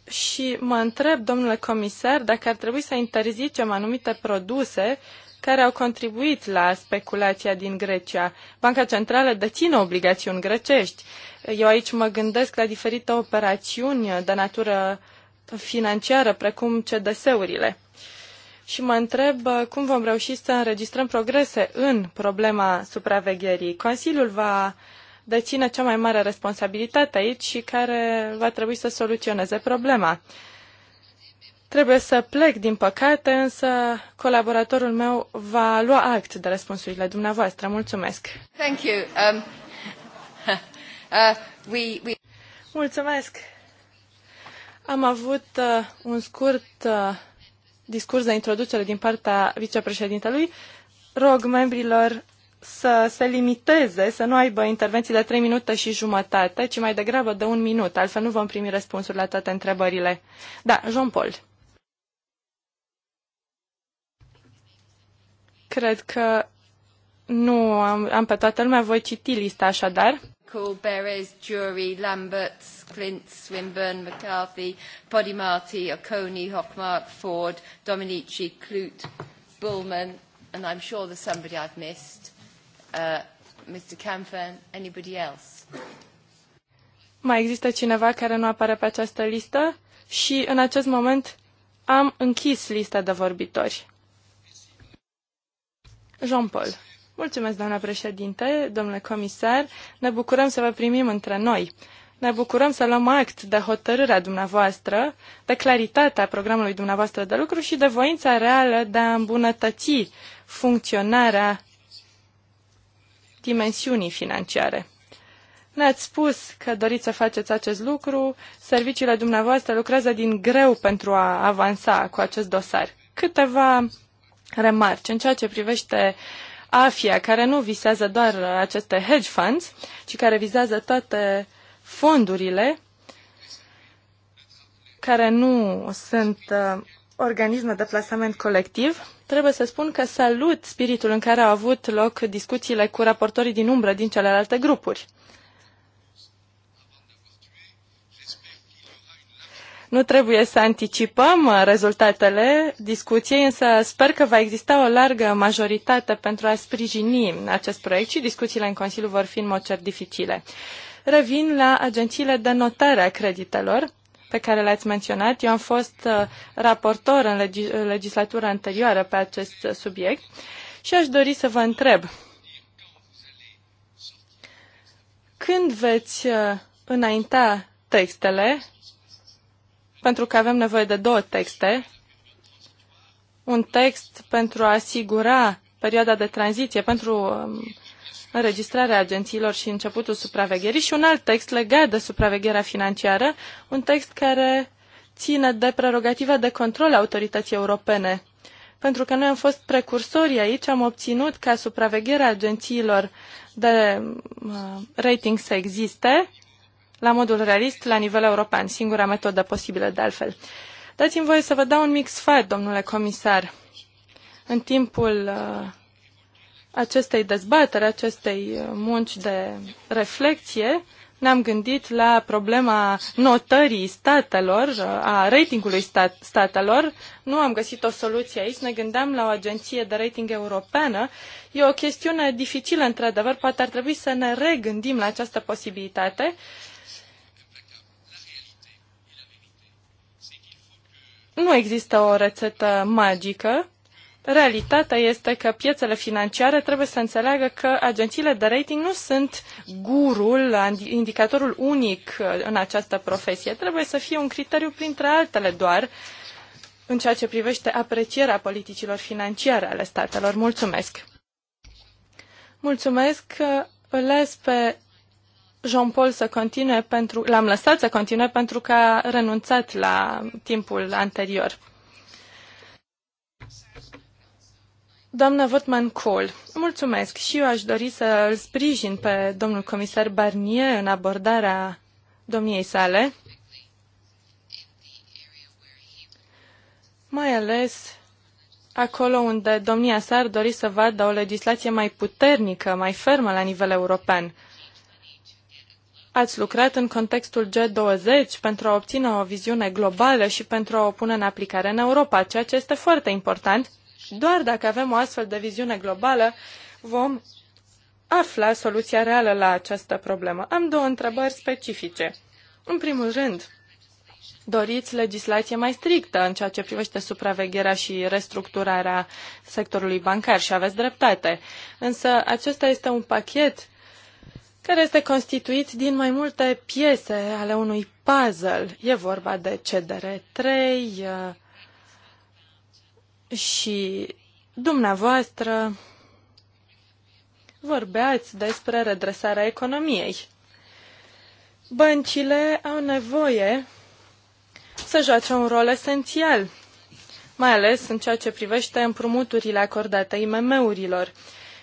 și mă întreb, domnule comisar, dacă ar trebui să interzicem anumite produse care au contribuit la speculația din Grecia. Banca Centrală deține obligațiuni grecești. Eu aici mă gândesc la diferite operațiuni de natură financiară, precum CDS-urile. Și mă întreb uh, cum vom reuși să înregistrăm progrese în problema supravegherii. Consiliul va deține cea mai mare responsabilitate aici și care va trebui să soluționeze problema. Trebuie să plec, din păcate, însă colaboratorul meu va lua act de răspunsurile dumneavoastră. Mulțumesc! Thank you. Um, [LAUGHS] uh, we, we... Mulțumesc! Am avut uh, un scurt uh, discurs de introducere din partea vicepreședintelui. Rog membrilor să se limiteze, să nu aibă intervenții de 3 minute și jumătate, ci mai degrabă de un minut, altfel nu vom primi răspunsuri la toate întrebările. Da, Jean-Paul. Cred că nu am, am pe toată lumea, voi citi lista așadar. Cole, Beres, Jury, Lambert, Clint, Swinburne, McCarthy, Podimati, Oconi, Hockmark, Ford, Dominici, Clute, Bullman, and I'm sure there's somebody I've missed. Uh, Mr. Camfern, anybody else? Mai există cineva care nu apare pe această listă? Și în acest moment am închis lista de vorbitori. Jean-Paul. Mulțumesc, doamna președinte, domnule comisar. Ne bucurăm să vă primim între noi. Ne bucurăm să luăm act de hotărârea dumneavoastră, de claritatea programului dumneavoastră de lucru și de voința reală de a îmbunătăți funcționarea dimensiunii financiare. Ne-ați spus că doriți să faceți acest lucru, serviciile dumneavoastră lucrează din greu pentru a avansa cu acest dosar. Câteva remarci. În ceea ce privește AFIA, care nu visează doar aceste hedge funds, ci care vizează toate fondurile care nu sunt uh, organisme de plasament colectiv, trebuie să spun că salut spiritul în care au avut loc discuțiile cu raportorii din umbră din celelalte grupuri. Nu trebuie să anticipăm uh, rezultatele discuției, însă sper că va exista o largă majoritate pentru a sprijini acest proiect și discuțiile în Consiliu vor fi în mod cer dificile. Revin la agențiile de notare a creditelor pe care le-ați menționat. Eu am fost uh, raportor în legislatura anterioară pe acest subiect și aș dori să vă întreb când veți uh, înainta textele pentru că avem nevoie de două texte. Un text pentru a asigura perioada de tranziție pentru um, înregistrarea agențiilor și începutul supravegherii și un alt text legat de supravegherea financiară, un text care ține de prerogativa de control a autorității europene. Pentru că noi am fost precursori aici, am obținut ca supravegherea agențiilor de um, rating să existe la modul realist, la nivel european, singura metodă posibilă de altfel. Dați-mi voie să vă dau un mic sfat, domnule comisar. În timpul uh, acestei dezbatere, acestei uh, munci de reflexie, ne-am gândit la problema notării statelor, uh, a ratingului stat- statelor. Nu am găsit o soluție aici, ne gândeam la o agenție de rating europeană. E o chestiune dificilă, într-adevăr, poate ar trebui să ne regândim la această posibilitate nu există o rețetă magică. Realitatea este că piețele financiare trebuie să înțeleagă că agențiile de rating nu sunt gurul, indicatorul unic în această profesie. Trebuie să fie un criteriu printre altele doar în ceea ce privește aprecierea politicilor financiare ale statelor. Mulțumesc! Mulțumesc! Îl las pe Jean-Paul să continue pentru... L-am lăsat să continue pentru că a renunțat la timpul anterior. Doamna Votman Cole, mulțumesc și eu aș dori să îl sprijin pe domnul comisar Barnier în abordarea domniei sale, mai ales acolo unde domnia sa ar dori să vadă o legislație mai puternică, mai fermă la nivel european. Ați lucrat în contextul G20 pentru a obține o viziune globală și pentru a o pune în aplicare în Europa, ceea ce este foarte important. Doar dacă avem o astfel de viziune globală, vom afla soluția reală la această problemă. Am două întrebări specifice. În primul rând, doriți legislație mai strictă în ceea ce privește supravegherea și restructurarea sectorului bancar și aveți dreptate. Însă acesta este un pachet care este constituit din mai multe piese ale unui puzzle. E vorba de CDR3 uh, și dumneavoastră vorbeați despre redresarea economiei. Băncile au nevoie să joace un rol esențial, mai ales în ceea ce privește împrumuturile acordate IMM-urilor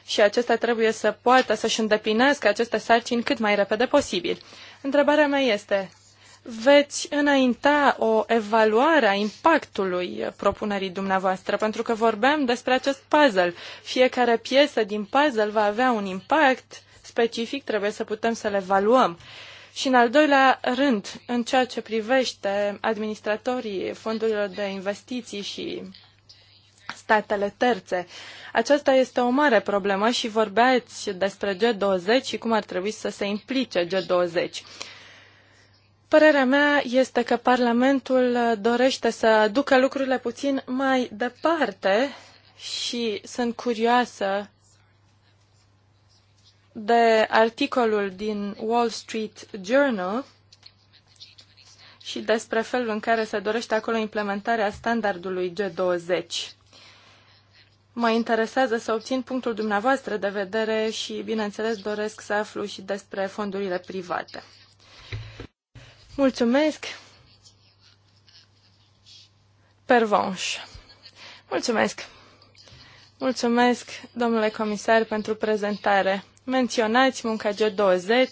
și acestea trebuie să poată să-și îndeplinească aceste sarcini cât mai repede posibil. Întrebarea mea este, veți înainta o evaluare a impactului propunerii dumneavoastră, pentru că vorbeam despre acest puzzle. Fiecare piesă din puzzle va avea un impact specific, trebuie să putem să le evaluăm. Și în al doilea rând, în ceea ce privește administratorii fondurilor de investiții și statele terțe. Aceasta este o mare problemă și vorbeați despre G20 și cum ar trebui să se implice G20. Părerea mea este că Parlamentul dorește să ducă lucrurile puțin mai departe și sunt curioasă de articolul din Wall Street Journal și despre felul în care se dorește acolo implementarea standardului G20. Mă interesează să obțin punctul dumneavoastră de vedere și, bineînțeles, doresc să aflu și despre fondurile private. Mulțumesc! Pervanș. Mulțumesc! Mulțumesc, domnule comisar, pentru prezentare. Menționați munca G20,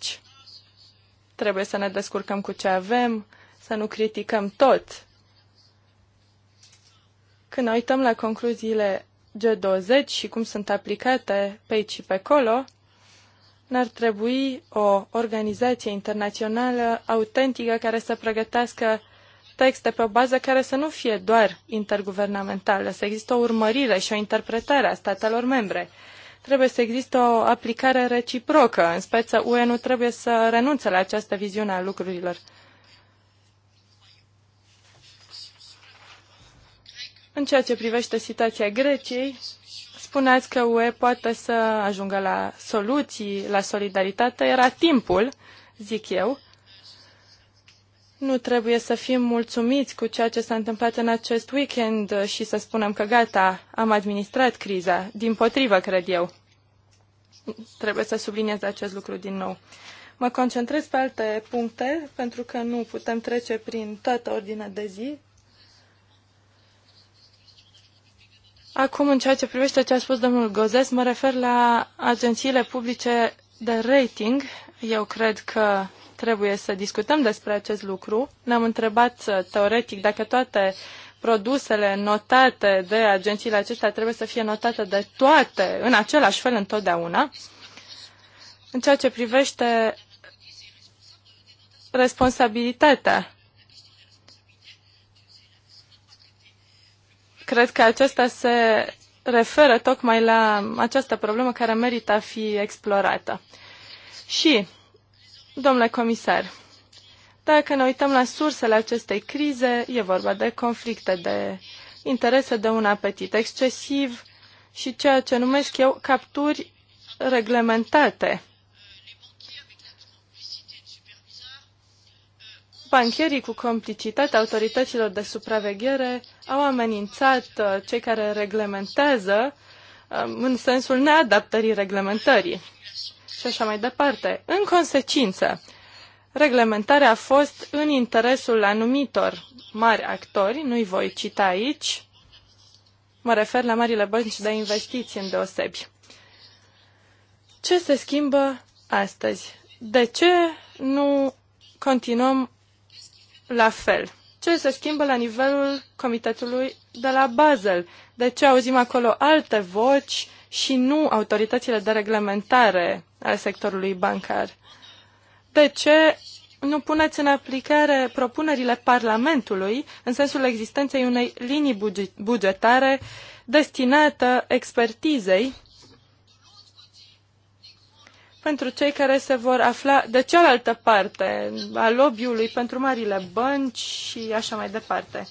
trebuie să ne descurcăm cu ce avem, să nu criticăm tot. Când ne uităm la concluziile G20 și cum sunt aplicate pe aici și pe acolo, n-ar trebui o organizație internațională autentică care să pregătească texte pe o bază care să nu fie doar interguvernamentală, să există o urmărire și o interpretare a statelor membre. Trebuie să există o aplicare reciprocă, în speță UE nu trebuie să renunțe la această viziune a lucrurilor. În ceea ce privește situația Greciei, spuneați că UE poate să ajungă la soluții, la solidaritate. Era timpul, zic eu. Nu trebuie să fim mulțumiți cu ceea ce s-a întâmplat în acest weekend și să spunem că gata, am administrat criza. Din potrivă, cred eu. Trebuie să subliniez acest lucru din nou. Mă concentrez pe alte puncte, pentru că nu putem trece prin toată ordinea de zi, Acum, în ceea ce privește ce a spus domnul Gozes, mă refer la agențiile publice de rating. Eu cred că trebuie să discutăm despre acest lucru. Ne-am întrebat uh, teoretic dacă toate produsele notate de agențiile acestea trebuie să fie notate de toate în același fel întotdeauna. În ceea ce privește responsabilitatea Cred că acesta se referă tocmai la această problemă care merită a fi explorată. Și, domnule comisar, dacă ne uităm la sursele acestei crize, e vorba de conflicte, de interese, de un apetit excesiv și ceea ce numesc eu capturi reglementate Bancherii cu complicitatea autorităților de supraveghere au amenințat uh, cei care reglementează um, în sensul neadaptării reglementării și așa mai departe. În consecință, reglementarea a fost în interesul anumitor mari actori, nu-i voi cita aici, mă refer la marile bănci de investiții îndeosebi. Ce se schimbă astăzi? De ce nu continuăm la fel. Ce se schimbă la nivelul comitetului de la Basel? De ce auzim acolo alte voci și nu autoritățile de reglementare al sectorului bancar? De ce nu puneți în aplicare propunerile Parlamentului în sensul existenței unei linii bugetare destinată expertizei pentru cei care se vor afla de cealaltă parte a lobby-ului pentru marile bănci și așa mai departe.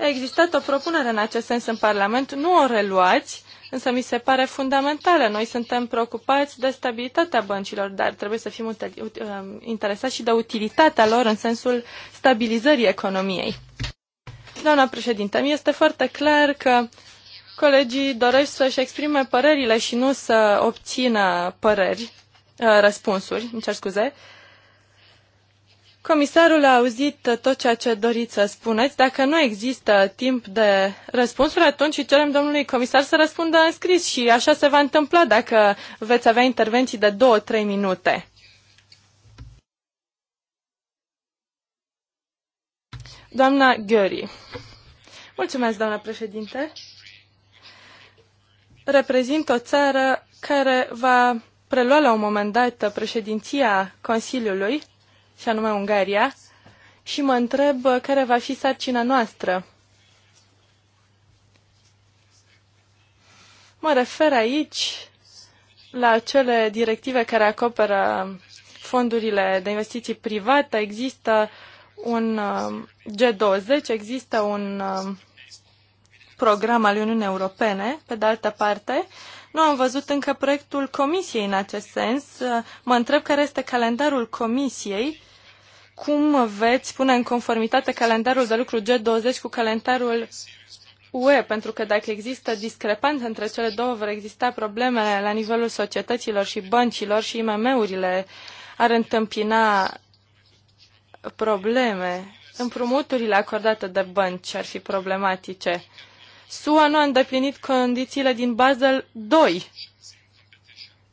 A existat o propunere în acest sens în Parlament, nu o reluați, însă mi se pare fundamentală. Noi suntem preocupați de stabilitatea băncilor, dar trebuie să fim um, interesați și de utilitatea lor în sensul stabilizării economiei. Doamna președinte, mi este foarte clar că colegii doresc să-și exprime părerile și nu să obțină păreri, uh, răspunsuri, îmi cer scuze. Comisarul a auzit tot ceea ce doriți să spuneți. Dacă nu există timp de răspunsuri, atunci cerem domnului comisar să răspundă în scris și așa se va întâmpla dacă veți avea intervenții de 2-3 minute. Doamna Gheori. Mulțumesc, doamna președinte reprezintă o țară care va prelua la un moment dat președinția Consiliului, și anume Ungaria, și mă întreb care va fi sarcina noastră. Mă refer aici la acele directive care acoperă fondurile de investiții private. Există un uh, G20, există un uh, program al Uniunii Europene. Pe de altă parte, nu am văzut încă proiectul Comisiei în acest sens. Mă întreb care este calendarul Comisiei. Cum veți pune în conformitate calendarul de lucru G20 cu calendarul UE, pentru că dacă există discrepanțe între cele două, vor exista probleme la nivelul societăților și băncilor și IMM-urile ar întâmpina probleme. Împrumuturile acordate de bănci ar fi problematice. SUA nu a îndeplinit condițiile din Basel II.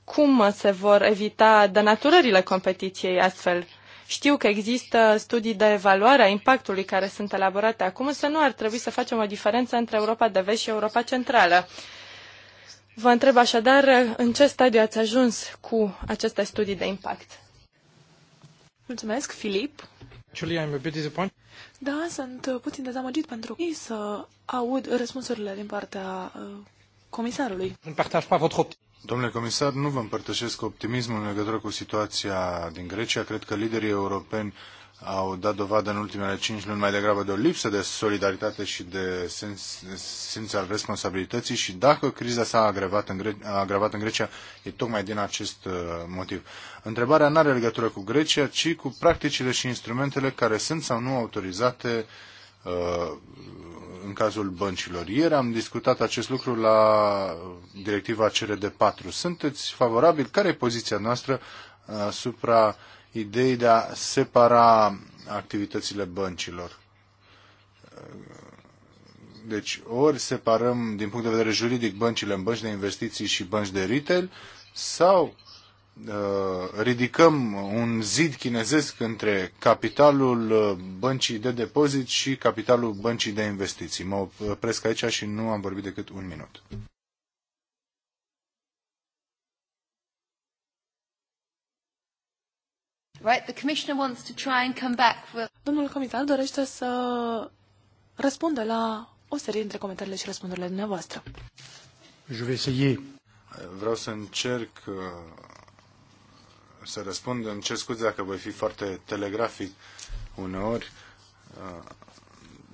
Cum se vor evita denaturările competiției astfel? Știu că există studii de evaluare a impactului care sunt elaborate acum, însă nu ar trebui să facem o diferență între Europa de vest și Europa centrală. Vă întreb așadar în ce stadiu ați ajuns cu aceste studii de impact. Mulțumesc, Filip. Actually, I'm a bit disappointed. Da, sunt puțin dezamăgit pentru ei să aud răspunsurile din partea uh, comisarului. Domnule comisar, nu vă împărtășesc optimismul în legătură cu situația din Grecia. Cred că liderii europeni au dat dovadă în ultimele cinci luni mai degrabă de o lipsă de solidaritate și de simț al responsabilității și dacă criza s-a agravat în, Gre- agravat în Grecia, e tocmai din acest uh, motiv. Întrebarea nu are legătură cu Grecia, ci cu practicile și instrumentele care sunt sau nu autorizate uh, în cazul băncilor. Ieri am discutat acest lucru la directiva CRD4. Sunteți favorabil? Care e poziția noastră uh, asupra uh, idei de a separa activitățile băncilor. Deci ori separăm din punct de vedere juridic băncile în bănci de investiții și bănci de retail sau uh, ridicăm un zid chinezesc între capitalul uh, băncii de depozit și capitalul băncii de investiții. Mă opresc aici și nu am vorbit decât un minut. Right, the commissioner wants to try and come back for... Domnul comisar dorește să răspundă la o serie dintre comentariile și răspundurile dumneavoastră. Je vais essayer. Vreau să încerc uh, să răspund. Îmi cer scuze dacă voi fi foarte telegrafic uneori, uh,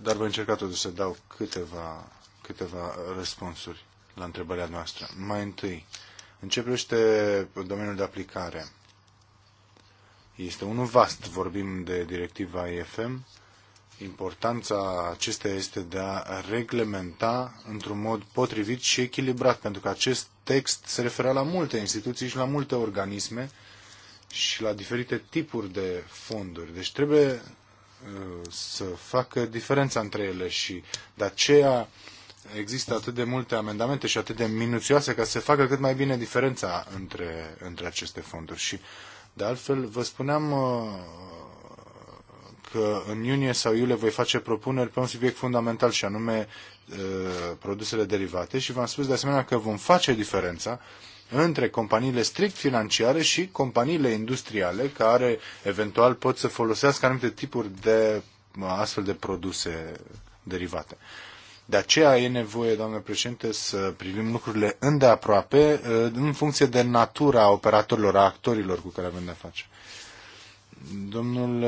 dar voi încerca totuși să dau câteva, câteva răspunsuri la întrebarea noastră. Mai întâi, începește domeniul de aplicare, este unul vast. Vorbim de directiva IFM. Importanța acesteia este de a reglementa într-un mod potrivit și echilibrat, pentru că acest text se referă la multe instituții și la multe organisme și la diferite tipuri de fonduri. Deci trebuie uh, să facă diferența între ele și de aceea există atât de multe amendamente și atât de minuțioase ca să se facă cât mai bine diferența între, între aceste fonduri. Și de altfel, vă spuneam uh, că în iunie sau iulie voi face propuneri pe un subiect fundamental și anume uh, produsele derivate și v-am spus de asemenea că vom face diferența între companiile strict financiare și companiile industriale care eventual pot să folosească anumite tipuri de uh, astfel de produse derivate. De aceea e nevoie, doamnă președinte, să privim lucrurile îndeaproape uh, în funcție de natura operatorilor, a actorilor cu care avem de-a face. Domnul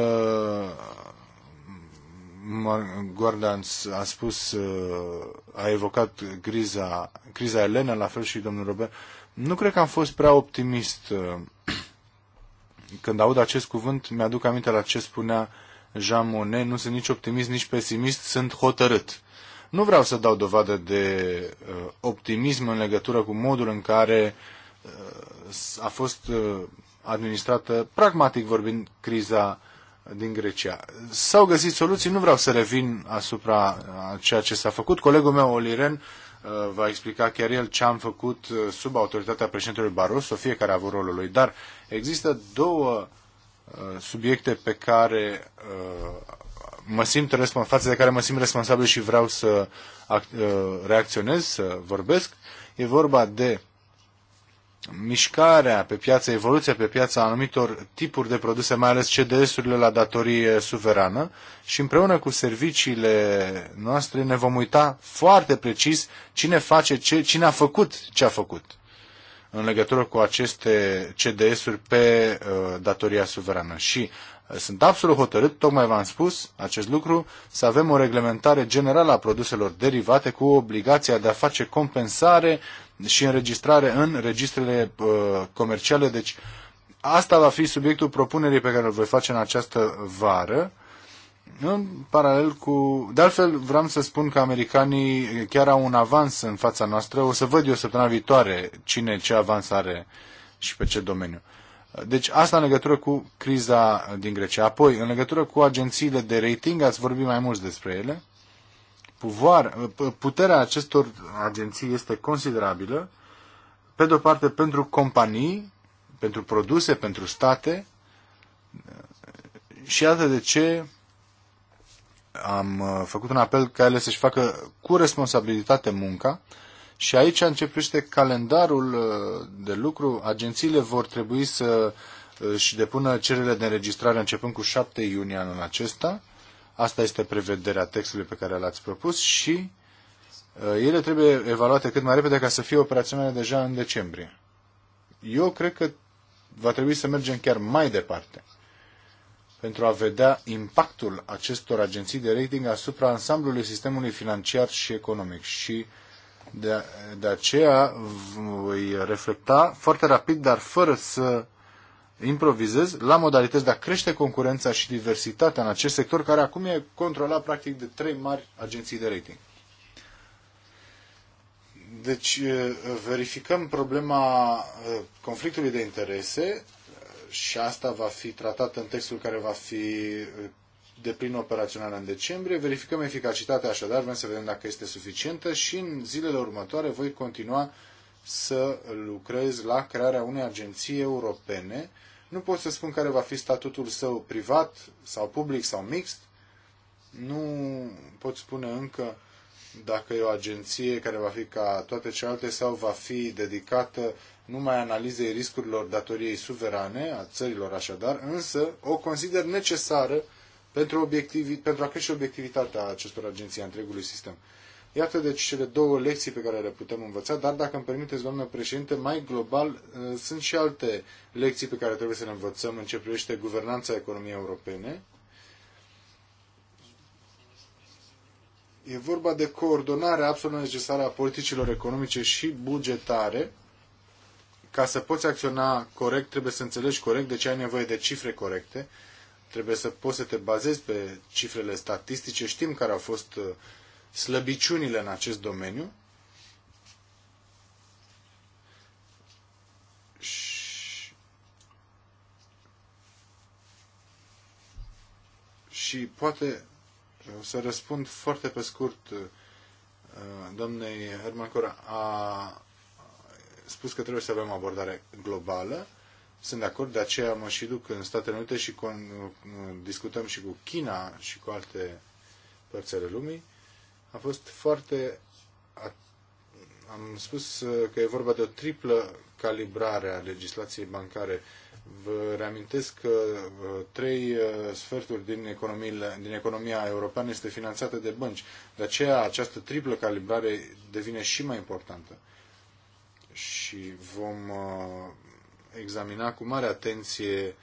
uh, Gordon a spus, uh, a evocat criza, criza Elena, la fel și domnul Robert. Nu cred că am fost prea optimist. [CLEARS THROAT] Când aud acest cuvânt, mi-aduc aminte la ce spunea Jean Monnet, nu sunt nici optimist, nici pesimist, sunt hotărât. Nu vreau să dau dovadă de uh, optimism în legătură cu modul în care uh, a fost uh, administrată, pragmatic vorbind, criza din Grecia. S-au găsit soluții, nu vreau să revin asupra ceea ce s-a făcut. Colegul meu, Oliren, va explica chiar el ce am făcut sub autoritatea președintelui Barroso, fiecare a avut rolul lui, dar există două subiecte pe care mă simt responsabil față de care mă simt responsabil și vreau să uh, reacționez, să vorbesc. E vorba de mișcarea pe piață, evoluția pe piață a anumitor tipuri de produse, mai ales CDS-urile la datorie suverană și împreună cu serviciile noastre ne vom uita foarte precis cine face ce, cine a făcut ce a făcut în legătură cu aceste CDS-uri pe uh, datoria suverană. Și sunt absolut hotărât, tocmai v-am spus acest lucru, să avem o reglementare generală a produselor derivate cu obligația de a face compensare și înregistrare în registrele uh, comerciale. Deci asta va fi subiectul propunerii pe care îl voi face în această vară. În paralel cu... De altfel, vreau să spun că americanii chiar au un avans în fața noastră. O să văd eu săptămâna viitoare cine ce avans are și pe ce domeniu. Deci asta în legătură cu criza din Grecia. Apoi, în legătură cu agențiile de rating, ați vorbit mai mult despre ele. Puvoar, ă, puterea acestor agenții este considerabilă, pe de-o parte pentru companii, pentru produse, pentru state și iată de ce am ă, făcut un apel ca ele să-și facă cu responsabilitate munca și aici începește calendarul uh, de lucru. Agențiile vor trebui să își uh, depună cererile de înregistrare începând cu 7 iunie anul acesta. Asta este prevederea textului pe care l-ați propus și uh, ele trebuie evaluate cât mai repede ca să fie operaționale deja în decembrie. Eu cred că va trebui să mergem chiar mai departe pentru a vedea impactul acestor agenții de rating asupra ansamblului sistemului financiar și economic. Și uh, de, de aceea voi reflecta foarte rapid, dar fără să improvizez, la modalități de a crește concurența și diversitatea în acest sector, care acum e controlat practic de trei mari agenții de rating. Deci verificăm problema conflictului de interese și asta va fi tratată în textul care va fi de plin operațională în decembrie. Verificăm eficacitatea așadar, vrem să vedem dacă este suficientă și în zilele următoare voi continua să lucrez la crearea unei agenții europene. Nu pot să spun care va fi statutul său privat sau public sau mixt. Nu pot spune încă dacă e o agenție care va fi ca toate celelalte sau va fi dedicată numai analizei riscurilor datoriei suverane a țărilor așadar, însă o consider necesară pentru, obiectivi, pentru a crește obiectivitatea acestor agenții a întregului sistem. Iată deci cele două lecții pe care le putem învăța, dar dacă îmi permiteți, doamnă președinte, mai global uh, sunt și alte lecții pe care trebuie să le învățăm în ce privește guvernanța economiei europene. E vorba de coordonarea absolut necesară a politicilor economice și bugetare. Ca să poți acționa corect, trebuie să înțelegi corect de ce ai nevoie de cifre corecte trebuie să poți să te bazezi pe cifrele statistice, știm care au fost uh, slăbiciunile în acest domeniu. Și, poate o uh, să răspund foarte pe scurt uh, domnei Herman Cora a spus că trebuie să avem abordare globală sunt de acord, de aceea mă și duc în Statele Unite și con, discutăm și cu China și cu alte părți ale lumii. A fost foarte. A, am spus uh, că e vorba de o triplă calibrare a legislației bancare. Vă reamintesc că uh, trei uh, sferturi din, economiile, din economia europeană este finanțată de bănci. De aceea această triplă calibrare devine și mai importantă și vom examina cu mare atenție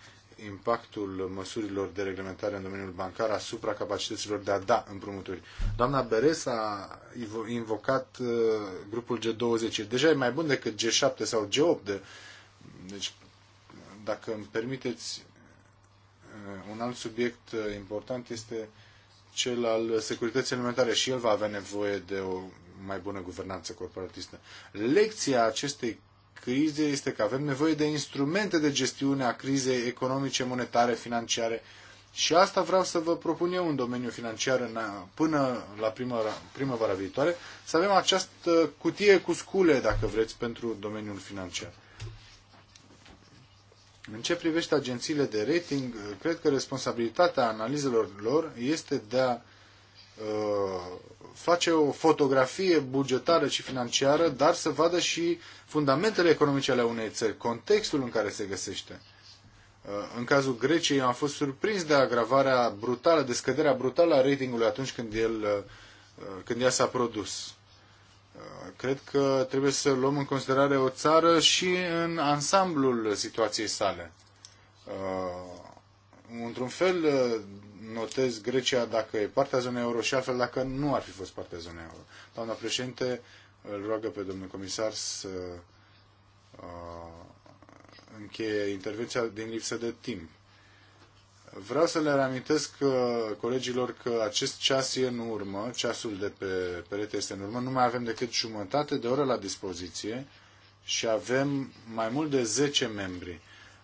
impactul măsurilor de reglementare în domeniul bancar asupra capacităților de a da împrumuturi. Doamna Beres a invocat uh, grupul G20. Deja e mai bun decât G7 sau G8. Deci, dacă îmi permiteți, uh, un alt subiect uh, important este cel al securității alimentare și el va avea nevoie de o mai bună guvernanță corporatistă. Lecția acestei crizei este că avem nevoie de instrumente de gestiune a crizei economice, monetare, financiare. Și asta vreau să vă propun eu în domeniul financiar în, până la primăra, primăvara viitoare, să avem această cutie cu scule, dacă vreți, pentru domeniul financiar. În ce privește agențiile de rating, cred că responsabilitatea analizelor lor este de a uh, face o fotografie bugetară și financiară, dar să vadă și fundamentele economice ale unei țări, contextul în care se găsește. Uh, în cazul Greciei am fost surprins de agravarea brutală, de scăderea brutală a ratingului atunci când, el, uh, când ea s-a produs. Uh, cred că trebuie să luăm în considerare o țară și în ansamblul situației sale. Într-un fel, notez Grecia dacă e partea zonei euro și altfel dacă nu ar fi fost partea zonei euro. Doamna președinte, îl roagă pe domnul comisar să uh, încheie intervenția din lipsă de timp. Vreau să le reamintesc uh, colegilor că acest ceas e în urmă, ceasul de pe perete este în urmă, nu mai avem decât jumătate de oră la dispoziție și avem mai mult de 10 membri.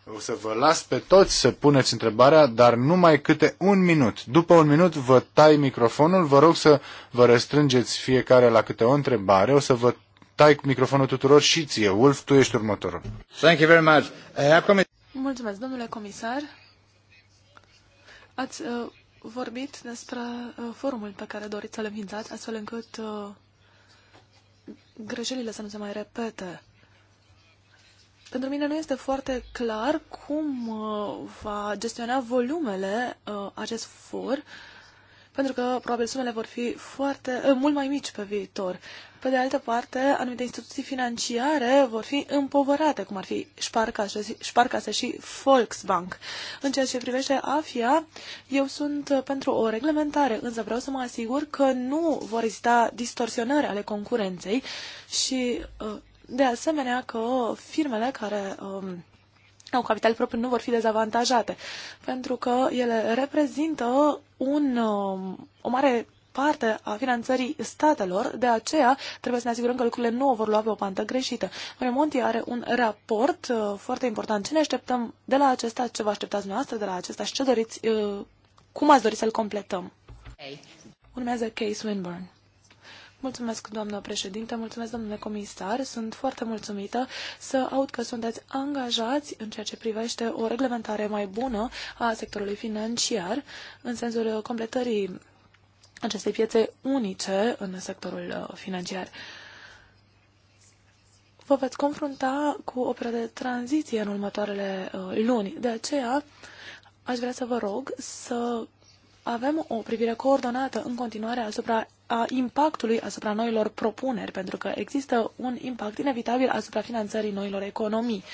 O să vă las pe toți să puneți întrebarea, dar numai câte un minut. După un minut vă tai microfonul, vă rog să vă restrângeți fiecare la câte o întrebare. O să vă tai cu microfonul tuturor și ție. Wolf, tu ești următorul. Thank you very much. Uh, Mulțumesc, domnule comisar. Ați uh, vorbit despre uh, forumul pe care doriți să-l înființați, astfel încât uh, greșelile să nu se mai repete pentru mine nu este foarte clar cum uh, va gestiona volumele uh, acest for, pentru că probabil sumele vor fi foarte, uh, mult mai mici pe viitor. Pe de altă parte, anumite instituții financiare vor fi împovărate, cum ar fi Sparkase și Volksbank. În ceea ce privește AFIA, eu sunt pentru o reglementare, însă vreau să mă asigur că nu vor exista distorsionări ale concurenței și de asemenea că firmele care um, au capital propriu nu vor fi dezavantajate, pentru că ele reprezintă un, um, o mare parte a finanțării statelor, de aceea trebuie să ne asigurăm că lucrurile nu o vor lua pe o pantă greșită. Remonti Monti are un raport uh, foarte important. Ce ne așteptăm de la acesta, ce vă așteptați noastră de la acesta și ce doriți, uh, cum ați dori să-l completăm? Urmează Case Winburn. Mulțumesc, doamnă președinte, mulțumesc, domnule comisar. Sunt foarte mulțumită să aud că sunteți angajați în ceea ce privește o reglementare mai bună a sectorului financiar, în sensul completării acestei piețe unice în sectorul uh, financiar vă veți confrunta cu o perioadă de tranziție în următoarele uh, luni. De aceea, aș vrea să vă rog să avem o privire coordonată în continuare asupra a impactului asupra noilor propuneri, pentru că există un impact inevitabil asupra finanțării noilor economii.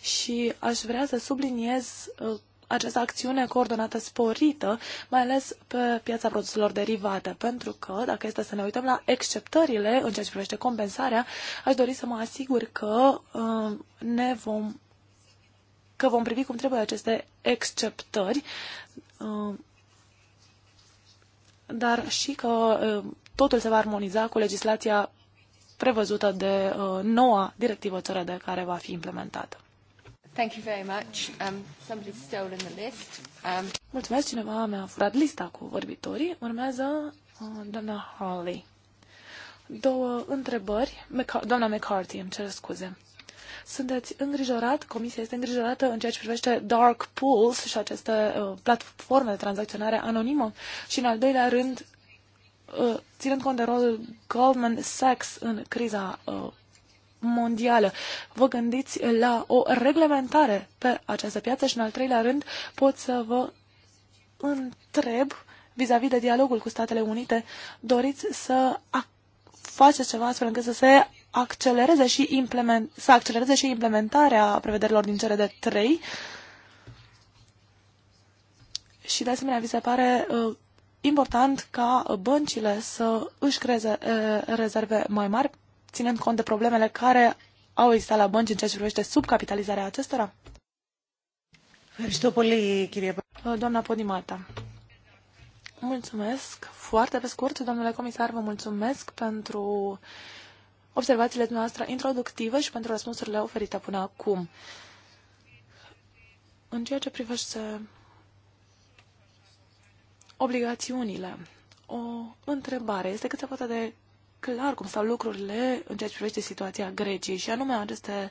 Și aș vrea să subliniez ă, această acțiune coordonată sporită, mai ales pe piața produselor derivate, pentru că, dacă este să ne uităm la exceptările în ceea ce privește compensarea, aș dori să mă asigur că uh, ne vom că vom privi cum trebuie aceste exceptări uh, dar și că totul se va armoniza cu legislația prevăzută de noua directivă țară de care va fi implementată. Thank you very much. Um, somebody's stolen the list. Um... Mulțumesc, cineva mi-a furat lista cu vorbitorii. Urmează uh, doamna Hawley. Două întrebări. Maca- doamna McCarthy, îmi cer scuze. Sunteți îngrijorat, comisia este îngrijorată în ceea ce privește dark pools și aceste uh, platforme de tranzacționare anonimă și, în al doilea rând, uh, ținând cont de rolul Goldman Sachs în criza uh, mondială. Vă gândiți la o reglementare pe această piață și, în al treilea rând, pot să vă întreb vis-a-vis -vis de dialogul cu Statele Unite, doriți să faceți ceva astfel încât să se accelereze și implement, să accelereze și implementarea prevederilor din cele de 3 și de asemenea vi se pare uh, important ca uh, băncile să își creeze uh, rezerve mai mari, ținând cont de problemele care au existat la bănci în ceea ce privește subcapitalizarea acestora? Uh, doamna Podimata. Mulțumesc. Foarte pe scurt, domnule comisar, vă mulțumesc pentru uh, observațiile noastre introductive și pentru răspunsurile oferite până acum. În ceea ce privește obligațiunile, o întrebare este cât se poate de clar cum stau lucrurile în ceea ce privește situația Greciei și anume aceste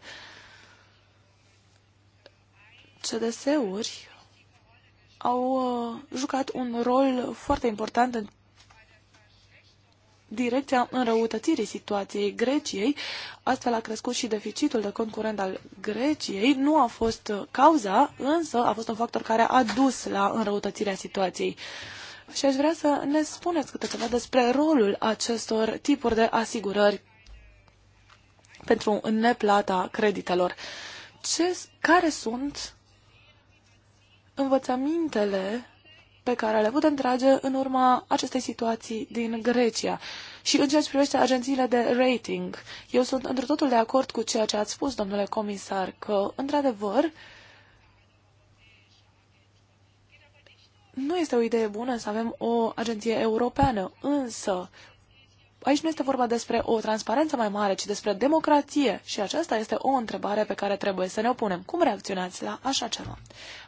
CDS-uri au uh, jucat un rol foarte important în direcția înrăutățirii situației Greciei. Astfel a crescut și deficitul de concurent al Greciei. Nu a fost cauza, însă a fost un factor care a dus la înrăutățirea situației. Și aș vrea să ne spuneți câte ceva despre rolul acestor tipuri de asigurări pentru neplata creditelor. Ce, care sunt învățămintele pe care le putem trage în urma acestei situații din Grecia. Și în ceea ce privește agențiile de rating, eu sunt într totul de acord cu ceea ce ați spus, domnule comisar, că, într-adevăr, nu este o idee bună să avem o agenție europeană, însă aici nu este vorba despre o transparență mai mare, ci despre democrație și aceasta este o întrebare pe care trebuie să ne opunem. punem. Cum reacționați la așa ceva?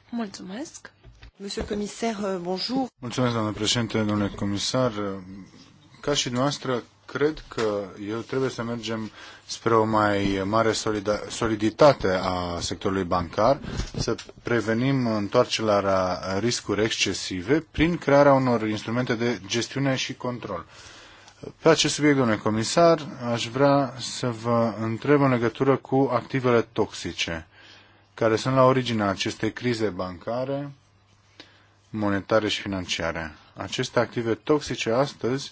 Mulțumesc! Monsieur le Commissaire, euh, bonjour. Mulțumesc, doamnă președinte, domnule comisar. Ca și noastră, cred că eu trebuie să mergem spre o mai mare soliditate a sectorului bancar, să prevenim întoarcerea riscuri excesive prin crearea unor instrumente de gestiune și control. Pe acest subiect, domnule comisar, aș vrea să vă întreb în legătură cu activele toxice care sunt la originea acestei crize bancare monetare și financiare. Aceste active toxice astăzi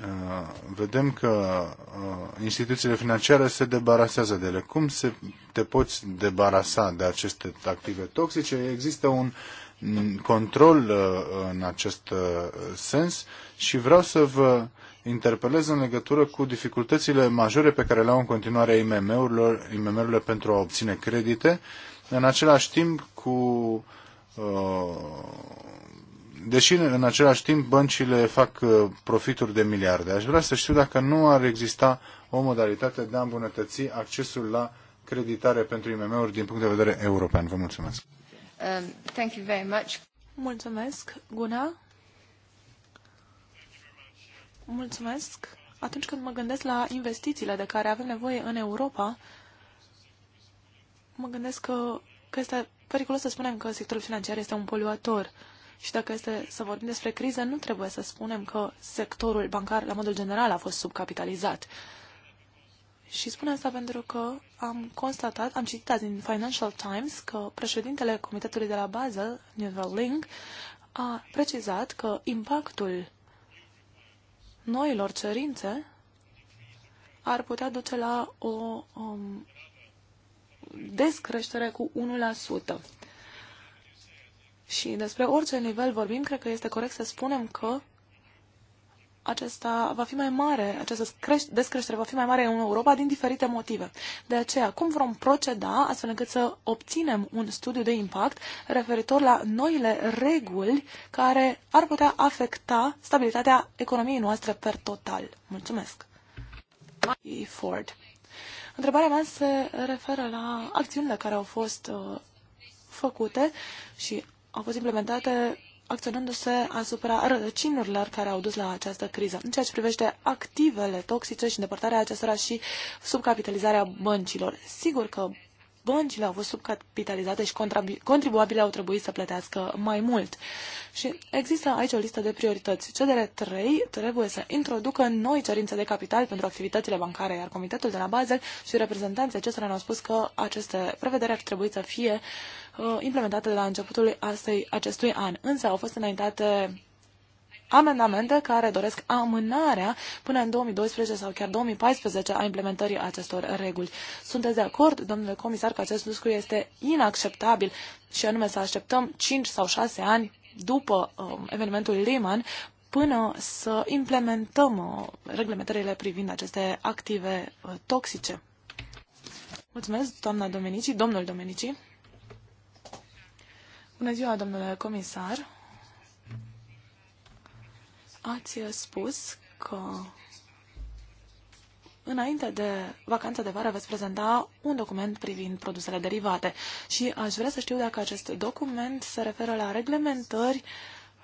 uh, vedem că uh, instituțiile financiare se debarasează de ele. Cum se, te poți debarasa de aceste active toxice? Există un control uh, în acest sens și vreau să vă interpelez în legătură cu dificultățile majore pe care le au în continuare IMM-urile IMM pentru a obține credite, în același timp cu Uh, deși în același timp băncile fac uh, profituri de miliarde. Aș vrea să știu dacă nu ar exista o modalitate de a îmbunătăți accesul la creditare pentru IMM-uri din punct de vedere european. Vă mulțumesc. Um, thank you very much. Mulțumesc. Guna? Mulțumesc. Atunci când mă gândesc la investițiile de care avem nevoie în Europa, mă gândesc că, că este periculos să spunem că sectorul financiar este un poluator. Și dacă este să vorbim despre criză, nu trebuie să spunem că sectorul bancar, la modul general, a fost subcapitalizat. Și spun asta pentru că am constatat, am citit azi din Financial Times că președintele Comitetului de la Basel, Neural Link, a precizat că impactul noilor cerințe ar putea duce la o um, descreștere cu 1%. Și despre orice nivel vorbim, cred că este corect să spunem că acesta va fi mai mare, această descreștere va fi mai mare în Europa din diferite motive. De aceea, cum vom proceda astfel încât să obținem un studiu de impact referitor la noile reguli care ar putea afecta stabilitatea economiei noastre per total? Mulțumesc! Ford. Întrebarea mea se referă la acțiunile care au fost uh, făcute și au fost implementate acționându-se asupra rădăcinurilor care au dus la această criză. În ceea ce privește activele toxice și îndepărtarea acestora și subcapitalizarea băncilor. Sigur că băncile au fost subcapitalizate și contribuabile au trebuit să plătească mai mult. Și există aici o listă de priorități. Cedere 3 trebuie să introducă noi cerințe de capital pentru activitățile bancare, iar Comitetul de la Basel și reprezentanții acestora ne-au spus că aceste prevederi ar trebui să fie uh, implementate de la începutul astei, acestui an. Însă au fost înaintate amendamente care doresc amânarea până în 2012 sau chiar 2014 a implementării acestor reguli. Sunteți de acord, domnule comisar, că acest lucru este inacceptabil și anume să așteptăm 5 sau 6 ani după uh, evenimentul Lehman până să implementăm uh, reglementările privind aceste active uh, toxice. Mulțumesc, doamna Domenici, domnul Domenici. Bună ziua, domnule comisar ați spus că înainte de vacanța de vară veți prezenta un document privind produsele derivate și aș vrea să știu dacă acest document se referă la reglementări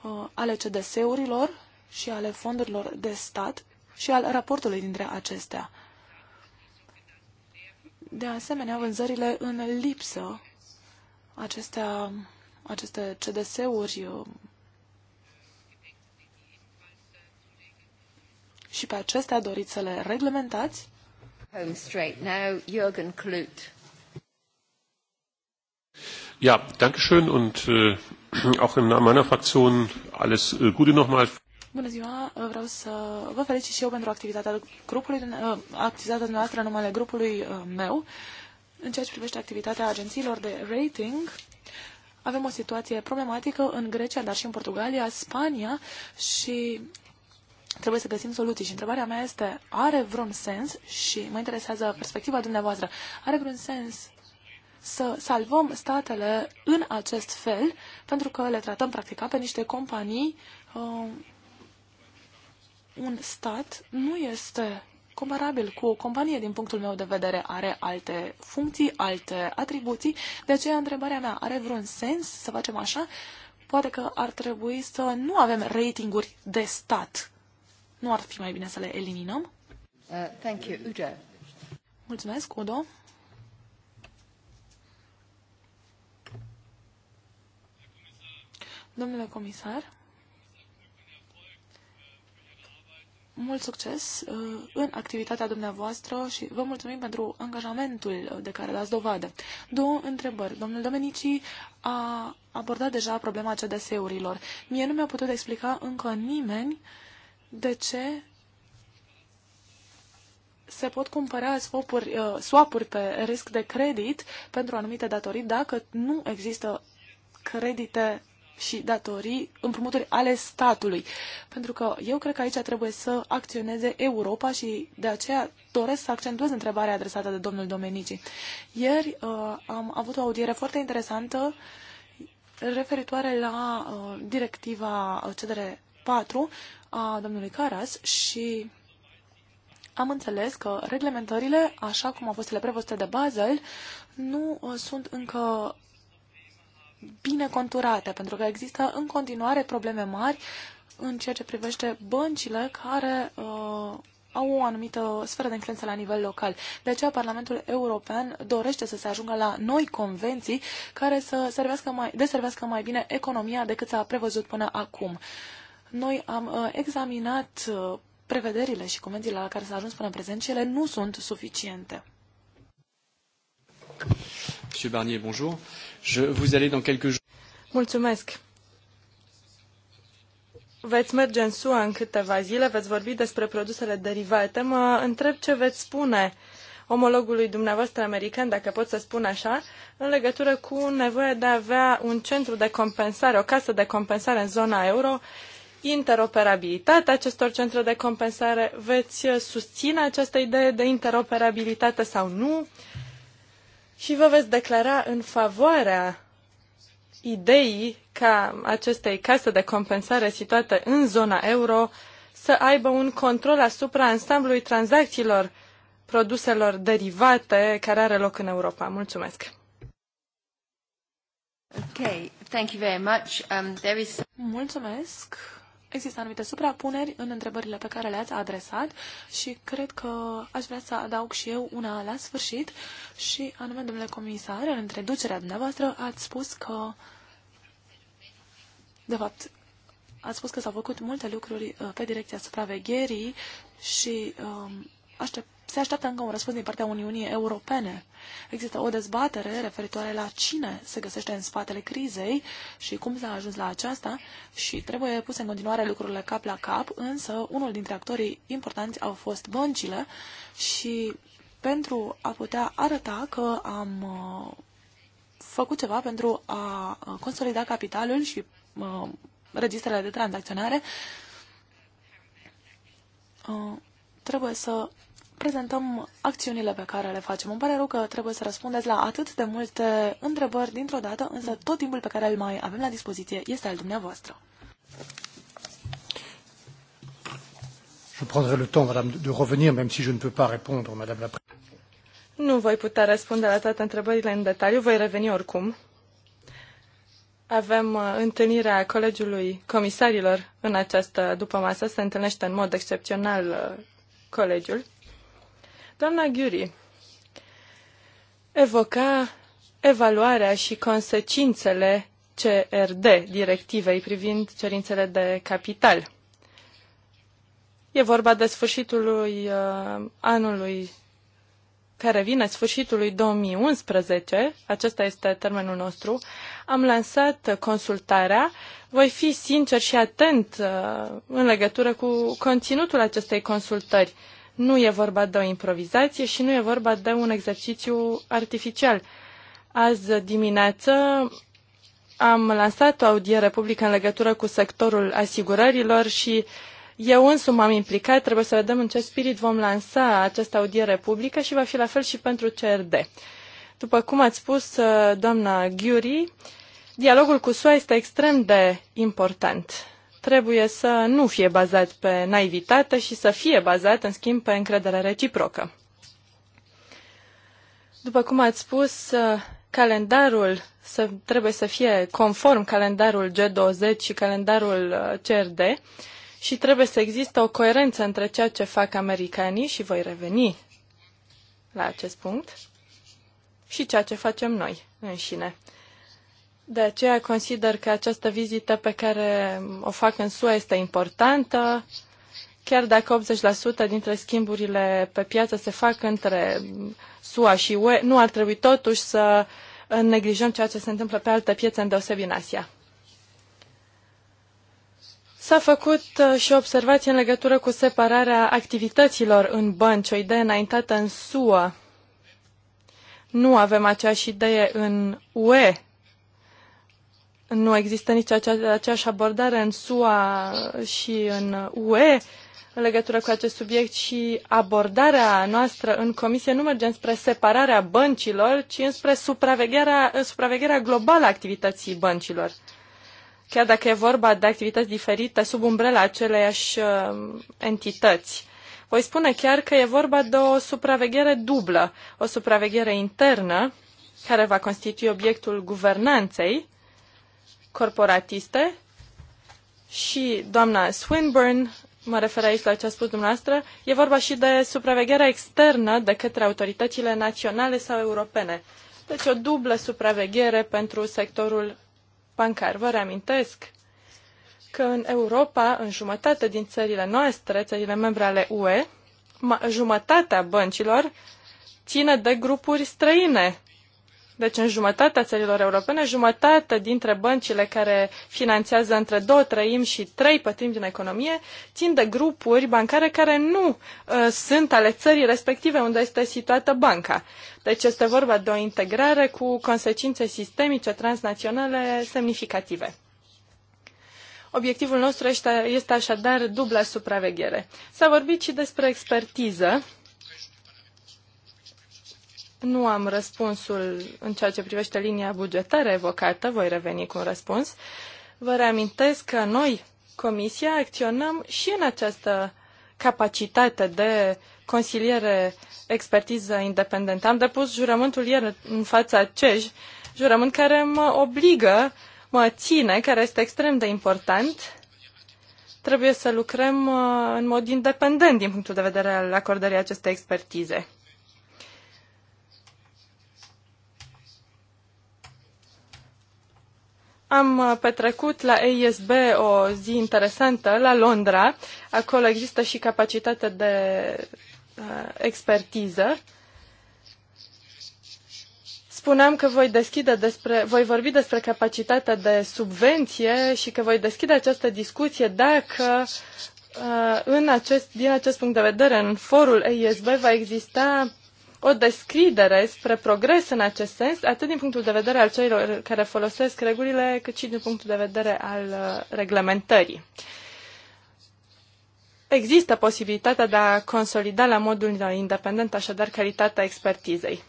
uh, ale CDS-urilor și ale fondurilor de stat și al raportului dintre acestea. De asemenea, vânzările în lipsă, acestea, aceste CDS-uri uh, și pe acestea doriți să le reglementați? Home straight now, Jürgen Klut. Ja, danke schön und äh, auch im Namen meiner Fraktion alles äh, Gute nochmal. Bună ziua, äh, vreau să vă felicit și eu pentru activitatea grupului, äh, activitatea noastră în numele grupului äh, meu. În ceea ce privește activitatea agențiilor de rating, avem o situație problematică în Grecia, dar și în Portugalia, Spania și Trebuie să găsim soluții și întrebarea mea este, are vreun sens, și mă interesează perspectiva dumneavoastră, are vreun sens să salvăm statele în acest fel, pentru că le tratăm practic pe niște companii. Uh, un stat nu este comparabil cu o companie din punctul meu de vedere. Are alte funcții, alte atribuții. De aceea, întrebarea mea, are vreun sens să facem așa? Poate că ar trebui să nu avem ratinguri de stat nu ar fi mai bine să le eliminăm? Uh, thank you, Udo. Mulțumesc, Udo. Domnule comisar, mult succes uh, în activitatea dumneavoastră și vă mulțumim pentru angajamentul de care dați dovadă. Două întrebări. Domnul Domenici a abordat deja problema CDS-urilor. Mie nu mi-a putut explica încă nimeni uh, de ce se pot cumpăra swap-uri, uh, swap pe risc de credit pentru anumite datorii dacă nu există credite și datorii, împrumuturi ale statului. Pentru că eu cred că aici trebuie să acționeze Europa și de aceea doresc să accentuez întrebarea adresată de domnul Domenici. Ieri uh, am avut o audiere foarte interesantă referitoare la uh, directiva cedere 4 a domnului Caras și am înțeles că reglementările, așa cum au fost ele prevăzute de Basel, nu uh, sunt încă bine conturate, pentru că există în continuare probleme mari în ceea ce privește băncile care uh, au o anumită sferă de influență la nivel local. De aceea Parlamentul European dorește să se ajungă la noi convenții care să servească mai, deservească mai bine economia decât s-a prevăzut până acum. Uh, noi am uh, examinat uh, prevederile și convențiile la care s-a ajuns până în prezent și ele nu sunt suficiente. Monsieur Barnier, bonjour. Je, vous allez dans quelques jours. Mulțumesc. Veți merge în SUA în câteva zile, veți vorbi despre produsele derivate. Mă întreb ce veți spune omologului dumneavoastră american, dacă pot să spun așa, în legătură cu nevoia de a avea un centru de compensare, o casă de compensare în zona euro interoperabilitatea acestor centre de compensare? Veți uh, susține această idee de interoperabilitate sau nu? Și vă veți declara în favoarea ideii ca acestei case de compensare situate în zona euro să aibă un control asupra ansamblului tranzacțiilor produselor derivate care are loc în Europa. Mulțumesc! Okay, thank you very much. Um, there is... Mulțumesc! există anumite suprapuneri în întrebările pe care le-ați adresat și cred că aș vrea să adaug și eu una la sfârșit și anume, domnule comisar, în introducerea dumneavoastră ați spus că de fapt, ați spus că s-au făcut multe lucruri uh, pe direcția supravegherii și um, aștept se așteaptă încă un răspuns din partea Uniunii Europene. Există o dezbatere referitoare la cine se găsește în spatele crizei și cum s-a ajuns la aceasta și trebuie puse în continuare lucrurile cap la cap, însă unul dintre actorii importanți au fost băncile și pentru a putea arăta că am uh, făcut ceva pentru a uh, consolida capitalul și uh, registrele de tranzacționare, trebuie să prezentăm acțiunile pe care le facem. Îmi pare rău că trebuie să răspundeți la atât de multe întrebări dintr-o dată, însă mm. tot timpul pe care îl mai avem la dispoziție este al dumneavoastră. Je prendrai le temps, madame, de revenir, même si je ne peux pas répondre, madame la Nu voi putea răspunde la toate întrebările în detaliu, voi reveni oricum. Avem uh, întâlnirea Colegiului Comisarilor în această după masă, se întâlnește în mod excepțional uh, colegiul. Doamna Ghiuri evoca evaluarea și consecințele CRD, directivei privind cerințele de capital. E vorba de sfârșitul lui, uh, anului care vine, sfârșitul lui 2011, acesta este termenul nostru, am lansat consultarea. Voi fi sincer și atent uh, în legătură cu conținutul acestei consultări. Nu e vorba de o improvizație și nu e vorba de un exercițiu artificial. Azi dimineață am lansat o audiere publică în legătură cu sectorul asigurărilor și eu însumi m-am implicat, trebuie să vedem în ce spirit vom lansa această audiere publică și va fi la fel și pentru CRD. După cum ați spus, uh, doamna Ghiuri, dialogul cu SUA este extrem de important trebuie să nu fie bazat pe naivitate și să fie bazat, în schimb, pe încredere reciprocă. După cum ați spus, uh, calendarul să, trebuie să fie conform calendarul G20 și calendarul uh, CRD și trebuie să existe o coerență între ceea ce fac americanii și voi reveni la acest punct și ceea ce facem noi înșine. De aceea consider că această vizită pe care o fac în SUA este importantă, chiar dacă 80% dintre schimburile pe piață se fac între SUA și UE, nu ar trebui totuși să neglijăm ceea ce se întâmplă pe alte piețe, îndeosebi în Asia. S-a făcut uh, și observație în legătură cu separarea activităților în bănci, o idee înaintată în SUA. Nu avem aceeași idee în UE nu există nici aceeași abordare în SUA și în UE în legătură cu acest subiect și abordarea noastră în comisie nu merge spre separarea băncilor, ci înspre supravegherea, supravegherea globală a activității băncilor. Chiar dacă e vorba de activități diferite sub umbrela aceleiași uh, entități. Voi spune chiar că e vorba de o supraveghere dublă, o supraveghere internă, care va constitui obiectul guvernanței, corporatiste și doamna Swinburne, mă refer aici la ce a spus dumneavoastră, e vorba și de supravegherea externă de către autoritățile naționale sau europene. Deci o dublă supraveghere pentru sectorul bancar. Vă reamintesc că în Europa, în jumătate din țările noastre, țările membre ale UE, jumătatea băncilor ține de grupuri străine deci în jumătatea țărilor europene, jumătate dintre băncile care finanțează între două treimi și trei pătrimi din economie țin de grupuri bancare care nu uh, sunt ale țării respective unde este situată banca. Deci este vorba de o integrare cu consecințe sistemice transnaționale semnificative. Obiectivul nostru este, este așadar dubla supraveghere. S-a vorbit și despre expertiză nu am răspunsul în ceea ce privește linia bugetară evocată, voi reveni cu un răspuns. Vă reamintesc că noi, Comisia, acționăm și în această capacitate de consiliere expertiză independentă. Am depus jurământul ieri în fața CEJ, jurământ care mă obligă, mă ține, care este extrem de important. Trebuie să lucrăm uh, în mod independent din punctul de vedere al acordării acestei expertize. Am uh, petrecut la ASB o zi interesantă la Londra. Acolo există și capacitate de uh, expertiză. Spuneam că voi, deschide despre, voi vorbi despre capacitatea de subvenție și că voi deschide această discuție dacă uh, în acest, din acest punct de vedere în forul ASB va exista o deschidere spre progres în acest sens, atât din punctul de vedere al celor care folosesc regulile, cât și din punctul de vedere al uh, reglementării. Există posibilitatea de a consolida la modul independent, așadar, calitatea expertizei.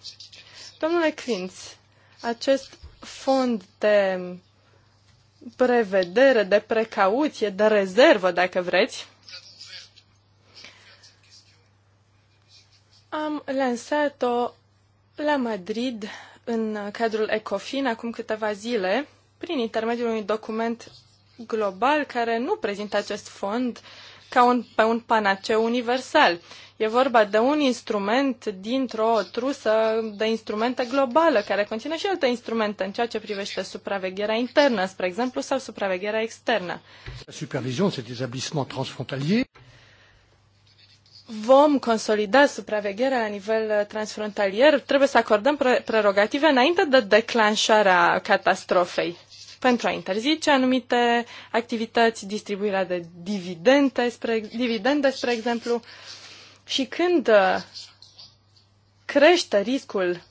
Domnule Clinț, acest fond de prevedere, de precauție, de rezervă, dacă vreți, Am lansat-o la Madrid în cadrul ECOFIN acum câteva zile, prin intermediul unui document global care nu prezintă acest fond ca un, pe un panaceu universal. E vorba de un instrument dintr-o trusă de instrumente globală, care conține și alte instrumente în ceea ce privește supravegherea internă, spre exemplu, sau supravegherea externă. La supervision, cet établissement transfrontalier vom consolida supravegherea la nivel uh, transfrontalier, trebuie să acordăm prerogative înainte de declanșarea catastrofei pentru a interzice anumite activități, distribuirea de dividende, spre, dividende, spre exemplu. Și când uh, crește riscul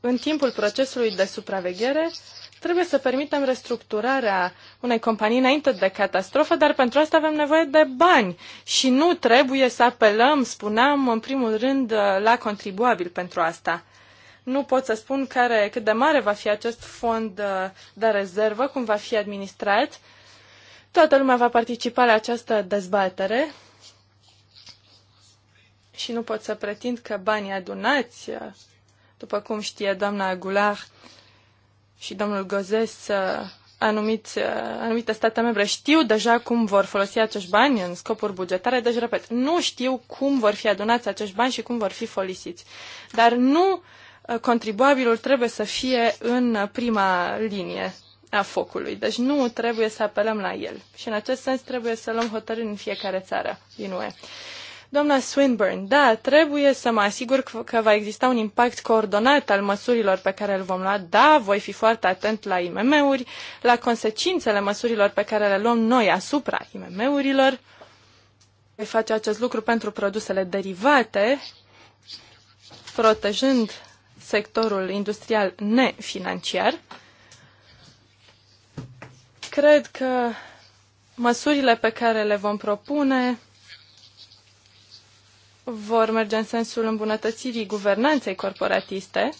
în timpul procesului de supraveghere, Trebuie să permitem restructurarea unei companii înainte de catastrofă, dar pentru asta avem nevoie de bani și nu trebuie să apelăm, spuneam, în primul rând la contribuabil pentru asta. Nu pot să spun care, cât de mare va fi acest fond uh, de rezervă, cum va fi administrat. Toată lumea va participa la această dezbatere și nu pot să pretind că banii adunați, uh, după cum știe doamna Goulart, și domnul Gozes uh, anumiți, uh, anumite state membre știu deja cum vor folosi acești bani în scopuri bugetare, deci, repet, nu știu cum vor fi adunați acești bani și cum vor fi folosiți. Dar nu uh, contribuabilul trebuie să fie în prima linie a focului, deci nu trebuie să apelăm la el. Și în acest sens trebuie să luăm hotărâri în fiecare țară din UE. Doamna Swinburne, da, trebuie să mă asigur că va exista un impact coordonat al măsurilor pe care le vom lua. Da, voi fi foarte atent la IMM-uri, la consecințele măsurilor pe care le luăm noi asupra IMM-urilor. Voi face acest lucru pentru produsele derivate, protejând sectorul industrial nefinanciar. Cred că măsurile pe care le vom propune vor merge în sensul îmbunătățirii guvernanței corporatiste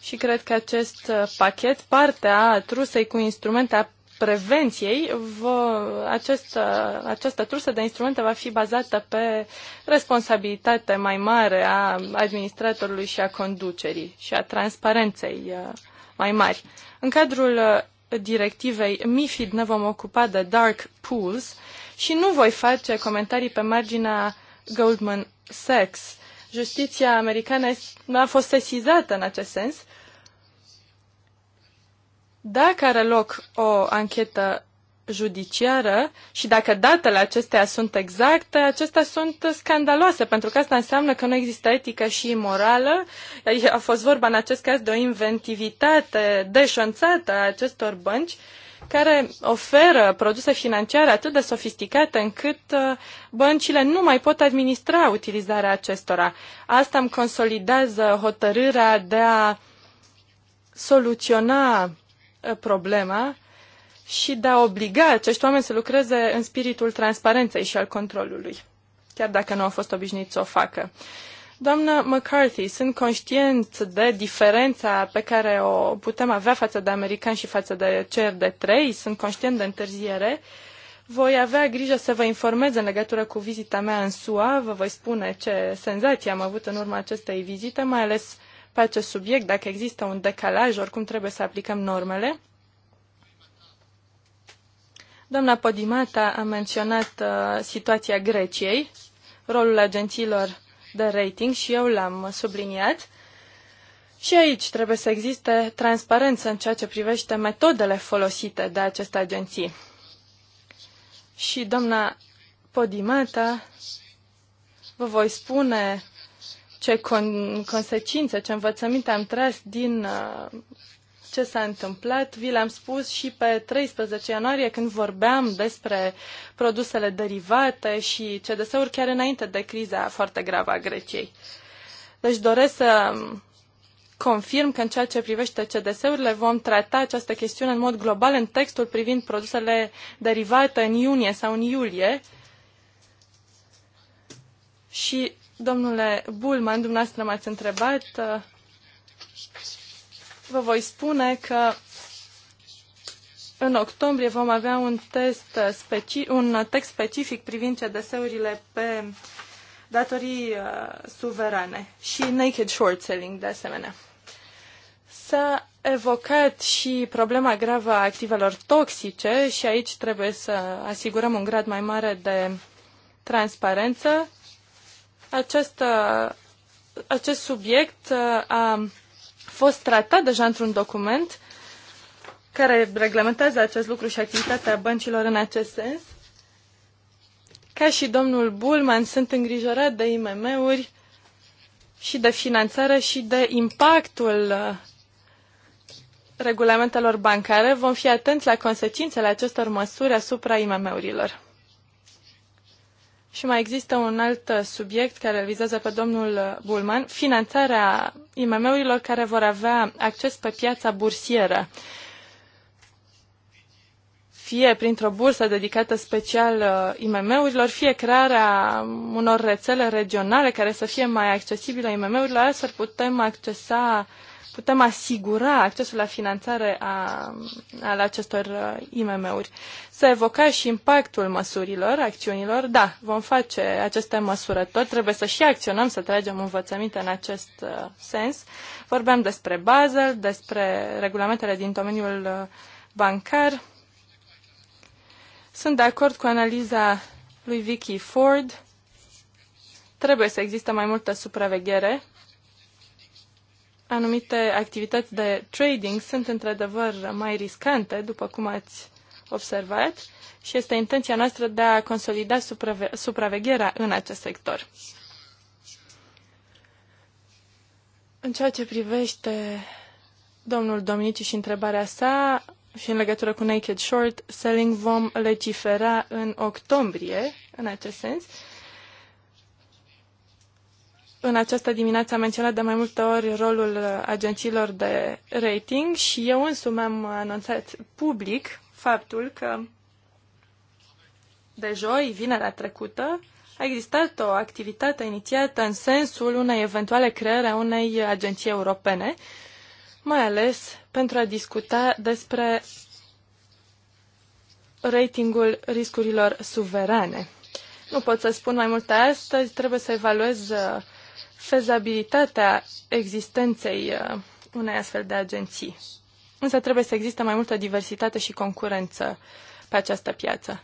și cred că acest uh, pachet, partea trusei cu instrumente a prevenției, vă, acest, uh, această trusă de instrumente va fi bazată pe responsabilitate mai mare a administratorului și a conducerii și a transparenței uh, mai mari. În cadrul directivei MIFID ne vom ocupa de dark pools și nu voi face comentarii pe marginea Goldman Sachs. Justiția americană a fost sesizată în acest sens. Dacă are loc o anchetă judiciară și dacă datele acestea sunt exacte, acestea sunt scandaloase, pentru că asta înseamnă că nu există etică și morală. A fost vorba în acest caz de o inventivitate deșanțată a acestor bănci care oferă produse financiare atât de sofisticate încât uh, băncile nu mai pot administra utilizarea acestora. Asta îmi consolidează hotărârea de a soluționa uh, problema și de a obliga acești oameni să lucreze în spiritul transparenței și al controlului, chiar dacă nu au fost obișnuiți să o facă. Doamnă McCarthy, sunt conștient de diferența pe care o putem avea față de americani și față de cer de trei, sunt conștient de întârziere. Voi avea grijă să vă informez în legătură cu vizita mea în SUA, vă voi spune ce senzații am avut în urma acestei vizite, mai ales pe acest subiect, dacă există un decalaj, oricum trebuie să aplicăm normele. Doamna Podimata a menționat uh, situația Greciei, rolul agențiilor de rating și eu l-am subliniat. Și aici trebuie să existe transparență în ceea ce privește metodele folosite de aceste agenții. Și doamna Podimata, vă voi spune ce con- consecințe, ce învățăminte am tras din uh, ce s-a întâmplat. Vi l-am spus și pe 13 ianuarie când vorbeam despre produsele derivate și CDS-uri chiar înainte de criza foarte gravă a Greciei. Deci doresc să confirm că în ceea ce privește CDS-urile vom trata această chestiune în mod global în textul privind produsele derivate în iunie sau în iulie. Și, domnule Bulman, dumneavoastră m-ați întrebat vă voi spune că în octombrie vom avea un, test speci- un text specific privind CDS-urile pe datorii uh, suverane și naked short selling de asemenea. S-a evocat și problema gravă a activelor toxice și aici trebuie să asigurăm un grad mai mare de transparență. Acest, acest subiect uh, a fost tratat deja într-un document care reglementează acest lucru și activitatea băncilor în acest sens. Ca și domnul Bulman, sunt îngrijorat de IMM-uri și de finanțare și de impactul uh, regulamentelor bancare. Vom fi atenți la consecințele acestor măsuri asupra IMM-urilor. Și mai există un alt subiect care îl vizează pe domnul Bulman, finanțarea IMM-urilor care vor avea acces pe piața bursieră fie printr-o bursă dedicată special uh, IMM-urilor, fie crearea unor rețele regionale care să fie mai accesibile IMM-urilor, astfel putem accesa uh, putem asigura accesul la finanțare a, al acestor uh, IMM-uri. Să evoca și impactul măsurilor, acțiunilor. Da, vom face aceste măsurători, trebuie să și acționăm, să tragem învățăminte în acest uh, sens. Vorbeam despre Basel, despre regulamentele din domeniul uh, bancar. Sunt de acord cu analiza lui Vicky Ford. Trebuie să existe mai multă supraveghere anumite activități de trading sunt într-adevăr mai riscante, după cum ați observat, și este intenția noastră de a consolida suprave- supravegherea în acest sector. În ceea ce privește domnul Domnici și întrebarea sa, și în legătură cu Naked Short, Selling vom legifera în octombrie, în acest sens, în această dimineață am menționat de mai multe ori rolul agențiilor de rating și eu însumi am anunțat public faptul că de joi, vinerea trecută, a existat o activitate inițiată în sensul unei eventuale creări a unei agenții europene, mai ales pentru a discuta despre ratingul riscurilor suverane. Nu pot să spun mai multe astăzi, trebuie să evaluez uh, fezabilitatea existenței uh, unei astfel de agenții. Însă trebuie să existe mai multă diversitate și concurență pe această piață.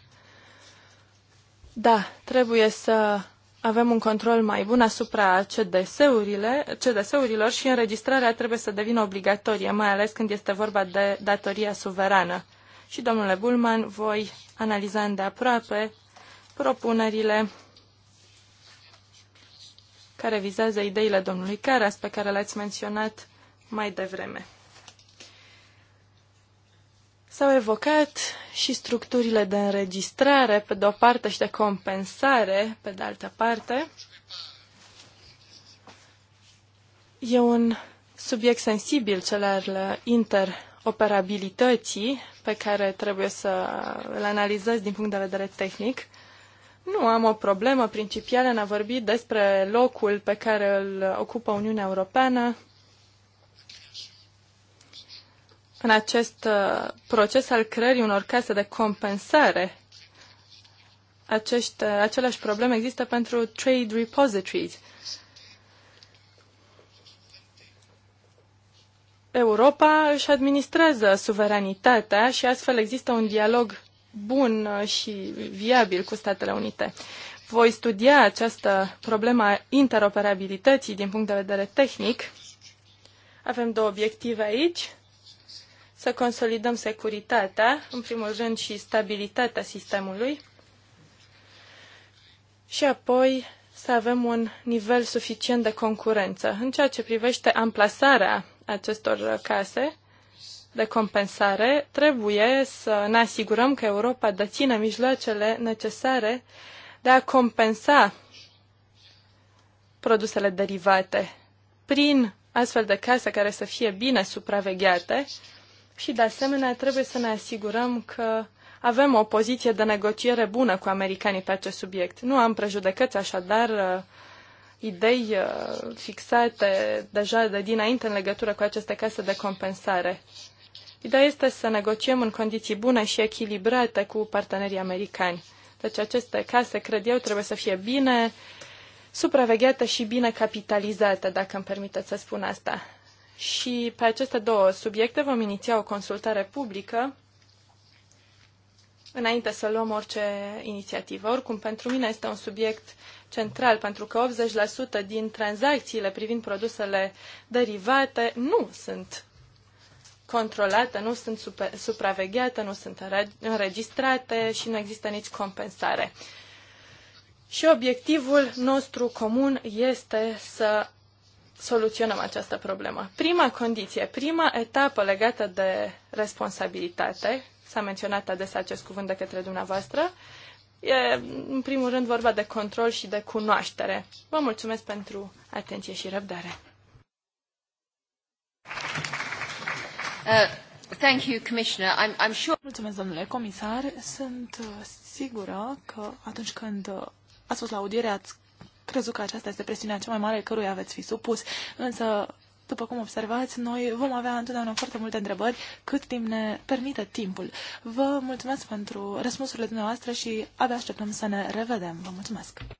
Da, trebuie să avem un control mai bun asupra CDS-urile, CDS-urilor și înregistrarea trebuie să devină obligatorie, mai ales când este vorba de datoria suverană. Și, domnule Bulman, voi analiza îndeaproape propunerile care vizează ideile domnului Caras pe care le-ați menționat mai devreme. S-au evocat și structurile de înregistrare, pe de o parte, și de compensare, pe de altă parte. E un subiect sensibil cel al interoperabilității pe care trebuie să îl analizez din punct de vedere tehnic. Nu am o problemă principială în a vorbi despre locul pe care îl ocupă Uniunea Europeană în acest uh, proces al creării unor case de compensare. Acești, uh, aceleași probleme există pentru trade repositories. Europa își administrează suveranitatea și astfel există un dialog bun uh, și viabil cu Statele Unite. Voi studia această problemă a interoperabilității din punct de vedere tehnic. Avem două obiective aici. Să consolidăm securitatea, în primul rând, și stabilitatea sistemului. Și apoi să avem un nivel suficient de concurență. În ceea ce privește amplasarea acestor case, de compensare, trebuie să ne asigurăm că Europa deține mijloacele necesare de a compensa produsele derivate prin astfel de case care să fie bine supravegheate și, de asemenea, trebuie să ne asigurăm că avem o poziție de negociere bună cu americanii pe acest subiect. Nu am prejudecăți, așadar, uh, idei uh, fixate deja de dinainte în legătură cu aceste case de compensare. Ideea este să negociem în condiții bune și echilibrate cu partenerii americani. Deci aceste case, cred eu, trebuie să fie bine supravegheate și bine capitalizate, dacă îmi permiteți să spun asta. Și pe aceste două subiecte vom iniția o consultare publică înainte să luăm orice inițiativă. Oricum, pentru mine este un subiect central, pentru că 80% din tranzacțiile privind produsele derivate nu sunt controlate, nu sunt supravegheate, nu sunt înregistrate și nu există nici compensare. Și obiectivul nostru comun este să soluționăm această problemă. Prima condiție, prima etapă legată de responsabilitate, s-a menționat adesea acest cuvânt de către dumneavoastră, e în primul rând vorba de control și de cunoaștere. Vă mulțumesc pentru atenție și răbdare. Uh, mulțumesc, domnule comisar. Sunt uh, sigură că atunci când uh, ați fost la audiere, ați crezut că aceasta este presiunea cea mai mare căruia veți fi supus. Însă, după cum observați, noi vom avea întotdeauna foarte multe întrebări cât timp ne permite timpul. Vă mulțumesc pentru răspunsurile dumneavoastră și abia așteptăm să ne revedem. Vă mulțumesc!